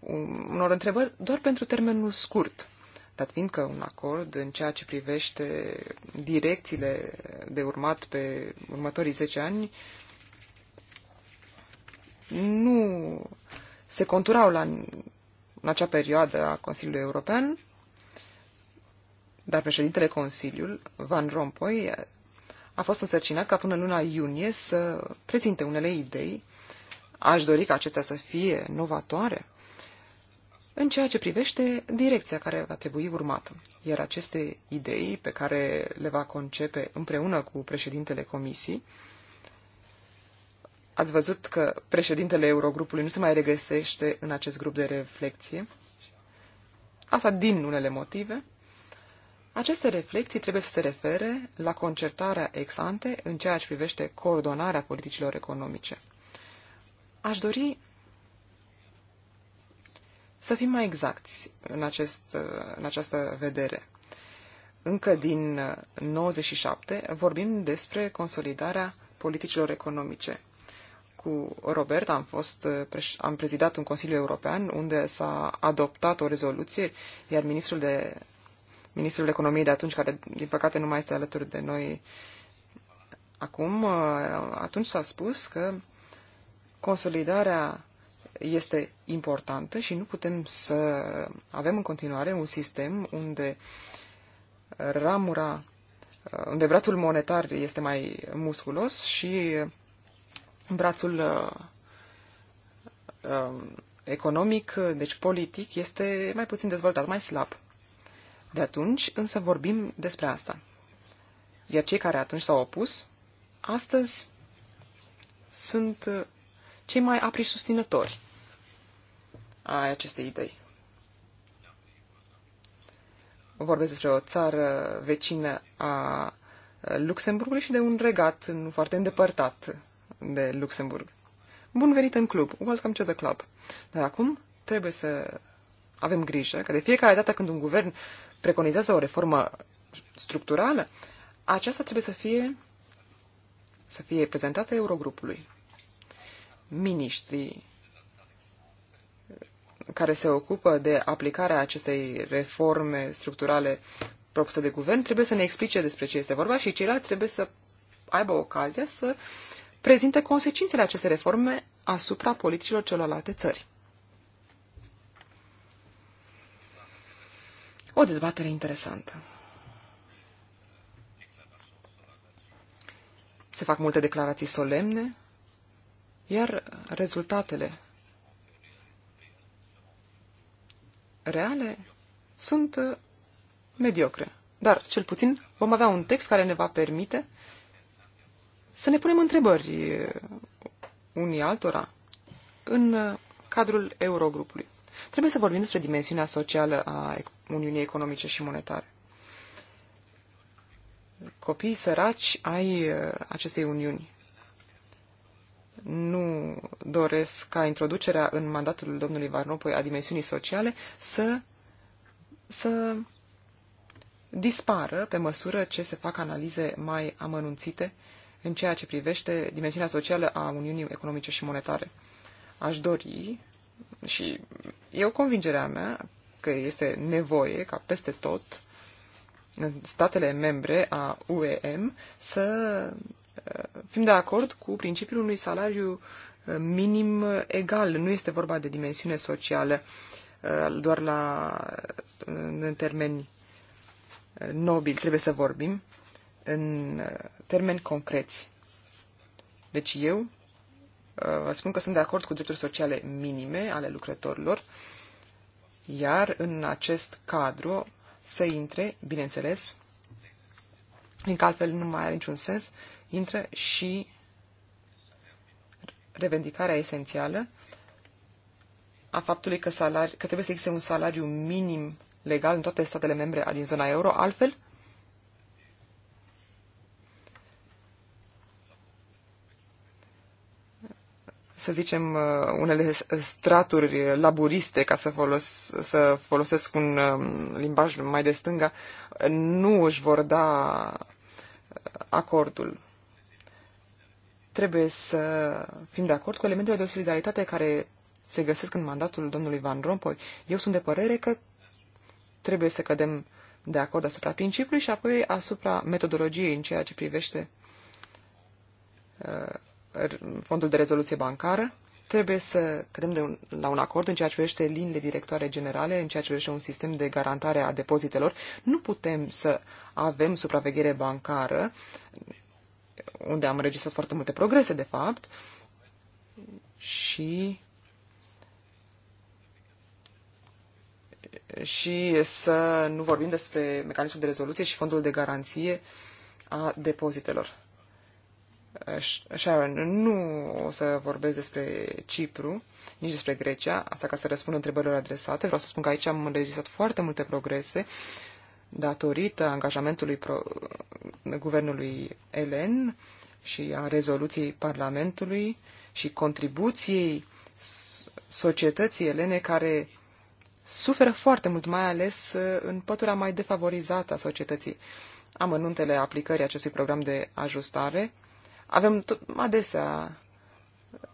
um, unor întrebări doar pentru termenul scurt, dat fiindcă un acord în ceea ce privește direcțiile de urmat pe următorii 10 ani nu se conturau la, în acea perioadă a Consiliului European, dar președintele Consiliul, Van Rompuy, a fost însărcinat ca până luna iunie să prezinte unele idei. Aș dori ca acestea să fie novatoare în ceea ce privește direcția care va trebui urmată. Iar aceste idei pe care le va concepe împreună cu președintele Comisiei, ați văzut că președintele Eurogrupului nu se mai regăsește în acest grup de reflexie, asta din unele motive, aceste reflecții trebuie să se refere la concertarea ex ante în ceea ce privește coordonarea politicilor economice. Aș dori să fim mai exacti în, acest, în această vedere. Încă din 97 vorbim despre consolidarea politicilor economice. Cu Robert am, fost, am prezidat un Consiliu European unde s-a adoptat o rezoluție, iar ministrul de ministrul economiei de atunci, care din păcate nu mai este alături de noi acum, uh, atunci s-a spus că consolidarea este importantă și nu putem să avem în continuare un sistem unde ramura, uh, unde brațul monetar este mai musculos și brațul uh, um, economic, deci politic, este mai puțin dezvoltat, mai slab. De atunci însă vorbim despre asta. Iar cei care atunci s-au opus, astăzi sunt uh, cei mai apri susținători a acestei idei. Vorbesc despre o țară vecină a uh, Luxemburgului și de un regat nu foarte îndepărtat de Luxemburg. Bun venit în club, welcome to the club. Dar acum trebuie să avem grijă că de fiecare dată când un guvern preconizează o reformă structurală, aceasta trebuie să fie, să fie prezentată Eurogrupului. Ministrii care se ocupă de aplicarea acestei reforme structurale propuse de guvern trebuie să ne explice despre ce este vorba și ceilalți trebuie să aibă ocazia să prezinte consecințele acestei reforme asupra politicilor celorlalte țări. o dezbatere interesantă. Se fac multe declarații solemne, iar rezultatele reale sunt uh, mediocre. Dar, cel puțin, vom avea un text care ne va permite să ne punem întrebări uh, unii altora în uh, cadrul Eurogrupului. Trebuie să vorbim despre dimensiunea socială a Uniunii Economice și Monetare. Copiii săraci ai uh, acestei uniuni nu doresc ca introducerea în mandatul domnului Van Rompuy a dimensiunii sociale să, să dispară pe măsură ce se fac analize mai amănunțite în ceea ce privește dimensiunea socială a Uniunii Economice și Monetare. Aș dori și eu convingerea mea că este nevoie ca peste tot în statele membre a UEM să uh, fim de acord cu principiul unui salariu uh, minim uh, egal. Nu este vorba de dimensiune socială doar la, în termeni nobili. Trebuie să vorbim în termeni concreți. Deci eu vă spun că sunt de acord cu drepturi sociale minime ale lucrătorilor, iar în acest cadru să intre, bineînțeles, că altfel nu mai are niciun sens, intră și revendicarea esențială a faptului că, salari, că trebuie să existe un salariu minim legal în toate statele membre din zona euro, altfel să zicem, uh, unele straturi laburiste, ca să, folos, să folosesc un um, limbaj mai de stânga, nu își vor da uh, acordul. Trebuie să fim de acord cu elementele de solidaritate care se găsesc în mandatul domnului Van Rompuy. Eu sunt de părere că trebuie să cădem de acord asupra principiului și apoi asupra metodologiei în ceea ce privește uh, fondul de rezoluție bancară, trebuie să cădem de un, la un acord în ceea ce privește liniile directoare generale, în ceea ce privește un sistem de garantare a depozitelor. Nu putem să avem supraveghere bancară, unde am înregistrat foarte multe progrese, de fapt, și și să nu vorbim despre mecanismul de rezoluție și fondul de garanție a depozitelor. Sharon, nu o să vorbesc despre Cipru, nici despre Grecia, asta ca să răspund întrebărilor adresate. Vreau să spun că aici am înregistrat foarte multe progrese datorită angajamentului pro... guvernului Elen și a rezoluției Parlamentului și contribuției societății elene care suferă foarte mult, mai ales uh, în pătura mai defavorizată a societății. Amănuntele aplicării acestui program de ajustare avem tot, adesea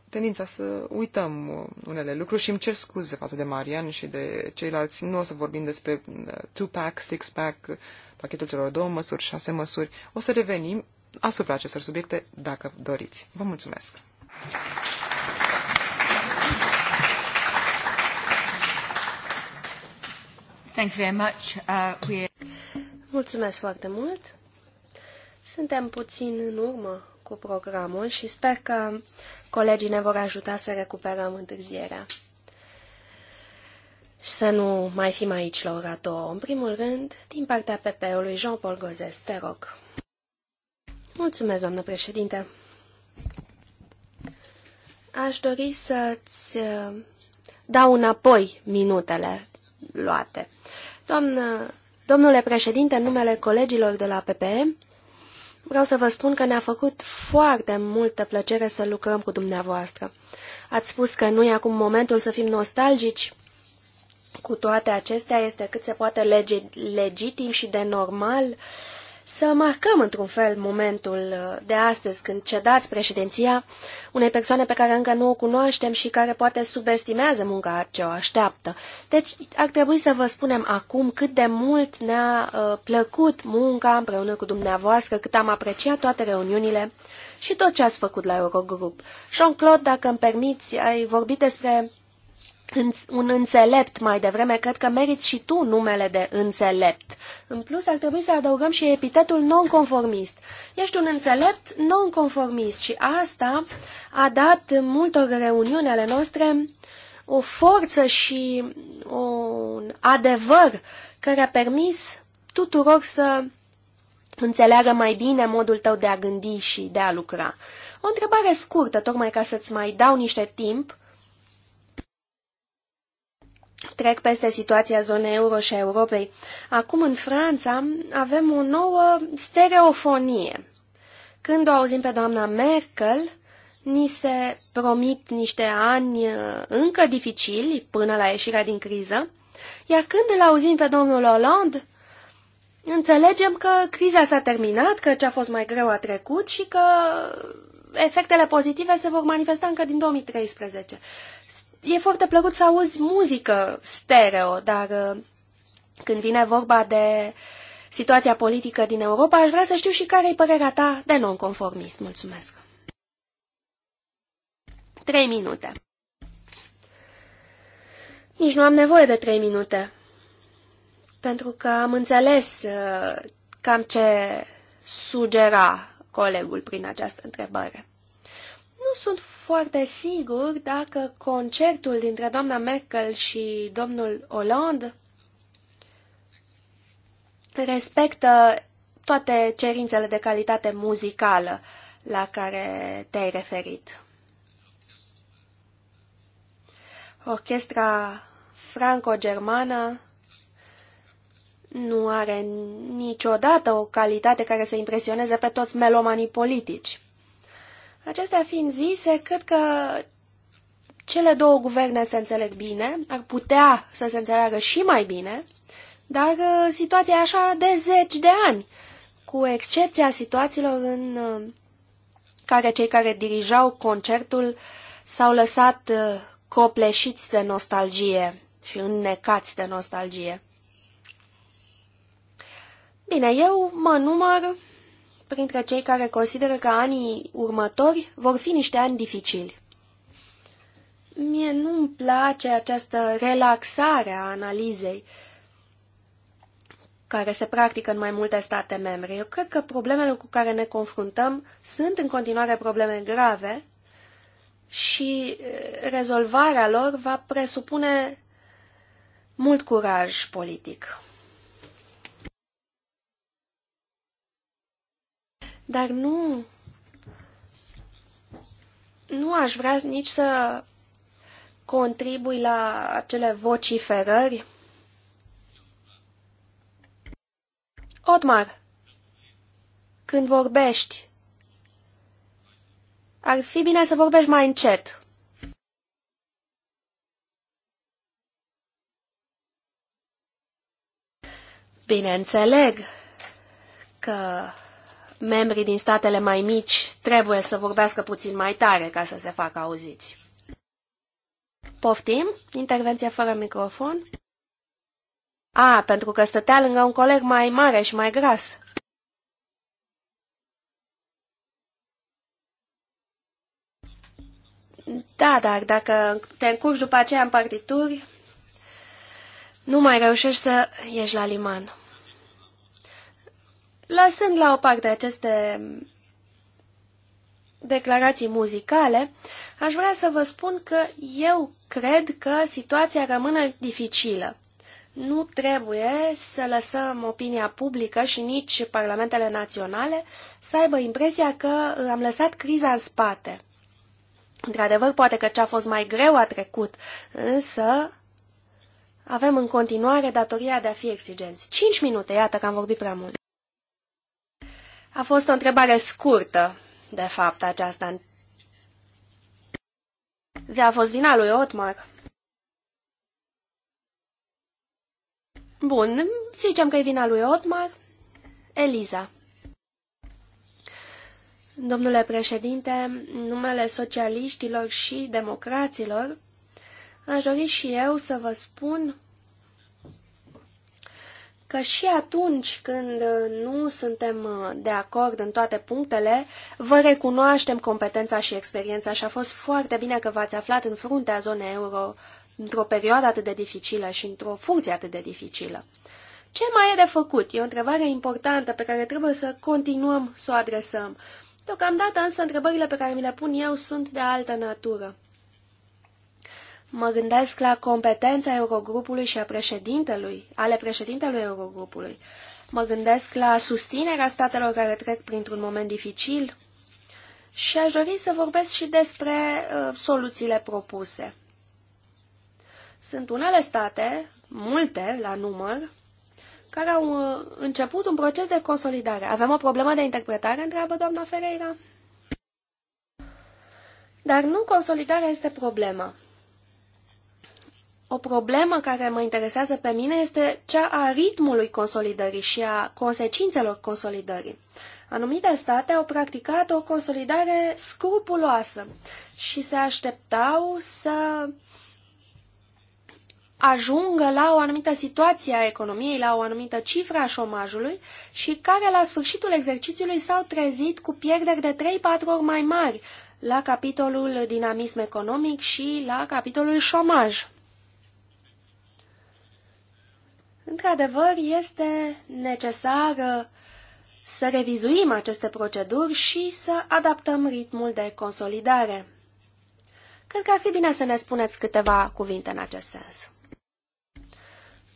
tendința să uităm unele lucruri și îmi cer scuze față de Marian și de ceilalți. Nu o să vorbim despre uh, two-pack, six-pack, uh, pachetul celor două măsuri, șase măsuri. O să revenim asupra acestor subiecte dacă doriți. Vă mulțumesc! Thank you very much. Uh, we... Mulțumesc foarte mult. Suntem puțin în urmă cu programul și sper că colegii ne vor ajuta să recuperăm întârzierea. Și să nu mai fim aici la ora două. În primul rând, din partea PP-ului Jean-Paul Gozes, te rog. Mulțumesc, doamnă președinte. Aș dori să-ți uh, dau înapoi minutele luate. Doamnă, domnule președinte, în numele colegilor de la PPM, Vreau să vă spun că ne-a făcut foarte multă plăcere să lucrăm cu dumneavoastră. Ați spus că nu e acum momentul să fim nostalgici. Cu toate acestea este cât se poate lege legitim și de normal uh, să marcăm într-un fel momentul uh, de astăzi când cedați președinția unei persoane pe care încă nu o cunoaștem și care poate subestimează munca ce o așteaptă. Deci ar trebui să vă spunem acum cât de mult ne-a uh, plăcut munca împreună cu dumneavoastră, cât am apreciat toate reuniunile și tot ce ați făcut la Eurogroup. Jean-Claude, dacă îmi permiți, ai vorbit despre un înțelept mai devreme, cred că meriți și tu numele de înțelept. În plus, ar trebui să adăugăm și epitetul nonconformist. Ești un înțelept nonconformist și asta a dat multor reuniuni ale noastre o forță și un adevăr care a permis tuturor să înțeleagă mai bine modul tău de a gândi și de a lucra. O întrebare scurtă, tocmai ca să-ți mai dau niște timp, Trec peste situația zonei euro și a Europei. Acum, în Franța, avem o nouă stereofonie. Când o auzim pe doamna Merkel, ni se promit niște ani uh, încă dificili până la ieșirea din criză, iar când îl auzim pe domnul Hollande, înțelegem că criza s-a terminat, că ce a fost mai greu a trecut și că efectele pozitive se vor manifesta încă din 2013 e foarte plăcut să auzi muzică stereo, dar uh, când vine vorba de situația politică din Europa, aș vrea să știu și care e părerea ta de nonconformist. Mulțumesc. Trei minute. Nici nu am nevoie de trei minute. Pentru că am înțeles uh, cam ce sugera colegul prin această întrebare. Nu sunt foarte sigur dacă concertul dintre doamna Merkel și domnul Hollande respectă toate cerințele de calitate muzicală la care te-ai referit. Orchestra franco-germană nu are niciodată o calitate care să impresioneze pe toți melomanii politici. Acestea fiind zise, cred că cele două guverne se înțeleg bine, ar putea să se înțeleagă și mai bine, dar uh, situația e așa de zeci de ani, cu excepția situațiilor în uh, care cei care dirijau concertul s-au lăsat uh, copleșiți de nostalgie și înnecați de nostalgie. Bine, eu mă număr printre cei care consideră că anii următori vor fi niște ani dificili. Mie nu-mi place această relaxare a analizei care se practică în mai multe state membre. Eu cred că problemele cu care ne confruntăm sunt în continuare probleme grave și rezolvarea lor va presupune mult curaj politic. Dar nu... Nu aș vrea nici să contribui la acele vociferări. Otmar, când vorbești, ar fi bine să vorbești mai încet. Bineînțeleg că membrii din statele mai mici trebuie să vorbească puțin mai tare ca să se facă auziți. Poftim? Intervenție fără microfon? A, pentru că stătea lângă un coleg mai mare și mai gras. Da, dar dacă te încurci după aceea în partituri, nu mai reușești să ieși la liman. Lăsând la o parte aceste declarații muzicale, aș vrea să vă spun că eu cred că situația rămâne dificilă. Nu trebuie să lăsăm opinia publică și nici parlamentele naționale să aibă impresia că am lăsat criza în spate. Într-adevăr, poate că ce a fost mai greu a trecut, însă avem în continuare datoria de a fi exigenți. Cinci minute, iată că am vorbit prea mult. A fost o întrebare scurtă, de fapt, aceasta. De a fost vina lui Otmar. Bun, zicem că e vina lui Otmar. Eliza. Domnule președinte, numele socialiștilor și democraților, aș dori și eu să vă spun că și atunci când uh, nu suntem uh, de acord în toate punctele, vă recunoaștem competența și experiența și a fost foarte bine că v-ați aflat în fruntea zonei euro într-o perioadă atât de dificilă și într-o funcție atât de dificilă. Ce mai e de făcut? E o întrebare importantă pe care trebuie să continuăm să o adresăm. Deocamdată însă întrebările pe care mi le pun eu sunt de altă natură. Mă gândesc la competența Eurogrupului și a președintelui, ale președintelui Eurogrupului. Mă gândesc la susținerea statelor care trec printr-un moment dificil și aș dori să vorbesc și despre uh, soluțiile propuse. Sunt unele state, multe la număr, care au uh, început un proces de consolidare. Avem o problemă de interpretare, întreabă doamna Ferreira? Dar nu consolidarea este problema. O problemă care mă interesează pe mine este cea a ritmului consolidării și a consecințelor consolidării. Anumite state au practicat o consolidare scrupuloasă și se așteptau să ajungă la o anumită situație a economiei, la o anumită cifră a șomajului și care la sfârșitul exercițiului s-au trezit cu pierderi de 3-4 ori mai mari la capitolul dinamism economic și la capitolul șomaj. Într-adevăr, este necesar să revizuim aceste proceduri și să adaptăm ritmul de consolidare. Cred că ar fi bine să ne spuneți câteva cuvinte în acest sens.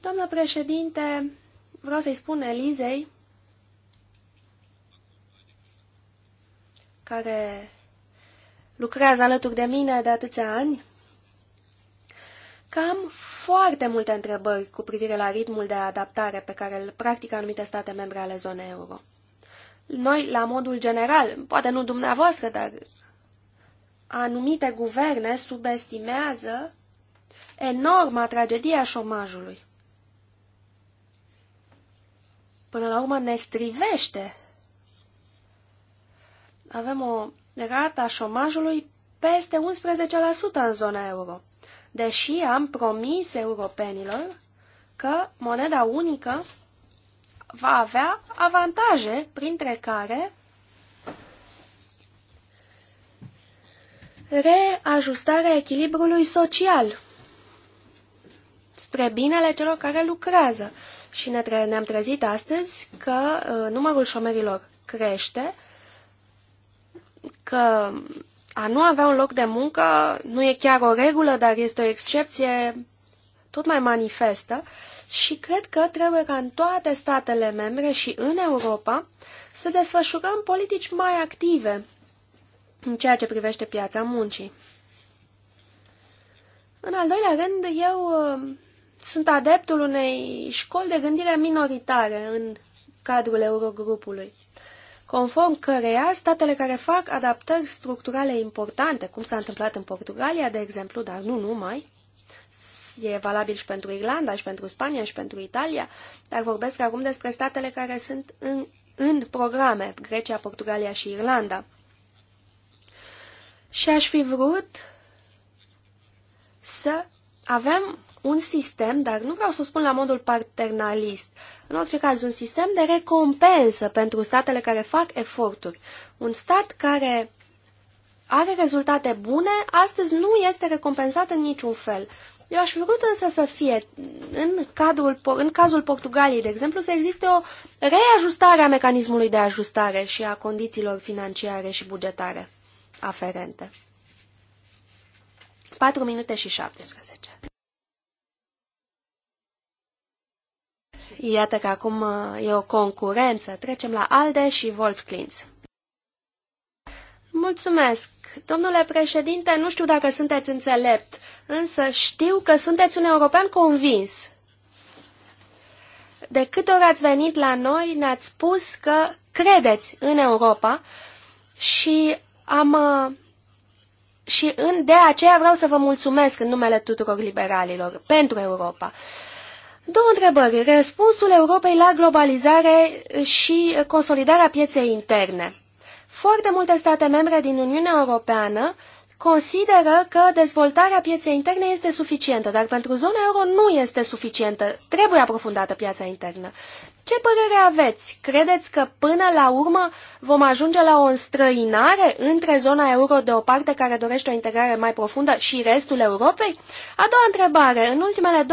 Doamnă președinte, vreau să-i spun Elizei, care lucrează alături de mine de atâția ani, că am foarte multe întrebări cu privire la ritmul de adaptare pe care îl practică anumite state membre ale zonei euro. Noi, la modul general, poate nu dumneavoastră, dar anumite guverne subestimează enorma tragedie a șomajului. Până la urmă ne strivește. Avem o rată a șomajului peste 11% în zona euro deși am promis europenilor că moneda unică va avea avantaje, printre care reajustarea echilibrului social spre binele celor care lucrează. Și ne tre ne-am trezit astăzi că uh, numărul șomerilor crește, că a nu avea un loc de muncă nu e chiar o regulă, dar este o excepție tot mai manifestă și cred că trebuie ca în toate statele membre și în Europa să desfășurăm politici mai active în ceea ce privește piața muncii. În al doilea rând, eu uh, sunt adeptul unei școli de gândire minoritare în cadrul Eurogrupului conform căreia statele care fac adaptări structurale importante, cum s-a întâmplat în Portugalia, de exemplu, dar nu numai, e valabil și pentru Irlanda, și pentru Spania, și pentru Italia, dar vorbesc acum despre statele care sunt în, în programe, Grecia, Portugalia și Irlanda. Și aș fi vrut să avem un sistem, dar nu vreau să o spun la modul paternalist, în orice caz un sistem de recompensă pentru statele care fac eforturi. Un stat care are rezultate bune, astăzi nu este recompensat în niciun fel. Eu aș fi vrut însă să fie, în, cadrul, în cazul Portugaliei, de exemplu, să existe o reajustare a mecanismului de ajustare și a condițiilor financiare și bugetare aferente. 4 minute și 17. Iată că acum uh, e o concurență. Trecem la ALDE și Wolf Klintz. Mulțumesc. Domnule președinte, nu știu dacă sunteți înțelept, însă știu că sunteți un european convins. De câte ori ați venit la noi, ne-ați spus că credeți în Europa și am... Uh, și în, de aceea vreau să vă mulțumesc în numele tuturor liberalilor pentru Europa. Uh, Două întrebări. Răspunsul Europei la globalizare și consolidarea pieței interne. Foarte multe state membre din Uniunea Europeană consideră că dezvoltarea pieței interne este suficientă, dar pentru zona euro nu este suficientă. Trebuie aprofundată piața internă. Ce părere aveți? Credeți că până la urmă vom ajunge la o înstrăinare între zona euro de o parte care dorește o integrare mai profundă și restul Europei? A doua întrebare. În ultimele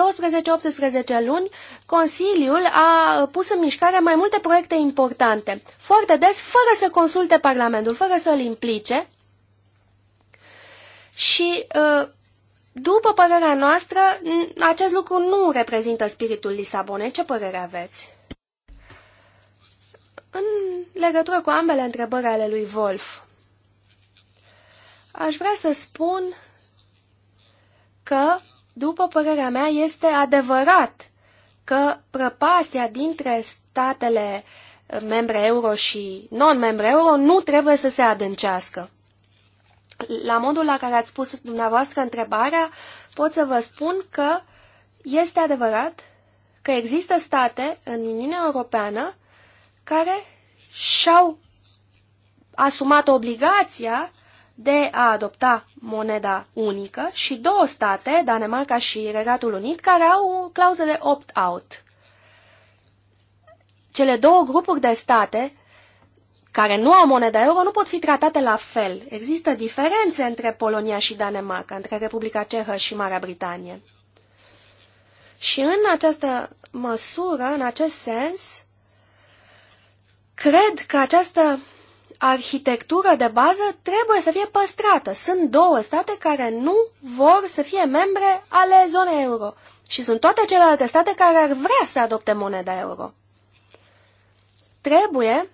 12-18 luni, Consiliul a pus în mișcare mai multe proiecte importante, foarte des fără să consulte Parlamentul, fără să-l implice, și uh, după părerea noastră, acest lucru nu reprezintă spiritul Lisabonei. Ce părere aveți? În legătură cu ambele întrebări ale lui Wolf, aș vrea să spun că, după părerea mea, este adevărat că prăpastia dintre statele membre euro și non-membre euro nu trebuie să se adâncească la modul la care ați spus dumneavoastră întrebarea, pot să vă spun că este adevărat că există state în Uniunea Europeană care și-au asumat obligația de a adopta moneda unică și două state, Danemarca și Regatul Unit, care au clauze de opt-out. Cele două grupuri de state care nu au moneda euro nu pot fi tratate la fel. Există diferențe între Polonia și Danemarca, între Republica Cehă și Marea Britanie. Și în această măsură, în acest sens, cred că această arhitectură de bază trebuie să fie păstrată. Sunt două state care nu vor să fie membre ale zonei euro și sunt toate celelalte state care ar vrea să adopte moneda euro. Trebuie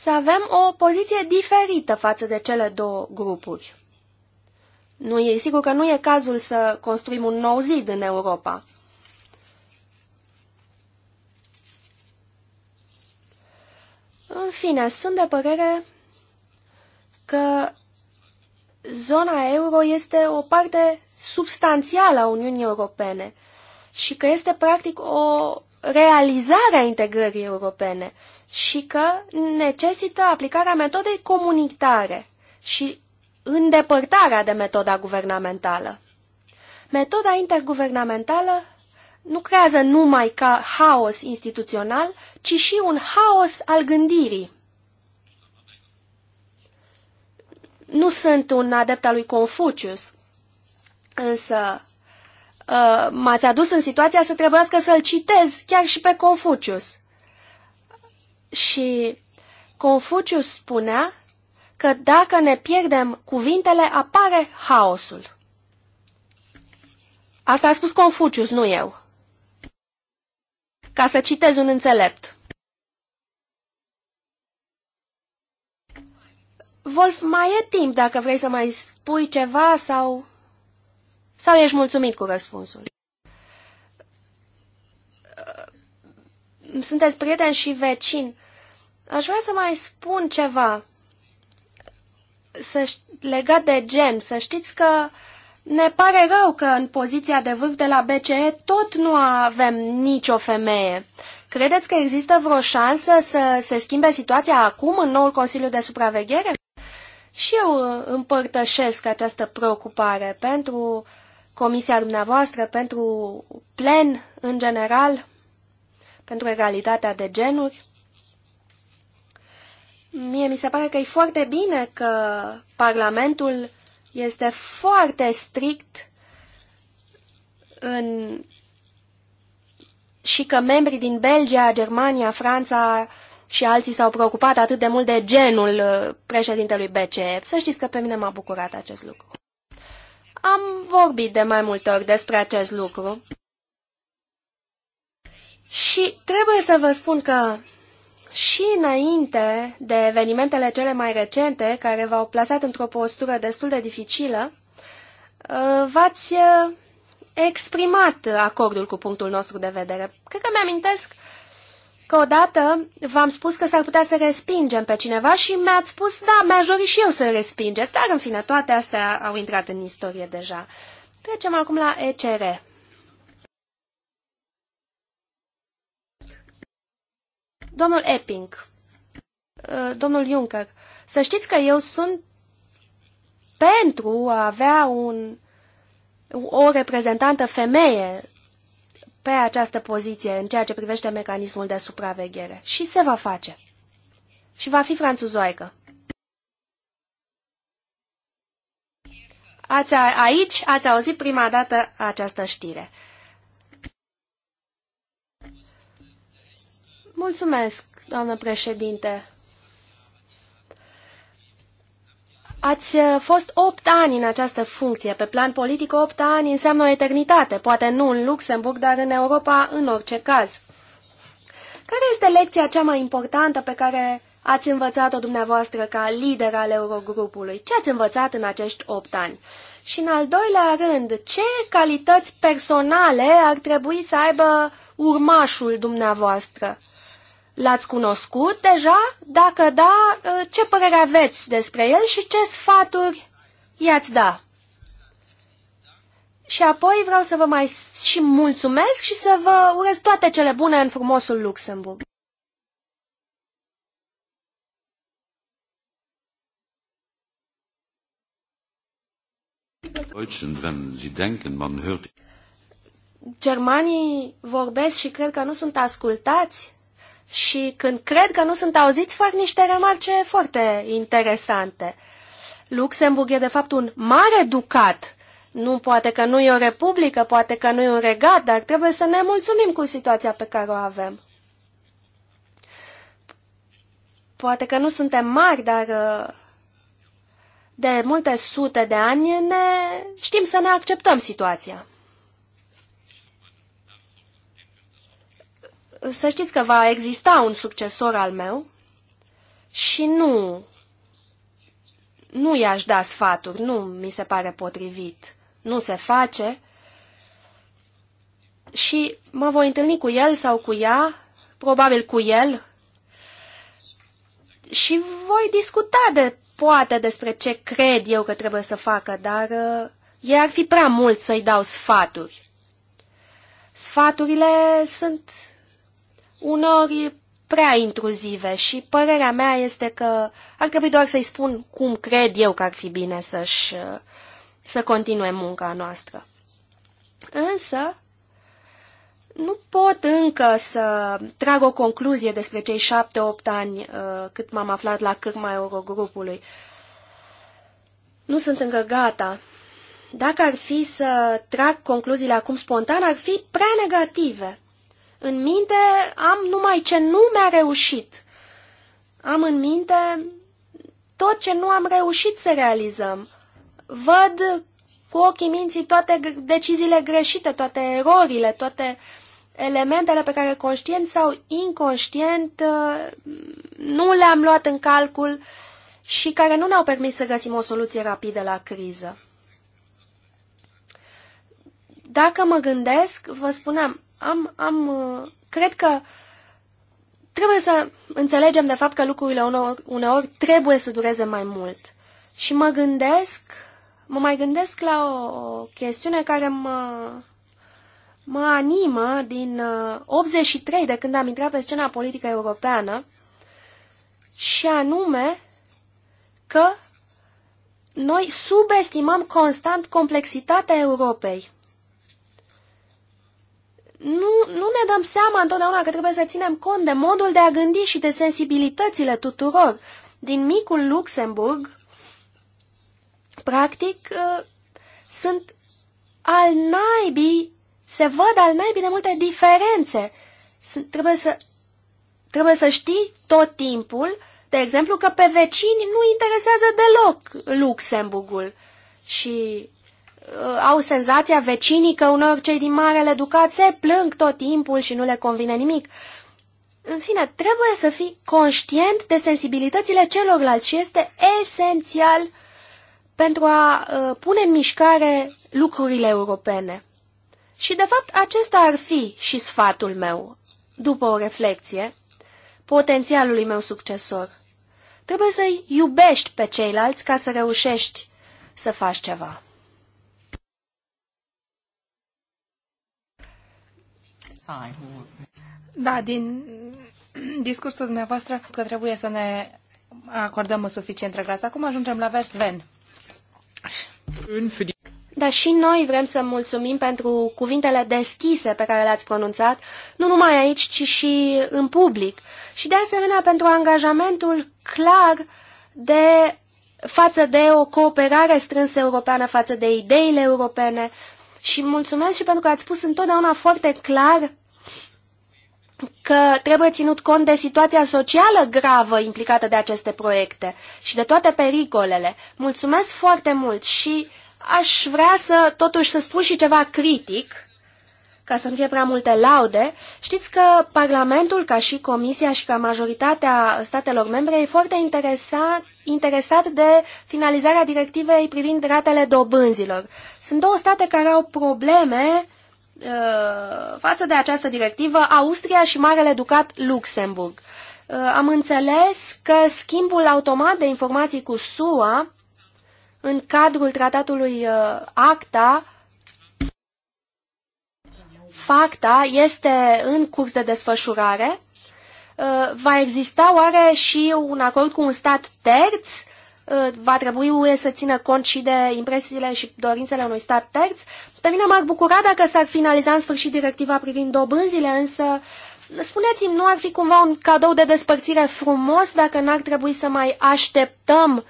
să avem o poziție diferită față de cele două grupuri. Nu e sigur că nu e cazul să construim un nou zid în Europa. În fine, sunt de părere că zona euro este o parte substanțială a Uniunii Europene și că este practic o realizarea integrării europene și că necesită aplicarea metodei comunitare și îndepărtarea de metoda guvernamentală. Metoda interguvernamentală nu creează numai ca haos instituțional, ci și un haos al gândirii. Nu sunt un adept al lui Confucius, însă Uh, m-ați adus în situația să trebuiască să-l citez chiar și pe Confucius. Și Confucius spunea că dacă ne pierdem cuvintele, apare haosul. Asta a spus Confucius, nu eu. Ca să citez un înțelept. Wolf, mai e timp dacă vrei să mai spui ceva sau... Sau ești mulțumit cu răspunsul? Sunteți prieten și vecin. Aș vrea să mai spun ceva să, legat de gen. Să știți că ne pare rău că în poziția de vârf de la BCE tot nu avem nicio femeie. Credeți că există vreo șansă să se schimbe situația acum în noul Consiliu de Supraveghere? Și eu împărtășesc această preocupare pentru comisia dumneavoastră pentru plen în general, pentru egalitatea de genuri. Mie mi se pare că e foarte bine că Parlamentul este foarte strict în... și că membrii din Belgia, Germania, Franța și alții s-au preocupat atât de mult de genul uh, președintelui BCE. Să știți că pe mine m-a bucurat acest lucru. Am vorbit de mai multe ori despre acest lucru. Și trebuie să vă spun că și înainte de evenimentele cele mai recente, care v-au plasat într-o postură destul de dificilă, uh, v-ați uh, exprimat acordul cu punctul nostru de vedere. Cred că mi-amintesc că odată v-am spus că s-ar putea să respingem pe cineva și mi-ați spus, da, mi-aș dori și eu să respingeți, dar în fine, toate astea au intrat în istorie deja. Trecem acum la ECR. Domnul Epping, uh, domnul Juncker, să știți că eu sunt pentru a avea un, o reprezentantă femeie pe această poziție în ceea ce privește mecanismul de supraveghere. Și se va face. Și va fi franțuzoaică. Ați, aici ați auzit prima dată această știre. Mulțumesc, doamnă președinte. Ați uh, fost opt ani în această funcție. Pe plan politic, opt ani înseamnă o eternitate. Poate nu în Luxemburg, dar în Europa, în orice caz. Care este lecția cea mai importantă pe care ați învățat-o dumneavoastră ca lider al Eurogrupului? Ce ați învățat în acești opt ani? Și în al doilea rând, ce calități personale ar trebui să aibă urmașul dumneavoastră? L-ați cunoscut deja? Dacă da, ce părere aveți despre el și ce sfaturi i-ați da? Și apoi vreau să vă mai și mulțumesc și să vă urez toate cele bune în frumosul Luxemburg. Germanii vorbesc și cred că nu sunt ascultați și când cred că nu sunt auziți, fac niște remarce foarte interesante. Luxemburg e de fapt un mare ducat. Nu poate că nu e o republică, poate că nu e un regat, dar trebuie să ne mulțumim cu situația pe care o avem. Poate că nu suntem mari, dar uh, de multe sute de ani ne știm să ne acceptăm situația. să știți că va exista un succesor al meu și nu, nu i-aș da sfaturi, nu mi se pare potrivit, nu se face și mă voi întâlni cu el sau cu ea, probabil cu el, și voi discuta de poate despre ce cred eu că trebuie să facă, dar uh, ei ar fi prea mult să-i dau sfaturi. Sfaturile sunt uneori prea intruzive și părerea mea este că ar trebui doar să-i spun cum cred eu că ar fi bine să-și, să continue munca noastră. Însă, nu pot încă să trag o concluzie despre cei șapte-opt ani uh, cât m-am aflat la cârma Eurogrupului. Nu sunt încă gata. Dacă ar fi să trag concluziile acum spontan, ar fi prea negative în minte am numai ce nu mi-a reușit. Am în minte tot ce nu am reușit să realizăm. Văd cu ochii minții toate deciziile greșite, toate erorile, toate elementele pe care conștient sau inconștient uh, nu le-am luat în calcul și care nu ne-au permis să găsim o soluție rapidă la criză. Dacă mă gândesc, vă spuneam, am, am, uh, cred că trebuie să înțelegem de fapt că lucrurile uneori, uneori trebuie să dureze mai mult. Și mă gândesc, mă mai gândesc la o, o chestiune care mă, mă animă din 83, uh, de când am intrat pe scena politică europeană, și anume că noi subestimăm constant complexitatea Europei nu, nu ne dăm seama întotdeauna că trebuie să ținem cont de modul de a gândi și de sensibilitățile tuturor. Din micul Luxemburg, practic, ă, sunt al naibii, se văd al naibii de multe diferențe. Sunt, trebuie, să, trebuie să știi tot timpul, de exemplu, că pe vecini nu interesează deloc Luxemburgul. Și Uh, au senzația vecinii că unor cei din Marele Ducat se plâng tot timpul și nu le convine nimic. În fine, trebuie să fii conștient de sensibilitățile celorlalți și este esențial pentru a uh, pune în mișcare lucrurile europene. Și, de fapt, acesta ar fi și sfatul meu, după o reflexie, potențialului meu succesor. Trebuie să-i iubești pe ceilalți ca să reușești să faci ceva. Da, din discursul dumneavoastră că trebuie să ne acordăm suficient răgaz. Acum ajungem la vers ven. Dar și noi vrem să mulțumim pentru cuvintele deschise pe care le-ați pronunțat, nu numai aici, ci și în public. Și de asemenea pentru angajamentul clar de față de o cooperare strânsă europeană, față de ideile europene, și mulțumesc și pentru că ați spus întotdeauna foarte clar că trebuie ținut cont de situația socială gravă implicată de aceste proiecte și de toate pericolele. Mulțumesc foarte mult și aș vrea să totuși să spun și ceva critic, ca să nu fie prea multe laude. Știți că Parlamentul, ca și Comisia și ca majoritatea statelor membre, e foarte interesat interesat de finalizarea directivei privind ratele dobânzilor. Sunt două state care au probleme uh, față de această directivă, Austria și Marele Ducat Luxemburg. Uh, am înțeles că schimbul automat de informații cu SUA în cadrul tratatului uh, ACTA FACTA este în curs de desfășurare Uh, va exista oare și un acord cu un stat terț? Uh, va trebui UE să țină cont și de impresiile și dorințele unui stat terț? Pe mine m-ar bucura dacă s-ar finaliza în sfârșit directiva privind dobânzile, însă spuneți-mi, nu ar fi cumva un cadou de despărțire frumos dacă n-ar trebui să mai așteptăm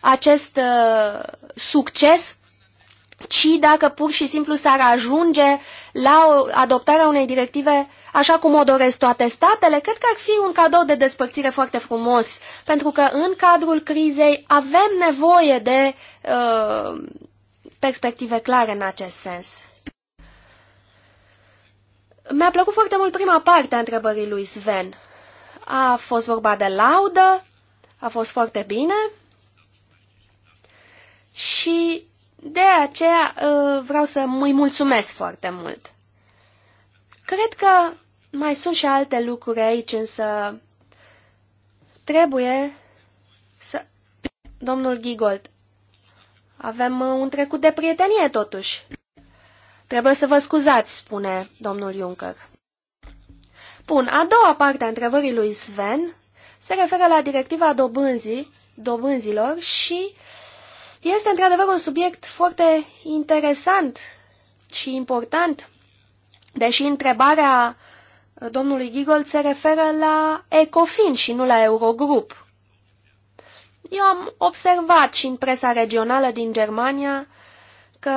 acest uh, succes ci dacă pur și simplu s-ar ajunge la o, adoptarea unei directive așa cum o doresc toate statele, cred că ar fi un cadou de despărțire foarte frumos, pentru că în cadrul crizei avem nevoie de uh, perspective clare în acest sens. Mi-a plăcut foarte mult prima parte a întrebării lui Sven. A fost vorba de laudă, a fost foarte bine și de aceea uh, vreau să îi mulțumesc foarte mult. Cred că mai sunt și alte lucruri aici, însă trebuie să... Domnul Gigold, avem uh, un trecut de prietenie totuși. Trebuie să vă scuzați, spune domnul Juncker. Bun, a doua parte a întrebării lui Sven se referă la directiva dobânzii, dobânzilor și uh, este într-adevăr un subiect foarte interesant și important, deși întrebarea domnului Gigol se referă la Ecofin și nu la Eurogrup. Eu am observat și în presa regională din Germania că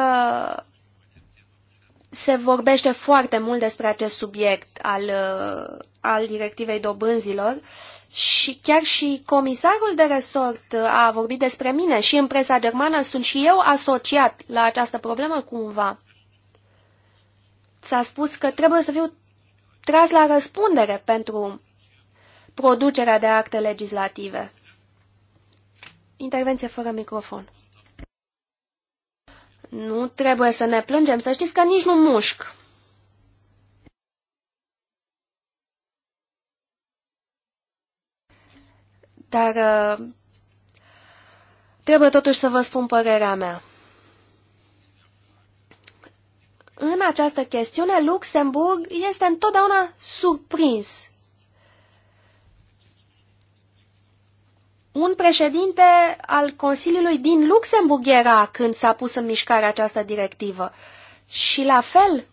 se vorbește foarte mult despre acest subiect al, uh, al directivei dobânzilor și chiar și comisarul de resort uh, a vorbit despre mine și în presa germană sunt și eu asociat la această problemă cumva. S-a spus că trebuie să fiu tras la răspundere pentru producerea de acte legislative. Intervenție fără microfon. Nu trebuie să ne plângem, să știți că nici nu mușc. Dar uh, trebuie totuși să vă spun părerea mea. În această chestiune, Luxemburg este întotdeauna surprins. Un președinte al Consiliului din Luxemburg era când s-a pus în mișcare această directivă. Și la fel,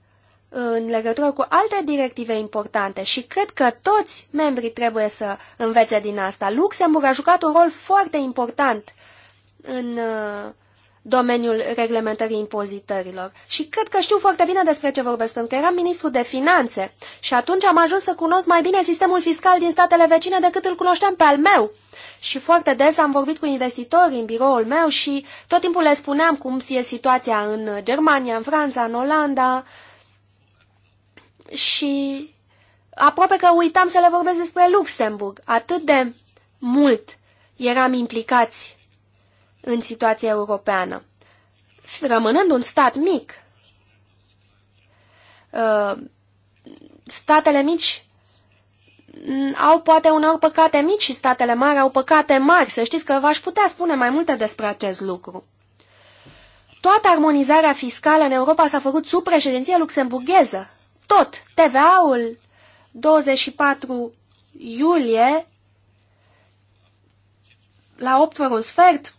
în legătură cu alte directive importante și cred că toți membrii trebuie să învețe din asta. Luxemburg a jucat un rol foarte important în uh, domeniul reglementării impozitărilor. Și cred că știu foarte bine despre ce vorbesc, pentru că eram ministru de finanțe și atunci am ajuns să cunosc mai bine sistemul fiscal din statele vecine decât îl cunoșteam pe al meu. Și foarte des am vorbit cu investitori în biroul meu și tot timpul le spuneam cum e situația în Germania, în Franța, în Olanda, uh, și aproape că uitam să le vorbesc despre Luxemburg. Atât de mult eram implicați în situația europeană, rămânând un stat mic. Uh, statele mici au poate uneori păcate mici și statele mari au păcate mari. Să știți că v-aș putea spune mai multe despre acest lucru. Toată armonizarea fiscală în Europa s-a făcut sub președinția luxemburgheză tot. TVA-ul 24 iulie la 8 fără un sfert,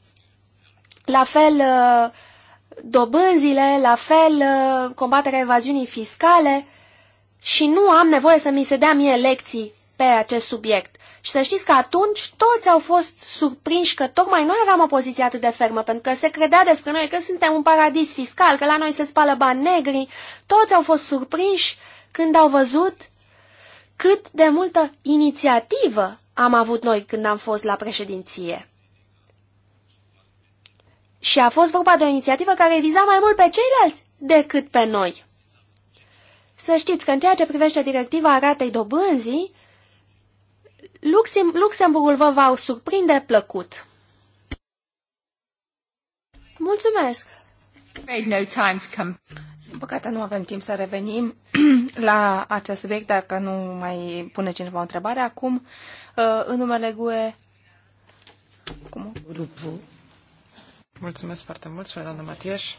la fel uh, dobânzile, la fel uh, combaterea evaziunii fiscale și nu am nevoie să mi se dea mie lecții pe acest subiect. Și să știți că atunci toți au fost surprinși că tocmai noi aveam o poziție atât de fermă, pentru că se credea despre noi că suntem un paradis fiscal, că la noi se spală bani negri. Toți au fost surprinși când au văzut cât de multă inițiativă am avut noi când am fost la președinție. Și a fost vorba de o inițiativă care viza mai mult pe ceilalți decât pe noi. Să știți că în ceea ce privește directiva ratei dobânzii, Luxem Luxemburgul vă va surprinde plăcut. Mulțumesc! No time to come. Din păcate nu avem timp să revenim la acest subiect dacă nu mai pune cineva o întrebare. Acum, uh, în numele GUE... Cum? Mulțumesc foarte mult, doamna Matieș.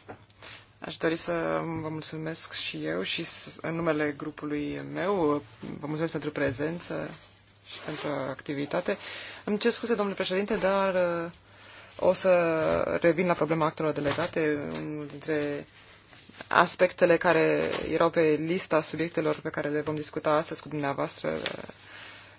Aș dori să vă mulțumesc și eu și în numele grupului meu. Vă mulțumesc pentru prezență și pentru activitate. Îmi cer scuze, domnule președinte, dar uh, o să revin la problema actelor delegate, unul dintre aspectele care erau pe lista subiectelor pe care le vom discuta astăzi cu dumneavoastră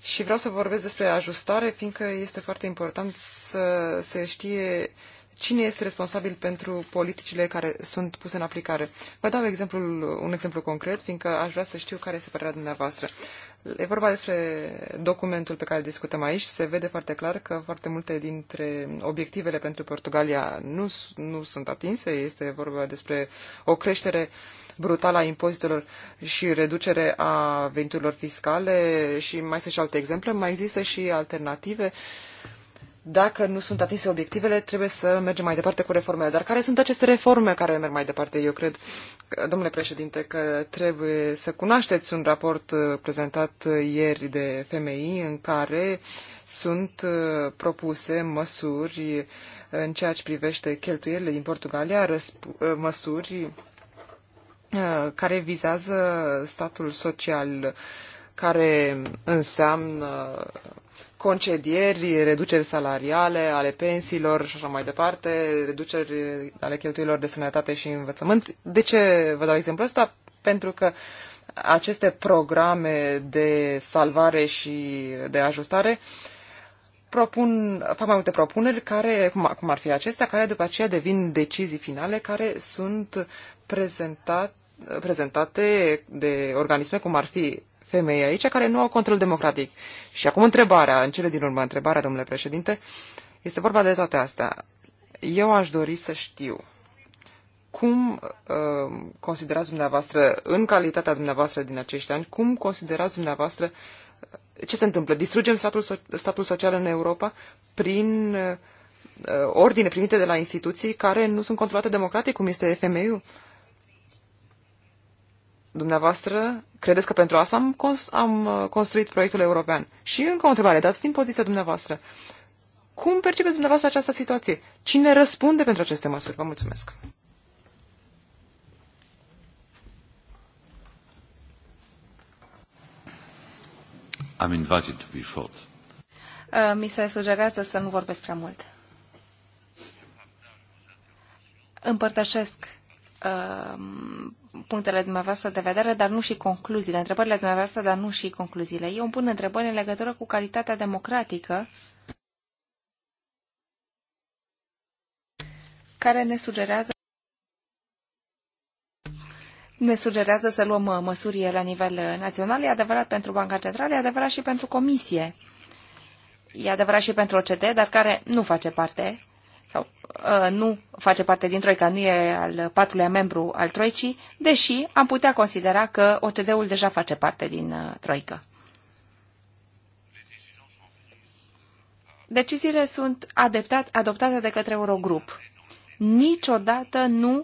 și vreau să vorbesc despre ajustare, fiindcă este foarte important să se știe cine este responsabil pentru politicile care sunt puse în aplicare. Vă dau exemplul, un exemplu concret, fiindcă aș vrea să știu care este părerea dumneavoastră. E vorba despre documentul pe care discutăm aici. Se vede foarte clar că foarte multe dintre obiectivele pentru Portugalia nu, nu sunt atinse. Este vorba despre o creștere brutală a impozitelor și reducere a veniturilor fiscale și mai sunt și alte exemple. Mai există și alternative uh, dacă nu sunt atinse obiectivele, trebuie să mergem mai departe cu reformele. Dar care sunt aceste reforme care merg mai departe? Eu cred, domnule președinte, că trebuie să cunoașteți un raport uh, prezentat uh, ieri de FMI în care sunt uh, propuse măsuri în ceea ce privește cheltuielile din Portugalia, măsuri care vizează statul social, care înseamnă concedieri, reduceri salariale, ale pensiilor și așa mai departe, reduceri ale cheltuielor de sănătate și învățământ. De ce vă dau exemplu ăsta? Pentru că aceste programe de salvare și de ajustare propun, fac mai multe propuneri care, cum ar fi acestea, care după aceea devin decizii finale care sunt prezentate prezentate de organisme cum ar fi femei aici care nu au control democratic. Și acum întrebarea, în cele din urmă întrebarea, domnule președinte, este vorba de toate astea. Eu aș dori să știu cum uh, considerați dumneavoastră, în calitatea dumneavoastră din acești ani, cum considerați dumneavoastră ce se întâmplă? Distrugem statul, so- statul social în Europa prin uh, ordine primite de la instituții care nu sunt controlate democratic, cum este femeiul? Uh, Dumneavoastră, credeți că pentru asta am, cons- am uh, construit proiectul european? Și încă o întrebare, dați fiind poziția dumneavoastră. Cum percepeți dumneavoastră această situație? Cine răspunde pentru aceste măsuri? Vă mulțumesc! I'm invited to be short. Uh, mi se sugerează să nu vorbesc prea mult. Împărtășesc Um, punctele dumneavoastră de vedere, dar nu și concluziile, întrebările dumneavoastră, dar nu și concluziile. Eu îmi pun întrebări în legătură cu calitatea democratică care ne sugerează ne sugerează să luăm uh, măsuri la nivel uh, național. E adevărat pentru Banca Centrală, e adevărat și pentru Comisie. E adevărat și pentru OCD, dar care nu face parte sau uh, nu face parte din Troica, nu e al patrulea membru al Troicii, deși am putea considera că OCD-ul deja face parte din uh, Troică. Deciziile sunt adeptat, adoptate de către Eurogrup. Niciodată nu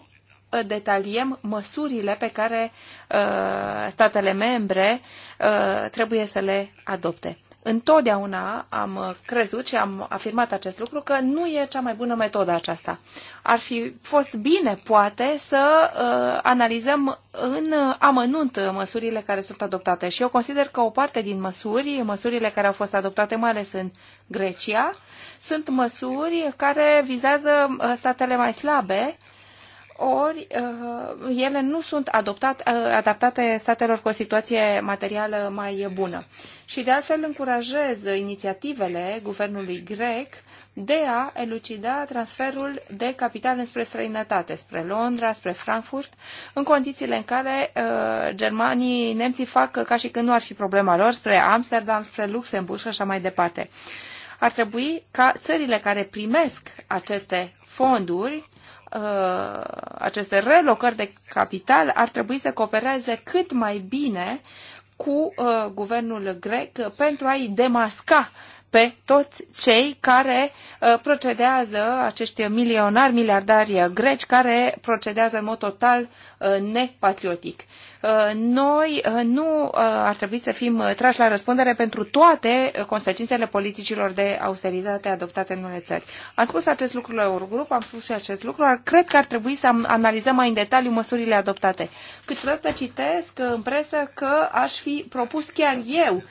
uh, detaliem măsurile pe care uh, statele membre uh, trebuie să le adopte. Întotdeauna am uh, crezut și am afirmat acest lucru că nu e cea mai bună metodă aceasta. Ar fi fost bine, poate, să uh, analizăm în amănunt uh, măsurile care sunt adoptate. Și eu consider că o parte din măsuri, măsurile care au fost adoptate, mai ales în Grecia, sunt măsuri care vizează uh, statele mai slabe ori uh, ele nu sunt adoptat, uh, adaptate statelor cu o situație materială mai bună. Și de altfel încurajez inițiativele guvernului grec de a elucida transferul de capital înspre străinătate, spre Londra, spre Frankfurt, în condițiile în care uh, germanii, nemții fac ca și când nu ar fi problema lor, spre Amsterdam, spre Luxemburg și așa mai departe. Ar trebui ca țările care primesc aceste fonduri Uh, aceste relocări de capital ar trebui să coopereze cât mai bine cu uh, guvernul grec pentru a-i demasca pe toți cei care uh, procedează, acești milionari, miliardari uh, greci, care procedează în mod total uh, nepatriotic. Noi nu ar trebui să fim trași la răspundere pentru toate consecințele politicilor de austeritate adoptate în unele țări. Am spus acest lucru la Eurogrup, am spus și acest lucru, cred că ar trebui să analizăm mai în detaliu măsurile adoptate. Câteodată citesc în presă că aș fi propus chiar eu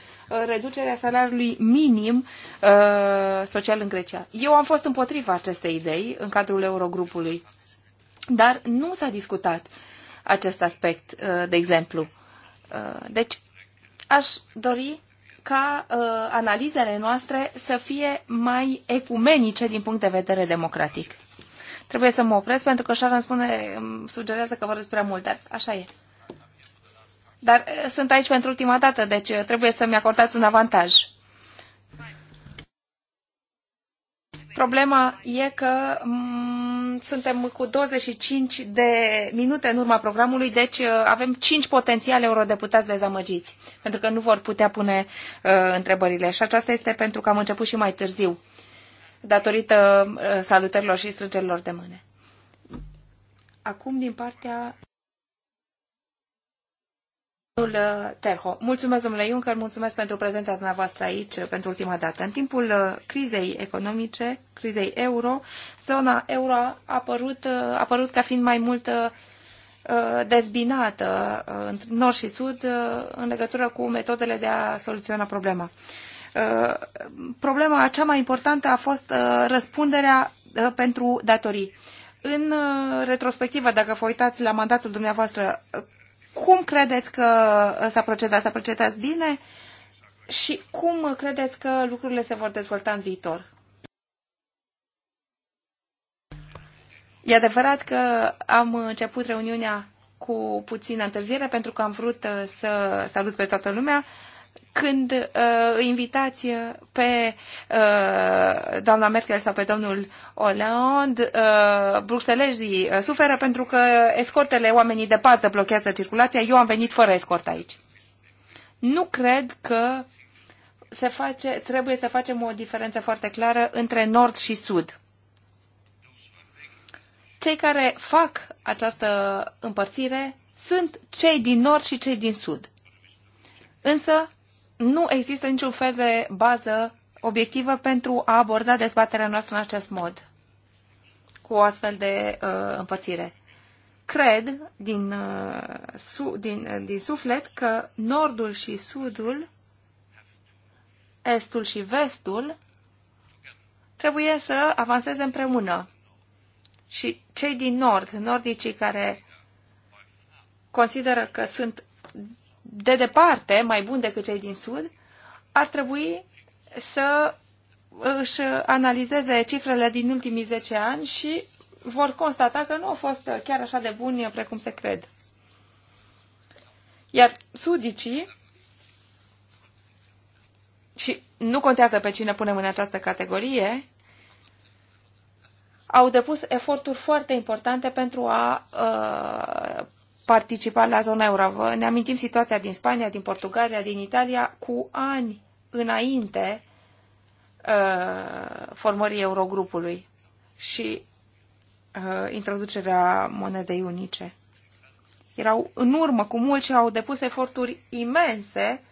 reducerea salariului minim uh, social în Grecia. Eu am fost împotriva acestei idei în cadrul Eurogrupului, dar nu s-a discutat acest aspect, uh, de exemplu. Uh, deci, aș dori ca uh, analizele noastre să fie mai ecumenice din punct de vedere democratic. Trebuie să mă opresc pentru că Sharon spune, îmi sugerează că vorbesc prea mult, dar așa e. Dar eh, sunt aici pentru ultima dată, deci eh, trebuie să-mi acordați un avantaj. Problema e că mm, suntem cu 25 de minute în urma programului, deci eh, avem 5 potențiale eurodeputați dezamăgiți, pentru că nu vor putea pune uh, întrebările. Și aceasta este pentru că am început și mai târziu, datorită uh, salutărilor și strângerilor de mâne. Acum, din partea Domnul uh, Terho, mulțumesc domnule Juncker, mulțumesc pentru prezența dumneavoastră aici uh, pentru ultima dată. În timpul uh, crizei economice, crizei euro, zona euro a apărut, a apărut ca fiind mai mult dezbinată între nord și sud în legătură cu metodele de a soluționa problema. Problema cea mai importantă a fost răspunderea pentru datorii. În retrospectivă, dacă vă uitați la mandatul dumneavoastră, cum credeți că s-a procedat? S-a procedat bine? Și cum credeți că lucrurile se vor dezvolta în viitor? E adevărat că am început reuniunea cu puțină întârziere pentru că am vrut uh, să salut pe toată lumea când uh, invitați pe uh, doamna Merkel sau pe domnul Hollande, uh, bruxelezii uh, suferă pentru că escortele, oamenii de pază blochează circulația. Eu am venit fără escort aici. Nu cred că se face, trebuie să facem o diferență foarte clară între nord și sud. Cei care fac această împărțire sunt cei din nord și cei din sud. Însă nu există niciun fel de bază obiectivă pentru a aborda dezbaterea noastră în acest mod, cu o astfel de uh, împărțire. Cred din, uh, su, din, uh, din suflet că nordul și sudul, estul și vestul, trebuie să avanseze împreună. Și cei din nord, nordicii care consideră că sunt de departe mai buni decât cei din Sud, ar trebui să își analizeze cifrele din ultimii 10 ani și vor constata că nu au fost chiar așa de buni precum se cred. Iar sudicii, și nu contează pe cine punem în această categorie, au depus eforturi foarte importante pentru a uh, participat la zona euro. Ne amintim situația din Spania, din Portugalia, din Italia, cu ani înainte uh, formării Eurogrupului și uh, introducerea monedei unice. Erau în urmă cu mult și au depus eforturi imense,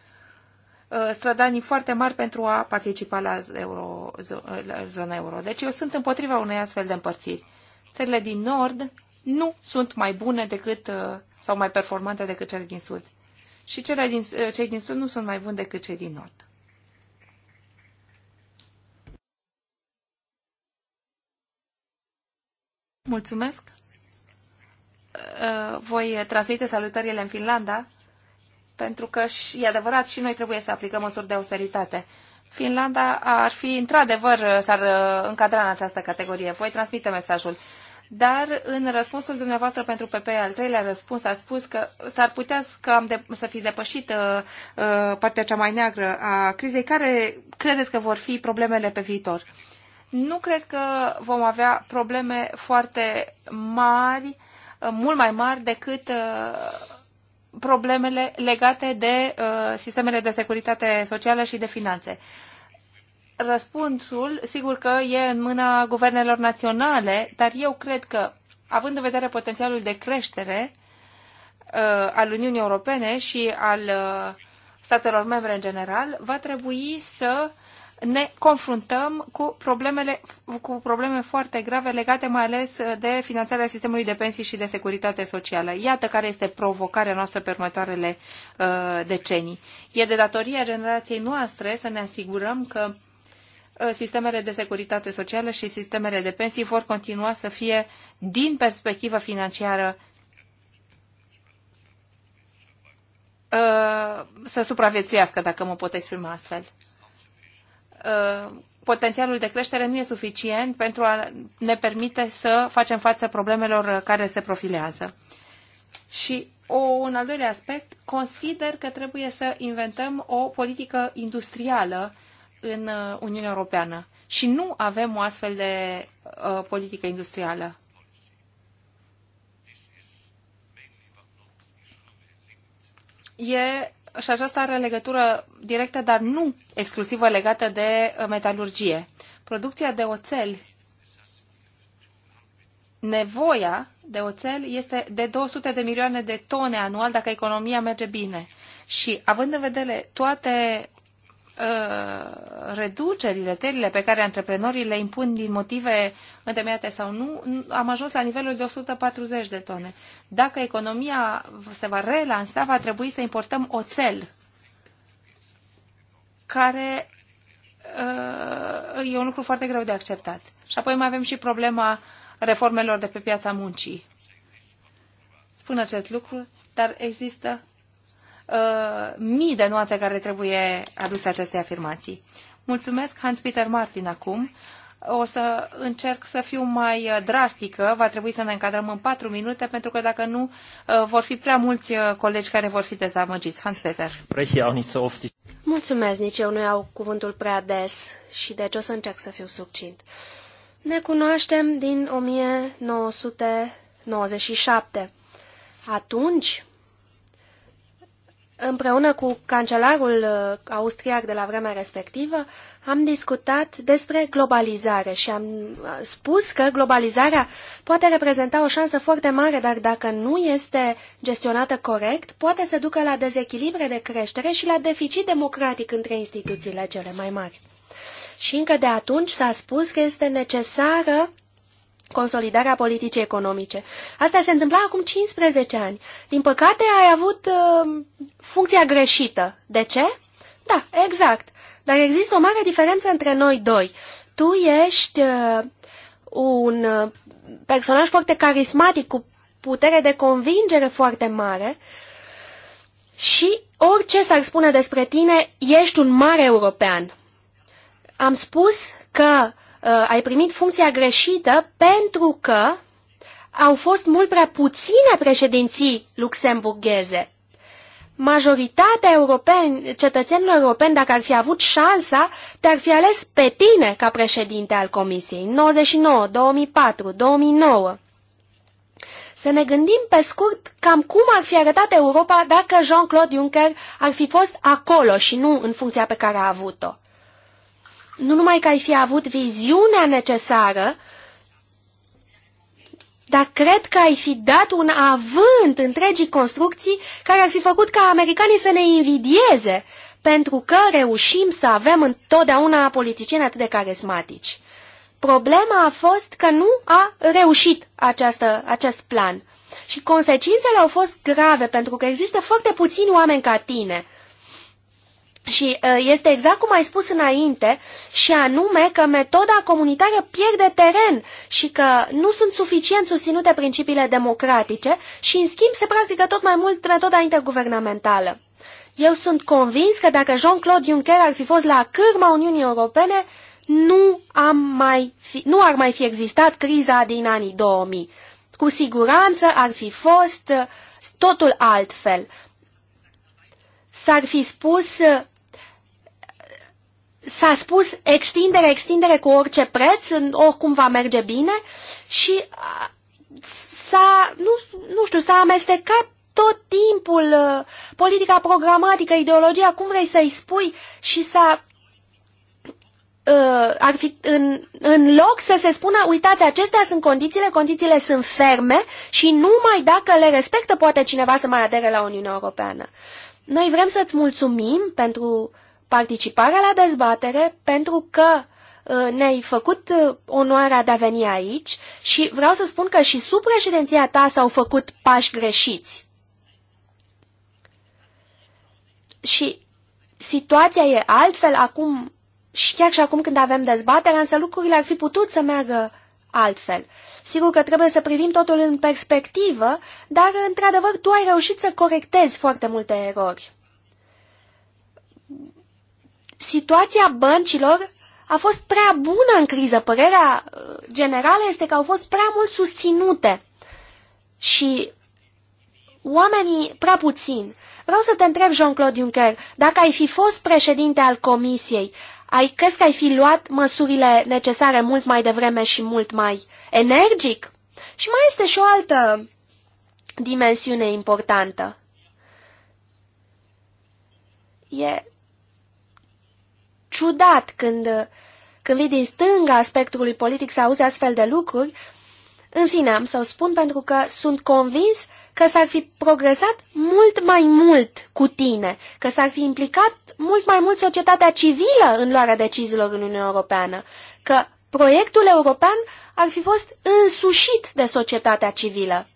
uh, strădanii foarte mari pentru a participa la, euro, la zona euro. Deci eu sunt împotriva unei astfel de împărțiri. Țările din Nord nu sunt mai bune decât uh, sau mai performante decât cele din Sud. Și cele din, uh, cei din Sud nu sunt mai buni decât cei din Nord. Mulțumesc! Uh, voi transmite salutările în Finlanda, pentru că e adevărat și noi trebuie să aplicăm măsuri de austeritate. Finlanda ar fi într-adevăr, s-ar încadra în această categorie. Voi transmite mesajul dar în răspunsul dumneavoastră pentru PPE, al treilea răspuns, a spus că s-ar putea să, de, să fi depășit uh, uh, partea cea mai neagră a crizei. Care credeți că vor fi problemele pe viitor? Nu cred că vom avea probleme foarte mari, uh, mult mai mari decât uh, problemele legate de sistemele de securitate socială și de finanțe răspunsul, sigur că e în mâna guvernelor naționale, dar eu cred că, având în vedere potențialul de creștere uh, al Uniunii Europene și al uh, statelor membre în general, va trebui să ne confruntăm cu, problemele, cu probleme foarte grave legate mai ales de finanțarea sistemului de pensii și de securitate socială. Iată care este provocarea noastră pe următoarele uh, decenii. E de datoria generației noastre să ne asigurăm că Uh, sistemele de securitate socială și sistemele de pensii vor continua să fie, din perspectivă financiară, uh, să supraviețuiască, dacă mă pot exprima astfel. Uh, potențialul de creștere nu e suficient pentru a ne permite să facem față problemelor care se profilează. Și o, un al doilea aspect, consider că trebuie să inventăm o politică industrială în uh, Uniunea Europeană și nu avem o astfel de uh, politică industrială. E, și aceasta are legătură directă, dar nu exclusivă legată de uh, metalurgie. Producția de oțel, nevoia de oțel este de 200 de milioane de tone anual dacă economia merge bine. Și având în vedere toate Uh, reducerile, tăierile pe care antreprenorii le impun din motive întemeiate sau nu, am ajuns la nivelul de 140 de tone. Dacă economia se va relansa, va trebui să importăm oțel, care uh, e un lucru foarte greu de acceptat. Și apoi mai avem și problema reformelor de pe piața muncii. Spun acest lucru, dar există Uh, mii de nuanțe care trebuie aduse aceste afirmații. Mulțumesc, Hans-Peter Martin, acum. O să încerc să fiu mai uh, drastică, va trebui să ne încadrăm în patru minute, pentru că dacă nu, uh, vor fi prea mulți colegi care vor fi dezamăgiți. Hans-Peter. Mulțumesc, nici eu nu iau cuvântul prea des și deci o să încerc să fiu succint. Ne cunoaștem din 1997. Atunci, împreună cu cancelarul uh, austriac de la vremea respectivă, am discutat despre globalizare și am uh, spus că globalizarea poate reprezenta o șansă foarte mare, dar dacă nu este gestionată corect, poate să ducă la dezechilibre de creștere și la deficit democratic între instituțiile cele mai mari. Și încă de atunci s-a spus că este necesară consolidarea politicii economice. Asta se întâmpla acum 15 ani. Din păcate, ai avut uh, funcția greșită. De ce? Da, exact. Dar există o mare diferență între noi doi. Tu ești uh, un uh, personaj foarte carismatic, cu putere de convingere foarte mare și orice s-ar spune despre tine, ești un mare european. Am spus că uh, ai primit funcția greșită pentru că au fost mult prea puține președinții luxemburgheze. Majoritatea europeni, cetățenilor europeni, dacă ar fi avut șansa, te-ar fi ales pe tine ca președinte al Comisiei. 99, 2004, 2009. Să ne gândim pe scurt cam cum ar fi arătat Europa dacă Jean-Claude Juncker ar fi fost acolo și nu în funcția pe care a avut-o nu numai că ai fi avut viziunea necesară, dar cred că ai fi dat un avânt întregii construcții care ar fi făcut ca americanii să ne invidieze, pentru că reușim să avem întotdeauna politicieni atât de carismatici. Problema a fost că nu a reușit această, acest plan. Și consecințele au fost grave, pentru că există foarte puțini oameni ca tine – și uh, este exact cum ai spus înainte, și anume că metoda comunitară pierde teren și că nu sunt suficient susținute principiile democratice și, în schimb, se practică tot mai mult metoda interguvernamentală. Eu sunt convins că dacă Jean-Claude Juncker ar fi fost la cârma Uniunii Europene, nu, am mai fi, nu ar mai fi existat criza din anii 2000. Cu siguranță ar fi fost uh, totul altfel s-ar fi spus uh, s-a spus extindere, extindere cu orice preț, oricum va merge bine și s-a, nu, nu știu, s-a amestecat tot timpul uh, politica programatică, ideologia, cum vrei să-i spui și s-a uh, ar fi, în, în loc să se spună, uitați, acestea sunt condițiile, condițiile sunt ferme și numai dacă le respectă poate cineva să mai adere la Uniunea Europeană. Noi vrem să-ți mulțumim pentru participarea la dezbatere pentru că uh, ne-ai făcut uh, onoarea de a veni aici și vreau să spun că și sub președinția ta s-au făcut pași greșiți. Și situația e altfel acum și chiar și acum când avem dezbaterea, însă lucrurile ar fi putut să meargă altfel. Sigur că trebuie să privim totul în perspectivă, dar într-adevăr tu ai reușit să corectezi foarte multe erori situația băncilor a fost prea bună în criză. Părerea uh, generală este că au fost prea mult susținute și oamenii prea puțin. Vreau să te întreb, Jean-Claude Juncker, dacă ai fi fost președinte al Comisiei, ai crezi că ai fi luat măsurile necesare mult mai devreme și mult mai energic? Și mai este și o altă dimensiune importantă. E ciudat când, când vii din stânga spectrului politic să auzi astfel de lucruri. În fine, am să o spun pentru că sunt convins că s-ar fi progresat mult mai mult cu tine, că s-ar fi implicat mult mai mult societatea civilă în luarea deciziilor în Uniunea Europeană, că proiectul european ar fi fost însușit de societatea civilă.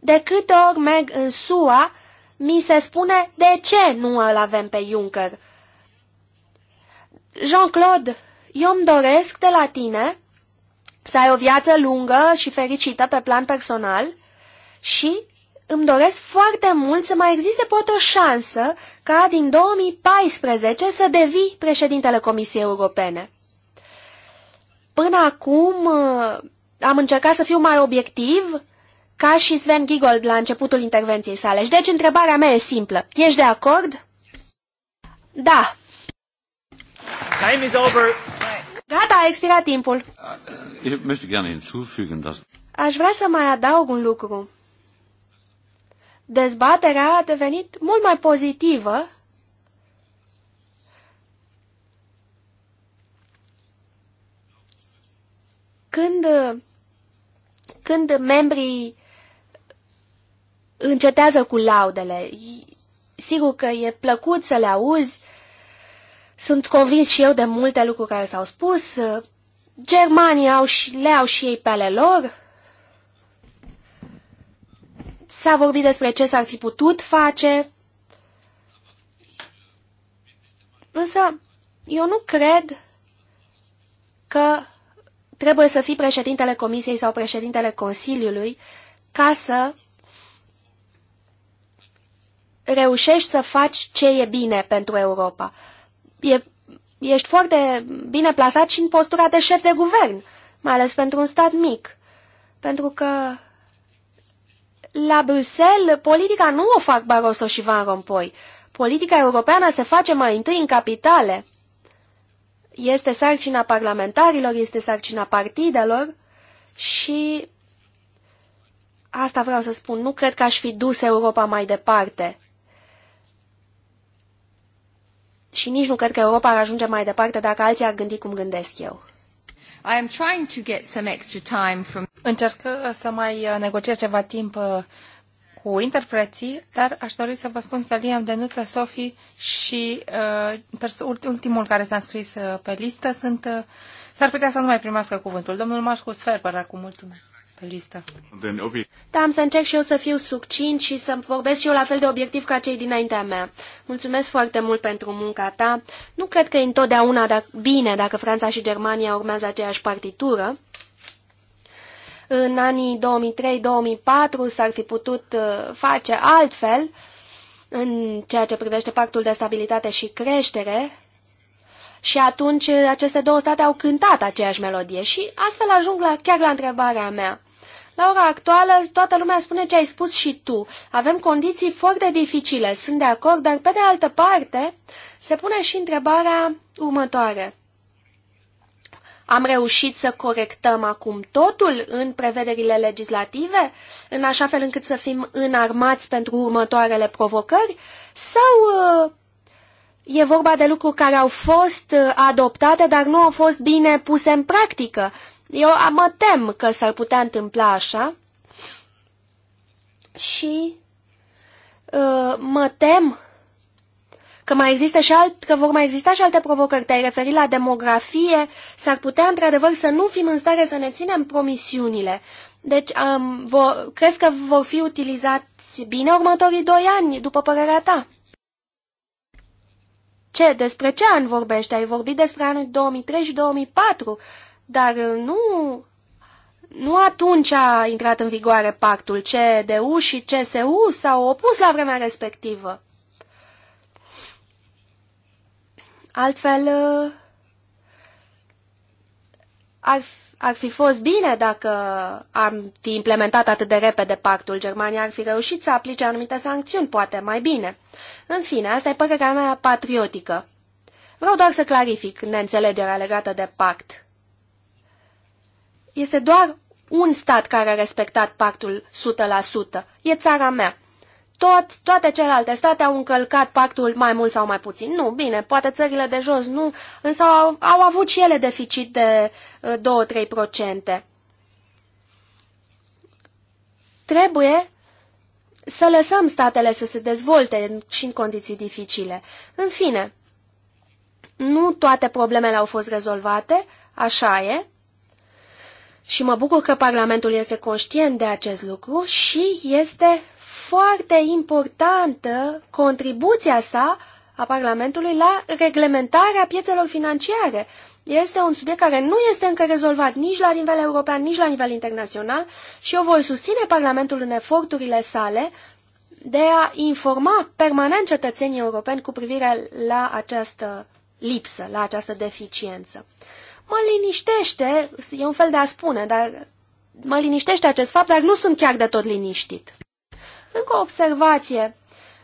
De câte ori merg în SUA, mi se spune de ce nu îl avem pe Juncker. Jean-Claude, eu îmi doresc de la tine să ai o viață lungă și fericită pe plan personal și îmi doresc foarte mult să mai existe poate o șansă ca din 2014 să devii președintele Comisiei Europene. Până acum uh, am încercat să fiu mai obiectiv, ca și Sven Giegold la începutul intervenției sale. Și deci întrebarea mea e simplă. Ești de acord? Da, Time is over. Gata, a expirat timpul. Uh, Aș vrea să mai adaug un lucru. Dezbaterea a devenit mult mai pozitivă când, când membrii încetează cu laudele. Sigur că e plăcut să le auzi, sunt convins și eu de multe lucruri care s-au spus. Germanii au și, le au și ei pe ale lor. S-a vorbit despre ce s-ar fi putut face. Însă, eu nu cred că trebuie să fii președintele Comisiei sau președintele Consiliului ca să reușești să faci ce e bine pentru Europa e, ești foarte bine plasat și în postura de șef de guvern, mai ales pentru un stat mic. Pentru că la Bruxelles politica nu o fac Barroso și Van Rompuy. Politica europeană se face mai întâi în capitale. Este sarcina parlamentarilor, este sarcina partidelor și asta vreau să spun, nu cred că aș fi dus Europa mai departe. și nici nu cred că Europa ar ajunge mai departe dacă alții ar gândi cum gândesc eu. I am trying to get some extra time from... Încerc uh, să mai uh, negociez ceva timp uh, cu interpreții, dar aș dori să vă spun că Liam Denută, Sofi și uh, ultimul care s-a înscris pe listă sunt, uh, s-ar putea să nu mai primească cuvântul. Domnul Marcus Ferber, acum mulțumesc listă. Da, am să încerc și eu să fiu succint și să vorbesc și eu la fel de obiectiv ca cei dinaintea mea. Mulțumesc foarte mult pentru munca ta. Nu cred că e întotdeauna dacă, bine dacă Franța și Germania urmează aceeași partitură. În anii 2003-2004 s-ar fi putut uh, face altfel în ceea ce privește pactul de stabilitate și creștere, și atunci aceste două state au cântat aceeași melodie și astfel ajung la, chiar la întrebarea mea. La ora actuală, toată lumea spune ce ai spus și tu. Avem condiții foarte dificile, sunt de acord, dar pe de altă parte se pune și întrebarea următoare. Am reușit să corectăm acum totul în prevederile legislative, în așa fel încât să fim înarmați pentru următoarele provocări? Sau uh, e vorba de lucruri care au fost uh, adoptate, dar nu au fost bine puse în practică? Eu mă tem că s-ar putea întâmpla așa și uh, mă tem că mai există și alt, că vor mai exista și alte provocări. Te-ai referit la demografie, s-ar putea într-adevăr să nu fim în stare să ne ținem promisiunile. Deci, um, vor, crezi că vor fi utilizați bine următorii doi ani, după părerea ta? Ce? Despre ce an vorbești? Ai vorbit despre anul 2003 și 2004. Dar uh, nu, nu atunci a intrat în vigoare pactul. CDU și CSU s-au opus la vremea respectivă. Altfel, uh, ar, ar fi fost bine dacă am fi implementat atât de repede pactul. Germania ar fi reușit să aplice anumite sancțiuni, poate mai bine. În fine, asta e părerea mea patriotică. Vreau doar să clarific neînțelegerea legată de pact. Este doar un stat care a respectat pactul 100%. E țara mea. Tot, toate celelalte state au încălcat pactul mai mult sau mai puțin. Nu, bine, poate țările de jos nu, însă au, au avut și ele deficit de uh, 2-3%. Trebuie să lăsăm statele să se dezvolte și în condiții dificile. În fine, nu toate problemele au fost rezolvate, așa e, și mă bucur că Parlamentul este conștient de acest lucru și este foarte importantă contribuția sa a Parlamentului la reglementarea piețelor financiare. Este un subiect care nu este încă rezolvat nici la nivel european, nici la nivel internațional și eu voi susține Parlamentul în eforturile sale de a informa permanent cetățenii europeni cu privire la această lipsă, la această deficiență mă liniștește, e un fel de a spune, dar mă liniștește acest fapt, dar nu sunt chiar de tot liniștit. Încă o observație.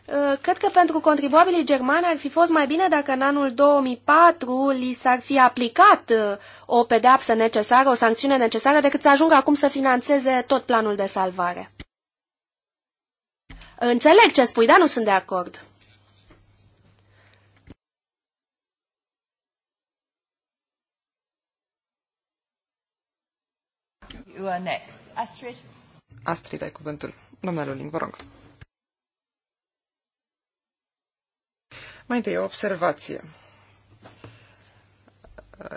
Uh, cred că pentru contribuabilii germani ar fi fost mai bine dacă în anul 2004 li s-ar fi aplicat uh, o pedeapsă necesară, o sancțiune necesară, decât să ajungă acum să financeze tot planul de salvare. Înțeleg ce spui, dar nu sunt de acord. you are next. Astrid? Astrid, ai cuvântul. Doamna Luling, vă rog. Mai întâi, o observație.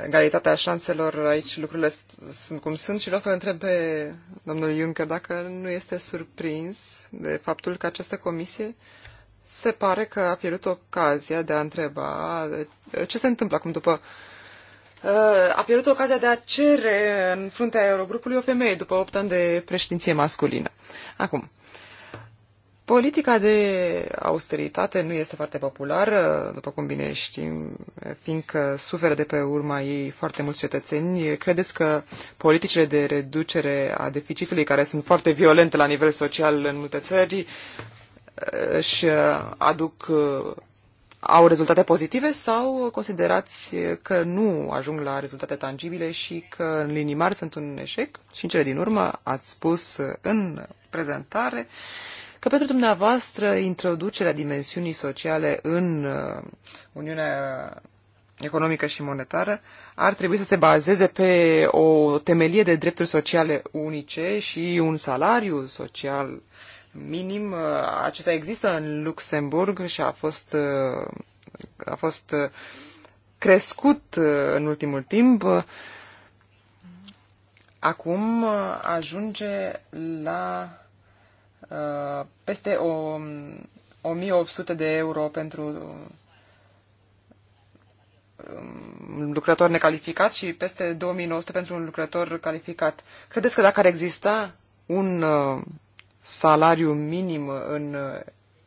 Egalitatea șanselor, aici lucrurile sunt cum sunt și vreau să întreb pe domnul Juncker dacă nu este surprins de faptul că această comisie se pare că a pierdut ocazia de a întreba deci, ce se întâmplă acum după uh, Uh, a pierdut ocazia de a cere în fruntea Eurogrupului o femeie după 8 ani de președinție masculină. Acum, politica de austeritate nu este foarte populară, după cum bine știm, fiindcă suferă de pe urma ei foarte mulți cetățeni. Credeți că politicile de reducere a deficitului, care sunt foarte violente la nivel social în multe țări, uh, își aduc uh, au rezultate pozitive sau considerați că nu ajung la rezultate tangibile și că în linii mari sunt un eșec? Și în cele din urmă ați spus în prezentare că pentru dumneavoastră introducerea dimensiunii sociale în uh, Uniunea economică și monetară ar trebui să se bazeze pe o temelie de drepturi sociale unice și un salariu social minim. Uh, acesta există în Luxemburg și a fost, uh, a fost uh, crescut în ultimul timp. Acum ajunge la peste o, 1800 de euro pentru un um, lucrător necalificat și peste 2900 pentru un lucrător calificat. Credeți că dacă ar exista un salariu minim în uh,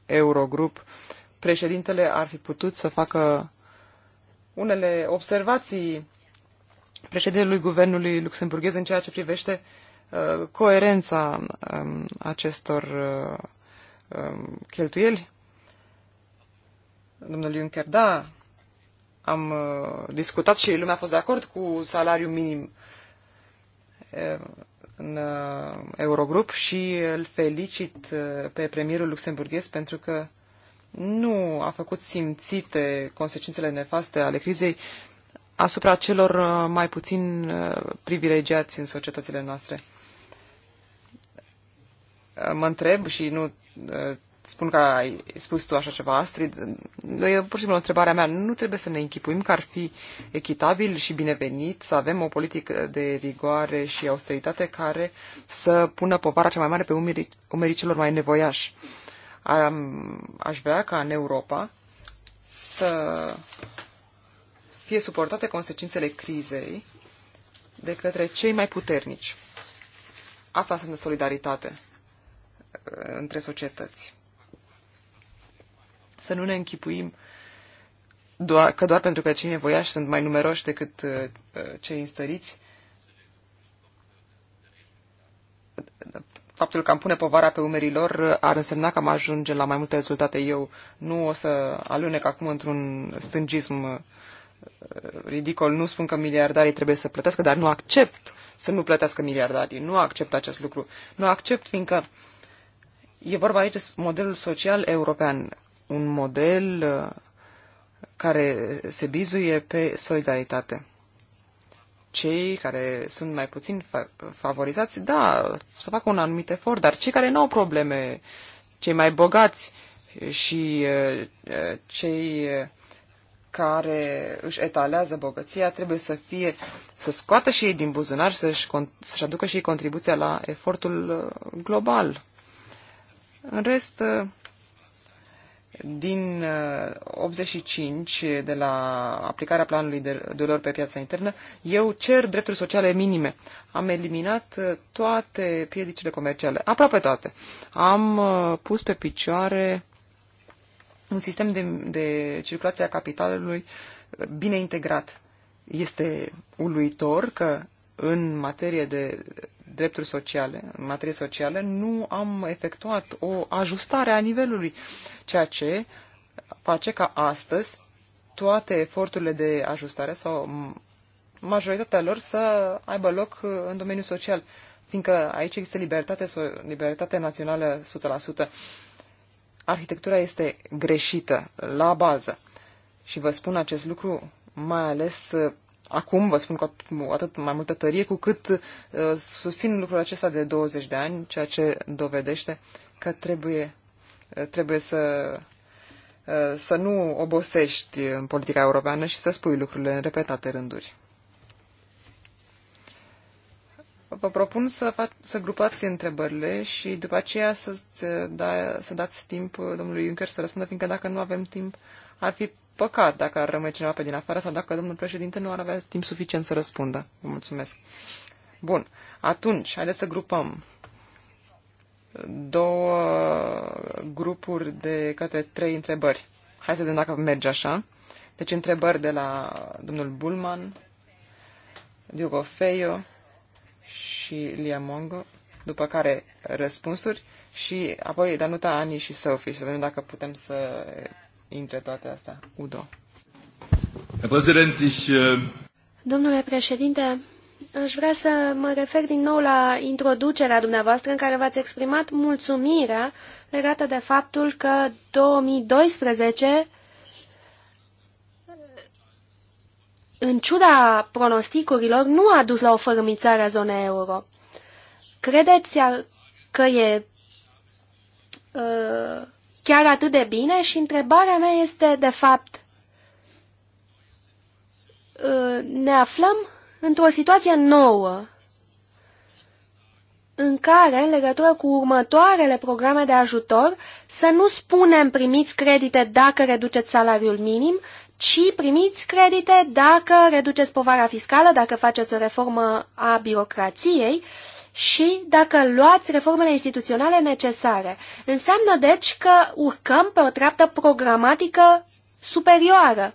Eurogrup, președintele ar fi putut să facă unele observații președintelui guvernului luxemburghez în ceea ce privește uh, coerența um, acestor uh, um, cheltuieli. Domnul Juncker, da, am discutat și lumea a fost de acord cu salariul minim în uh, Eurogrup și îl felicit uh, pe premierul luxemburghez pentru că nu a făcut simțite consecințele nefaste ale crizei asupra celor uh, mai puțin privilegiați în societățile noastre. Mă întreb și nu spun că ai spus tu așa ceva, Astrid, e pur și simplu întrebarea mea. Nu trebuie să ne închipuim că ar fi echitabil și binevenit să avem o politică de rigoare și austeritate care să pună povara cea mai mare pe umerii, umerii celor mai nevoiași. Am, aș vrea ca în Europa să fie suportate consecințele crizei de către cei mai puternici. Asta înseamnă solidaritate uh, între societăți. Să nu ne închipuim doar, că doar pentru că cei nevoiași sunt mai numeroși decât uh, uh, cei înstăriți, faptul că am pune povara pe umerii lor ar însemna că am ajunge la mai multe rezultate. Eu nu o să alunec acum într-un stângism uh, ridicol. Nu spun că miliardarii trebuie să plătească, dar nu accept să nu plătească miliardarii. Nu accept acest lucru. Nu accept fiindcă e vorba aici de modelul social european un model uh, care se bizuie pe solidaritate. Cei care sunt mai puțin favorizați, da, să facă un anumit efort, dar cei care nu au probleme, cei mai bogați și uh, cei care își etalează bogăția trebuie să fie, să scoată și ei din buzunar să-și, să-și aducă și ei contribuția la efortul uh, global. În rest, din 85, uh, de la aplicarea planului de, de lor pe piața internă, eu cer drepturi sociale minime. Am eliminat uh, toate piedicile comerciale, aproape toate. Am uh, pus pe picioare un sistem de, de circulație a capitalului bine integrat. Este uluitor că în materie de drepturi sociale, în materie socială, nu am efectuat o ajustare a nivelului, ceea ce face ca astăzi toate eforturile de ajustare sau majoritatea lor să aibă loc în domeniul social, fiindcă aici există libertate, libertate națională 100%. Arhitectura este greșită la bază și vă spun acest lucru mai ales acum, vă spun cu atât mai multă tărie, cu cât uh, susțin lucrul acesta de 20 de ani, ceea ce dovedește că trebuie, uh, trebuie să, uh, să nu obosești în politica europeană și să spui lucrurile în repetate rânduri. Vă propun să, fa- să grupați întrebările și după aceea să, uh, da, să dați timp uh, domnului Juncker să răspundă, fiindcă dacă nu avem timp, ar fi păcat dacă ar rămâne cineva pe din afară sau dacă domnul președinte nu ar avea timp suficient să răspundă. Vă mulțumesc. Bun. Atunci, haideți să grupăm două grupuri de către trei întrebări. Hai să vedem dacă merge așa. Deci întrebări de la domnul Bulman, Diogo Feio și Lia Mongo, după care răspunsuri și apoi Danuta, Ani și Sophie, să vedem dacă putem să între toate astea. Udo. Äh, Domnule președinte, aș vrea să mă refer din nou la introducerea dumneavoastră în care v-ați exprimat mulțumirea legată de faptul că 2012 în ciuda pronosticurilor, nu a dus la o fărâmițare a zonei euro. Credeți că e uh, chiar atât de bine și întrebarea mea este, de fapt, uh, ne aflăm într-o situație nouă în care, în legătură cu următoarele programe de ajutor, să nu spunem primiți credite dacă reduceți salariul minim, ci primiți credite dacă reduceți povara fiscală, dacă faceți o reformă a birocrației și dacă luați reformele instituționale necesare. Înseamnă deci că urcăm pe o treaptă programatică superioară.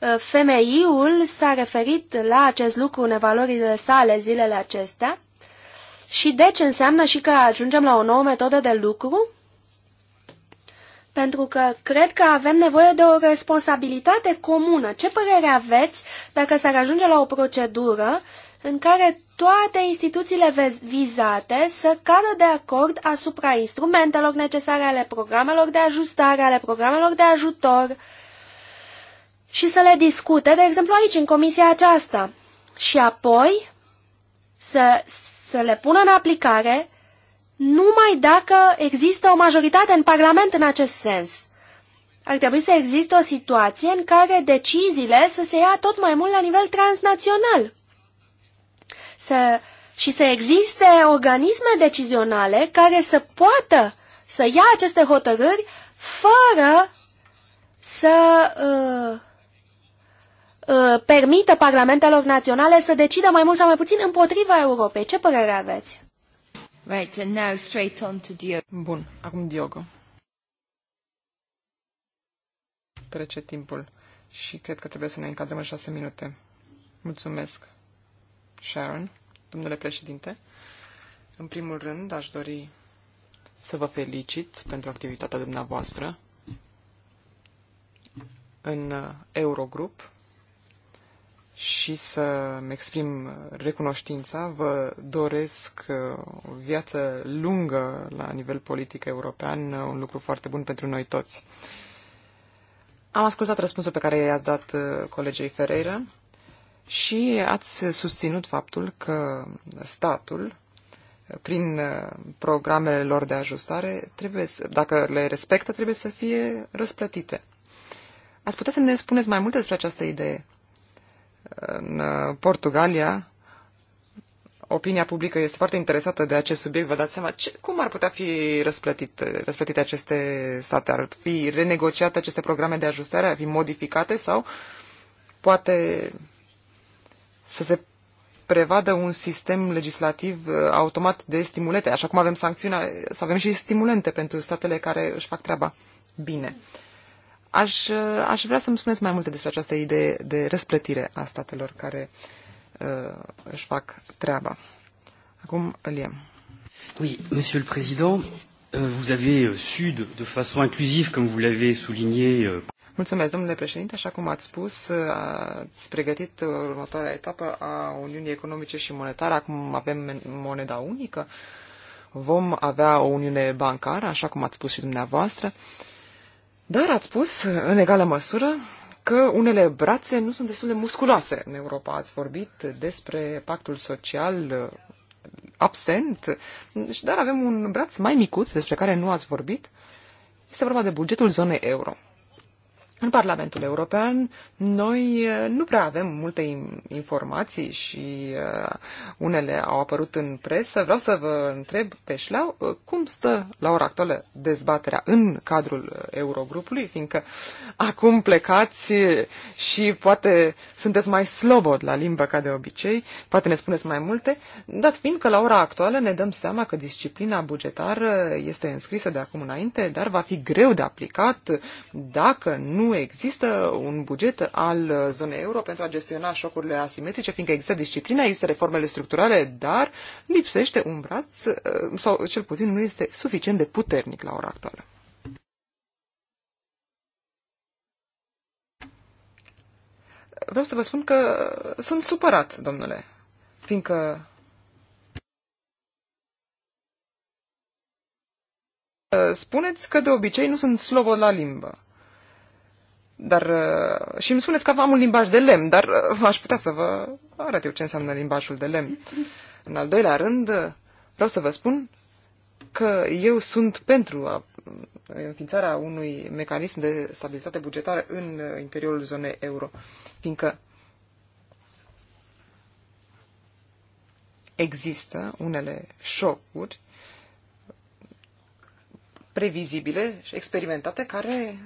Uh, Femeiul s-a referit la acest lucru în evaluările sale zilele acestea și deci înseamnă și că ajungem la o nouă metodă de lucru pentru că cred că avem nevoie de o responsabilitate comună. Ce părere aveți dacă s-ar ajunge la o procedură în care toate instituțiile vizate să cadă de acord asupra instrumentelor necesare ale programelor de ajustare, ale programelor de ajutor și să le discute, de exemplu aici, în comisia aceasta, și apoi să, să le pună în aplicare numai dacă există o majoritate în Parlament în acest sens. Ar trebui să existe o situație în care deciziile să se ia tot mai mult la nivel transnațional să, și să existe organisme decizionale care să poată să ia aceste hotărâri fără să uh, uh, permită parlamentelor naționale să decidă mai mult sau mai puțin împotriva Europei. Ce părere aveți? Right, and now straight on to Diogo. Bun, acum Diogo. Trece timpul și cred că trebuie să ne încadrăm în șase minute. Mulțumesc, Sharon. Domnule președinte, în primul rând aș dori să vă felicit pentru activitatea dumneavoastră în Eurogrup și să-mi exprim recunoștința. Vă doresc uh, o viață lungă la nivel politic european, uh, un lucru foarte bun pentru noi toți. Am ascultat răspunsul pe care i-a dat uh, colegei Ferreira și ați susținut faptul că statul, prin uh, programele lor de ajustare, trebuie să, dacă le respectă, trebuie să fie răsplătite. Ați putea să ne spuneți mai multe despre această idee? În uh, Portugalia, opinia publică este foarte interesată de acest subiect. Vă dați seama ce, cum ar putea fi răsplătit, răsplătite aceste state? Ar fi renegociate aceste programe de ajustare? Ar fi modificate sau poate să se prevadă un sistem legislativ uh, automat de stimulente, așa cum avem sancțiunea, să avem și stimulente pentru statele care își fac treaba bine. Aș, uh, aș vrea să-mi spuneți mai multe despre această idee de răsplătire a statelor care uh, își fac treaba. Acum îl iem. Oui, Monsieur le Président, euh, vous avez euh, su de, de façon inclusive, comme vous l'avez souligné. Euh, Mulțumesc, domnule președinte. Așa cum ați spus, ați pregătit următoarea etapă a Uniunii Economice și Monetare. Acum avem moneda unică. Vom avea o uniune bancară, așa cum ați spus și dumneavoastră. Dar ați spus, în egală măsură, că unele brațe nu sunt destul de musculoase în Europa. Ați vorbit despre pactul social absent, dar avem un braț mai micuț despre care nu ați vorbit. Este vorba de bugetul zonei euro. În Parlamentul European noi uh, nu prea avem multe informații și uh, unele au apărut în presă. Vreau să vă întreb pe șleau uh, cum stă la ora actuală dezbaterea în cadrul Eurogrupului, fiindcă acum plecați și poate sunteți mai slobod la limbă ca de obicei, poate ne spuneți mai multe, dat fiind că la ora actuală ne dăm seama că disciplina bugetară este înscrisă de acum înainte, dar va fi greu de aplicat dacă nu nu există un buget al uh, zonei euro pentru a gestiona șocurile asimetrice, fiindcă există disciplina, există reformele structurale, dar lipsește un braț, uh, sau cel puțin nu este suficient de puternic la ora actuală. Vreau să vă spun că sunt supărat, domnule, fiindcă Spuneți că de obicei nu sunt slobod la limbă. Dar, uh, și îmi spuneți că am un limbaj de lemn, dar uh, aș putea să vă arăt eu ce înseamnă limbajul de lemn. În al doilea rând, uh, vreau să vă spun că eu sunt pentru a, înființarea unui mecanism de stabilitate bugetară în interiorul zonei euro, fiindcă există unele șocuri previzibile și experimentate care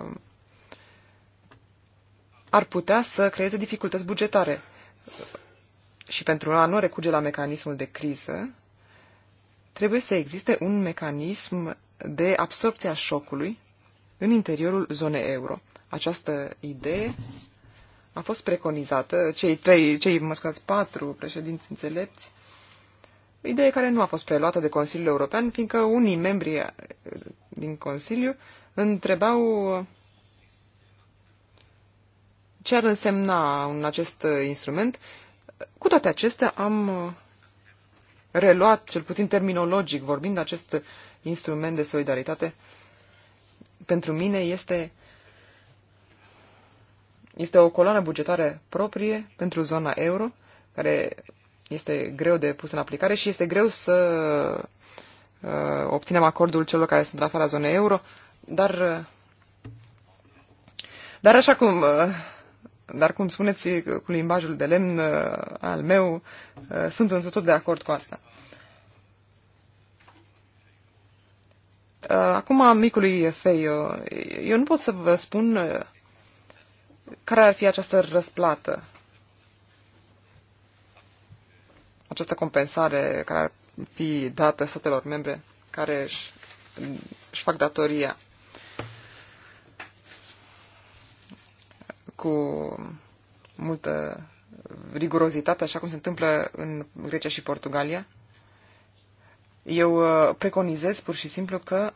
um, ar putea să creeze dificultăți bugetare. Și pentru a nu recurge la mecanismul de criză, trebuie să existe un mecanism de absorpție a șocului în interiorul zonei euro. Această idee a fost preconizată, cei, trei, cei mă scuzați, patru președinți înțelepți, idee care nu a fost preluată de Consiliul European, fiindcă unii membri din Consiliu întrebau ce ar însemna un în acest instrument. Cu toate acestea am uh, reluat, cel puțin terminologic vorbind, acest instrument de solidaritate. Pentru mine este, este o coloană bugetară proprie pentru zona euro, care este greu de pus în aplicare și este greu să uh, obținem acordul celor care sunt afară afara zonei euro, dar, uh, dar așa cum uh, dar, cum spuneți, cu limbajul de lemn uh, al meu, uh, sunt într tot de acord cu asta. Uh, acum, micului fei, eu nu pot să vă spun care ar fi această răsplată, această compensare care ar fi dată statelor membre care își, își fac datoria. cu multă rigurozitate, așa cum se întâmplă în Grecia și Portugalia. Eu uh, preconizez pur și simplu că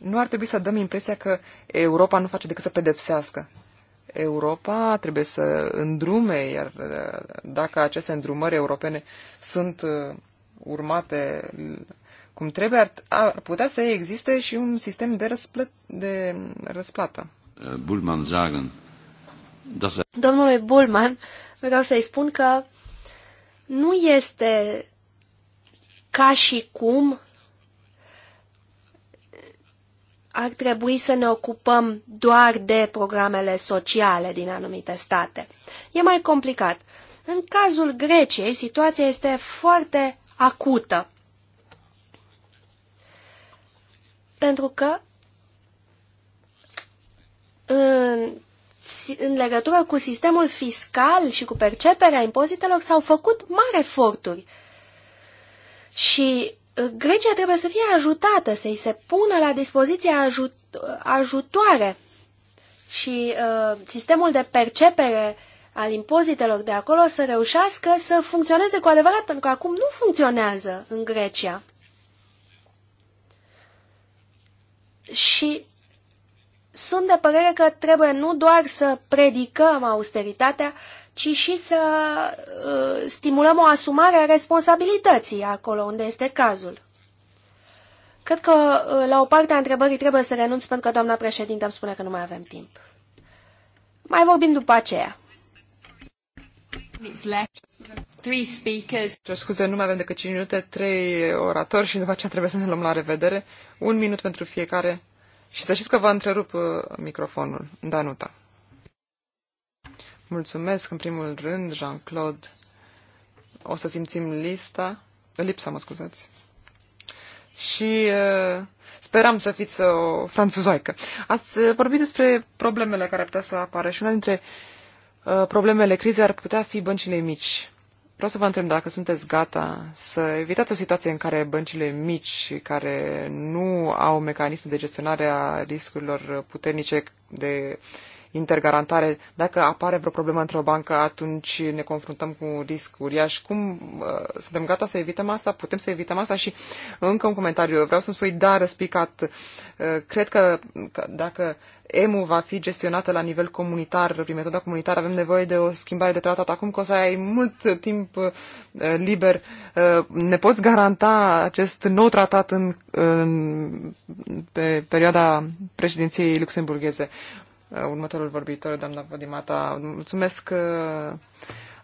nu ar trebui să dăm impresia că Europa nu face decât să pedepsească. Europa trebuie să îndrume, iar uh, dacă aceste îndrumări europene sunt uh, urmate cum trebuie, ar, ar putea să existe și un sistem de, răsplă, de um, răsplată. Bulman Zagan, Domnului Bulman, vreau să-i spun că nu este ca și cum ar trebui să ne ocupăm doar de programele sociale din anumite state. E mai complicat. În cazul Greciei, situația este foarte acută. Pentru că în în legătură cu sistemul fiscal și cu perceperea impozitelor s-au făcut mari eforturi. Și uh, Grecia trebuie să fie ajutată, să-i se pună la dispoziție ajut uh, ajutoare. Și uh, sistemul de percepere al impozitelor de acolo să reușească să funcționeze cu adevărat, pentru că acum nu funcționează în Grecia. Și sunt de părere că trebuie nu doar să predicăm austeritatea, ci și să uh, stimulăm o asumare a responsabilității acolo unde este cazul. Cred că uh, la o parte a întrebării trebuie să renunț pentru că doamna președintă îmi spune că nu mai avem timp. Mai vorbim după aceea. Trei scuze, nu mai avem decât 5 minute, 3 oratori și după aceea trebuie să ne luăm la revedere. Un minut pentru fiecare și să știți că vă întrerup uh, microfonul, Danuta. Mulțumesc, în primul rând, Jean-Claude. O să simțim lista, lipsa, mă scuzați. Și uh, speram să fiți uh, o franțuzoică. Ați uh, vorbit despre problemele care ar putea să apară și una dintre uh, problemele crizei ar putea fi băncile mici. Vreau să vă întreb dacă sunteți gata să evitați o situație în care băncile mici, care nu au mecanisme de gestionare a riscurilor puternice de intergarantare, dacă apare vreo problemă într-o bancă, atunci ne confruntăm cu un risc uriaș. Cum uh, suntem gata să evităm asta? Putem să evităm asta? Și încă un comentariu. Vreau să-mi spui, da, răspicat, uh, cred că, că dacă EMU va fi gestionată la nivel comunitar, prin metoda comunitară, avem nevoie de o schimbare de tratat. Acum că o să ai mult timp uh, liber, uh, ne poți garanta acest nou tratat în, în, pe perioada președinției luxemburgheze? Uh, următorul vorbitor, doamna Vodimata, mulțumesc. Uh,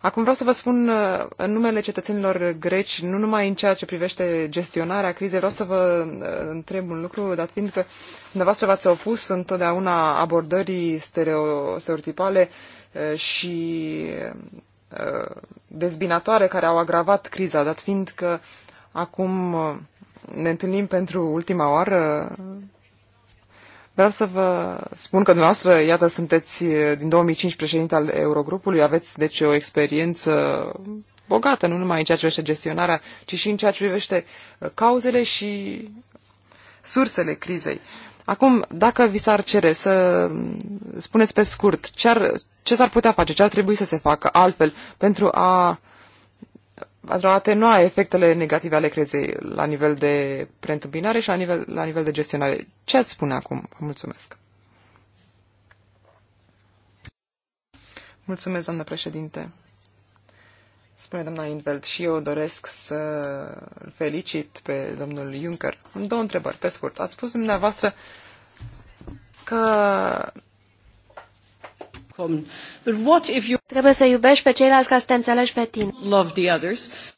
Acum vreau să vă spun uh, în numele cetățenilor greci, nu numai în ceea ce privește gestionarea crizei, vreau să vă uh, întreb un lucru, dat fiind că dumneavoastră v-ați opus întotdeauna abordării stereo, stereotipale uh, și dezbinatoare care au agravat criza, dat fiind că acum ne întâlnim pentru ultima oară Vreau să vă spun că dumneavoastră, iată, sunteți din 2005 președinte al Eurogrupului, aveți deci o experiență bogată, nu numai în ceea ce privește gestionarea, ci și în ceea ce privește cauzele și sursele crizei. Acum, dacă vi s-ar cere să spuneți pe scurt ce, ar, ce s-ar putea face, ce ar trebui să se facă altfel pentru a pentru a atenua efectele negative ale crezei la nivel de preîntâmpinare și la nivel, la nivel de gestionare. Ce ați spune acum? Vă mulțumesc. Mulțumesc, doamnă președinte. Spune doamna Inveld, și eu doresc să felicit pe domnul Juncker. Am două întrebări, pe scurt. Ați spus dumneavoastră că Trebuie să iubești pe ceilalți ca să te înțelegi pe tine.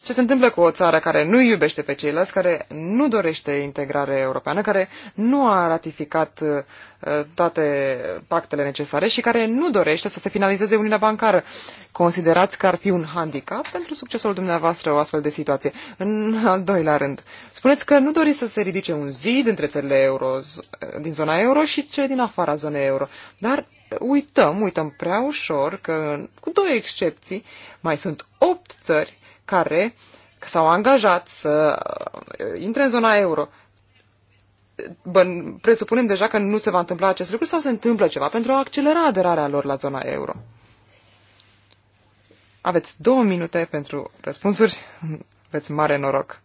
Ce se întâmplă cu o țară care nu iubește pe ceilalți, care nu dorește integrare europeană, care nu a ratificat uh, toate pactele necesare și care nu dorește să se finalizeze Uniunea Bancară? Considerați că ar fi un handicap pentru succesul dumneavoastră o astfel de situație? În al doilea rând, spuneți că nu doriți să se ridice un zid între țările euro, din zona euro și cele din afara zonei euro, dar uităm, uităm prea ușor că, cu două excepții, mai sunt opt țări care s-au angajat să uh, intre în zona euro. Bă, presupunem deja că nu se va întâmpla acest lucru sau se întâmplă ceva pentru a accelera aderarea lor la zona euro. Aveți două minute pentru răspunsuri. Aveți mare noroc.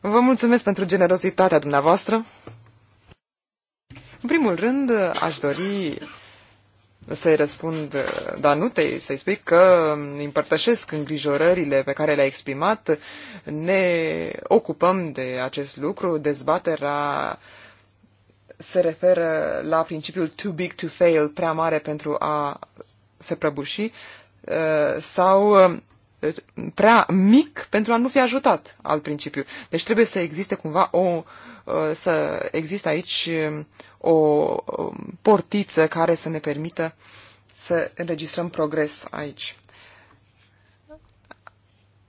Vă mulțumesc pentru generozitatea dumneavoastră. În primul rând, aș dori să-i răspund Danutei, să-i spui că împărtășesc îngrijorările pe care le-a exprimat. Ne ocupăm de acest lucru. Dezbaterea se referă la principiul too big to fail, prea mare pentru a se prăbuși, sau prea mic pentru a nu fi ajutat al principiu. Deci trebuie să existe cumva o, uh, să existe aici um, o um, portiță care să ne permită să înregistrăm progres aici.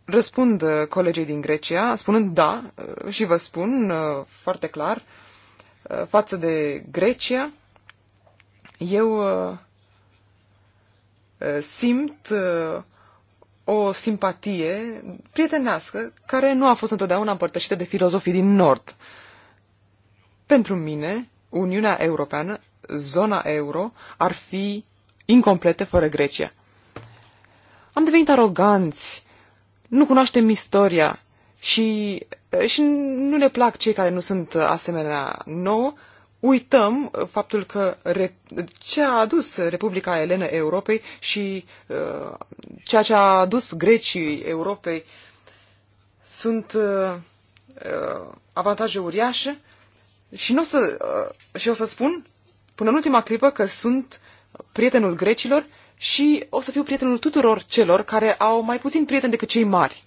Răspund uh, colegii din Grecia spunând da uh, și vă spun foarte clar, față de Grecia, eu simt o simpatie prietenească care nu a fost întotdeauna împărtășită de filozofii din Nord. Pentru mine, Uniunea Europeană, zona euro, ar fi incomplete fără Grecia. Am devenit aroganți, nu cunoaștem istoria și, și nu ne plac cei care nu sunt asemenea nouă, uităm uh, faptul că ce a adus Republica Elenă Europei și uh, ceea ce a adus Grecii Europei sunt uh, avantaje uriașe și, nu o să, și o să spun până în ultima clipă că sunt prietenul grecilor și o să fiu prietenul tuturor celor care au mai puțin prieteni decât cei mari.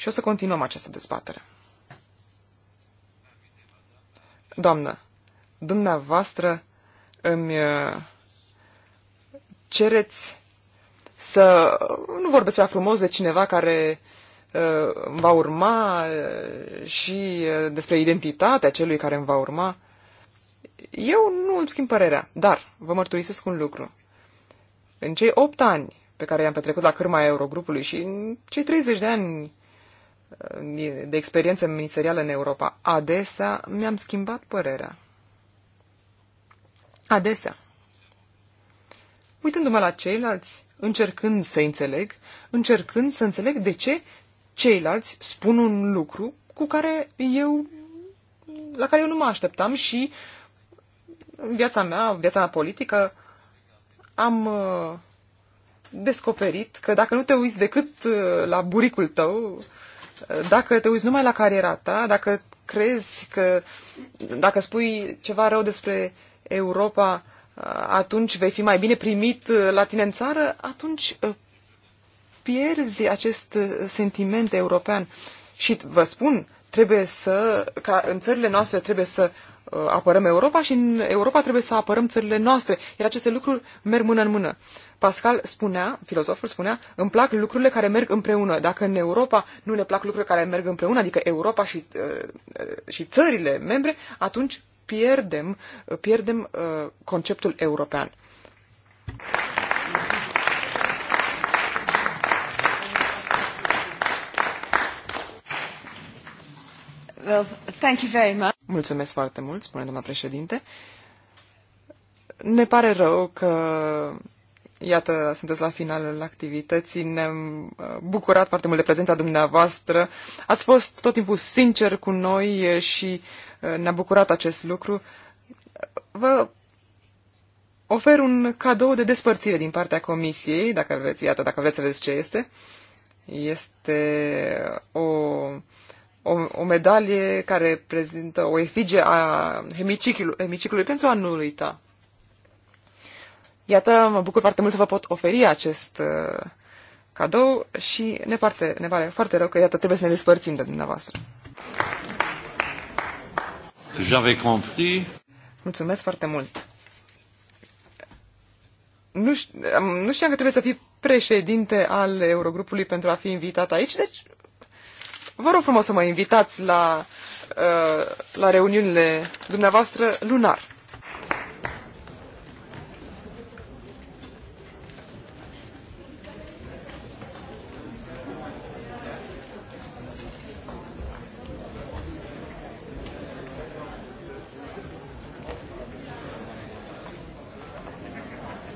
Și o să continuăm această dezbatere. Doamnă, dumneavoastră îmi uh, cereți să uh, nu vorbesc prea frumos de cineva care uh, îmi va urma și despre identitatea celui care îmi va urma. Eu nu îmi schimb părerea, dar vă mărturisesc un lucru. În cei opt ani pe care i-am petrecut la cârma Eurogrupului și în cei 30 de ani de experiență ministerială în Europa, adesea mi-am schimbat părerea. Adesea. Uitându-mă la ceilalți, încercând să înțeleg, încercând să înțeleg de ce ceilalți spun un lucru cu care eu, la care eu nu mă așteptam și în viața mea, viața mea politică, am uh, descoperit că dacă nu te uiți decât uh, la buricul tău, uh, dacă te uiți numai la cariera ta, dacă crezi că, dacă spui ceva rău despre Europa, uh, atunci vei fi mai bine primit uh, la tine în țară, atunci uh, pierzi acest sentiment european. Și vă spun, trebuie să, ca în țările noastre trebuie să Uh, apărăm Europa și în Europa trebuie să apărăm țările noastre, iar aceste lucruri merg mână în mână. Pascal spunea, filozoful spunea, îmi plac lucrurile care merg împreună. Dacă în Europa nu ne plac lucrurile care merg împreună, adică Europa și, uh, uh, și țările membre, atunci pierdem, pierdem conceptul european. Well, thank you very much. Mulțumesc foarte mult, spune doamna președinte. Ne pare rău că, iată, sunteți la finalul activității, ne-am uh, bucurat foarte mult de prezența dumneavoastră. Ați fost tot timpul sincer cu noi și uh, ne-a bucurat acest lucru. Vă ofer un cadou de despărțire din partea comisiei, dacă vreți, iată, dacă vreți să vedeți ce este. Este o o, o medalie care prezintă o efigie a hemiciclului, hemiciclului pentru a nu uita. Iată, mă bucur foarte mult să vă pot oferi acest uh, cadou și ne, parte, ne pare foarte rău că, iată, trebuie să ne despărțim de dumneavoastră. J'avais compris. Mulțumesc foarte mult. Nu, ș- nu știam că trebuie să fii președinte al Eurogrupului pentru a fi invitat aici, deci Vă rog frumos să mă invitați la, uh, la reuniunile dumneavoastră lunar.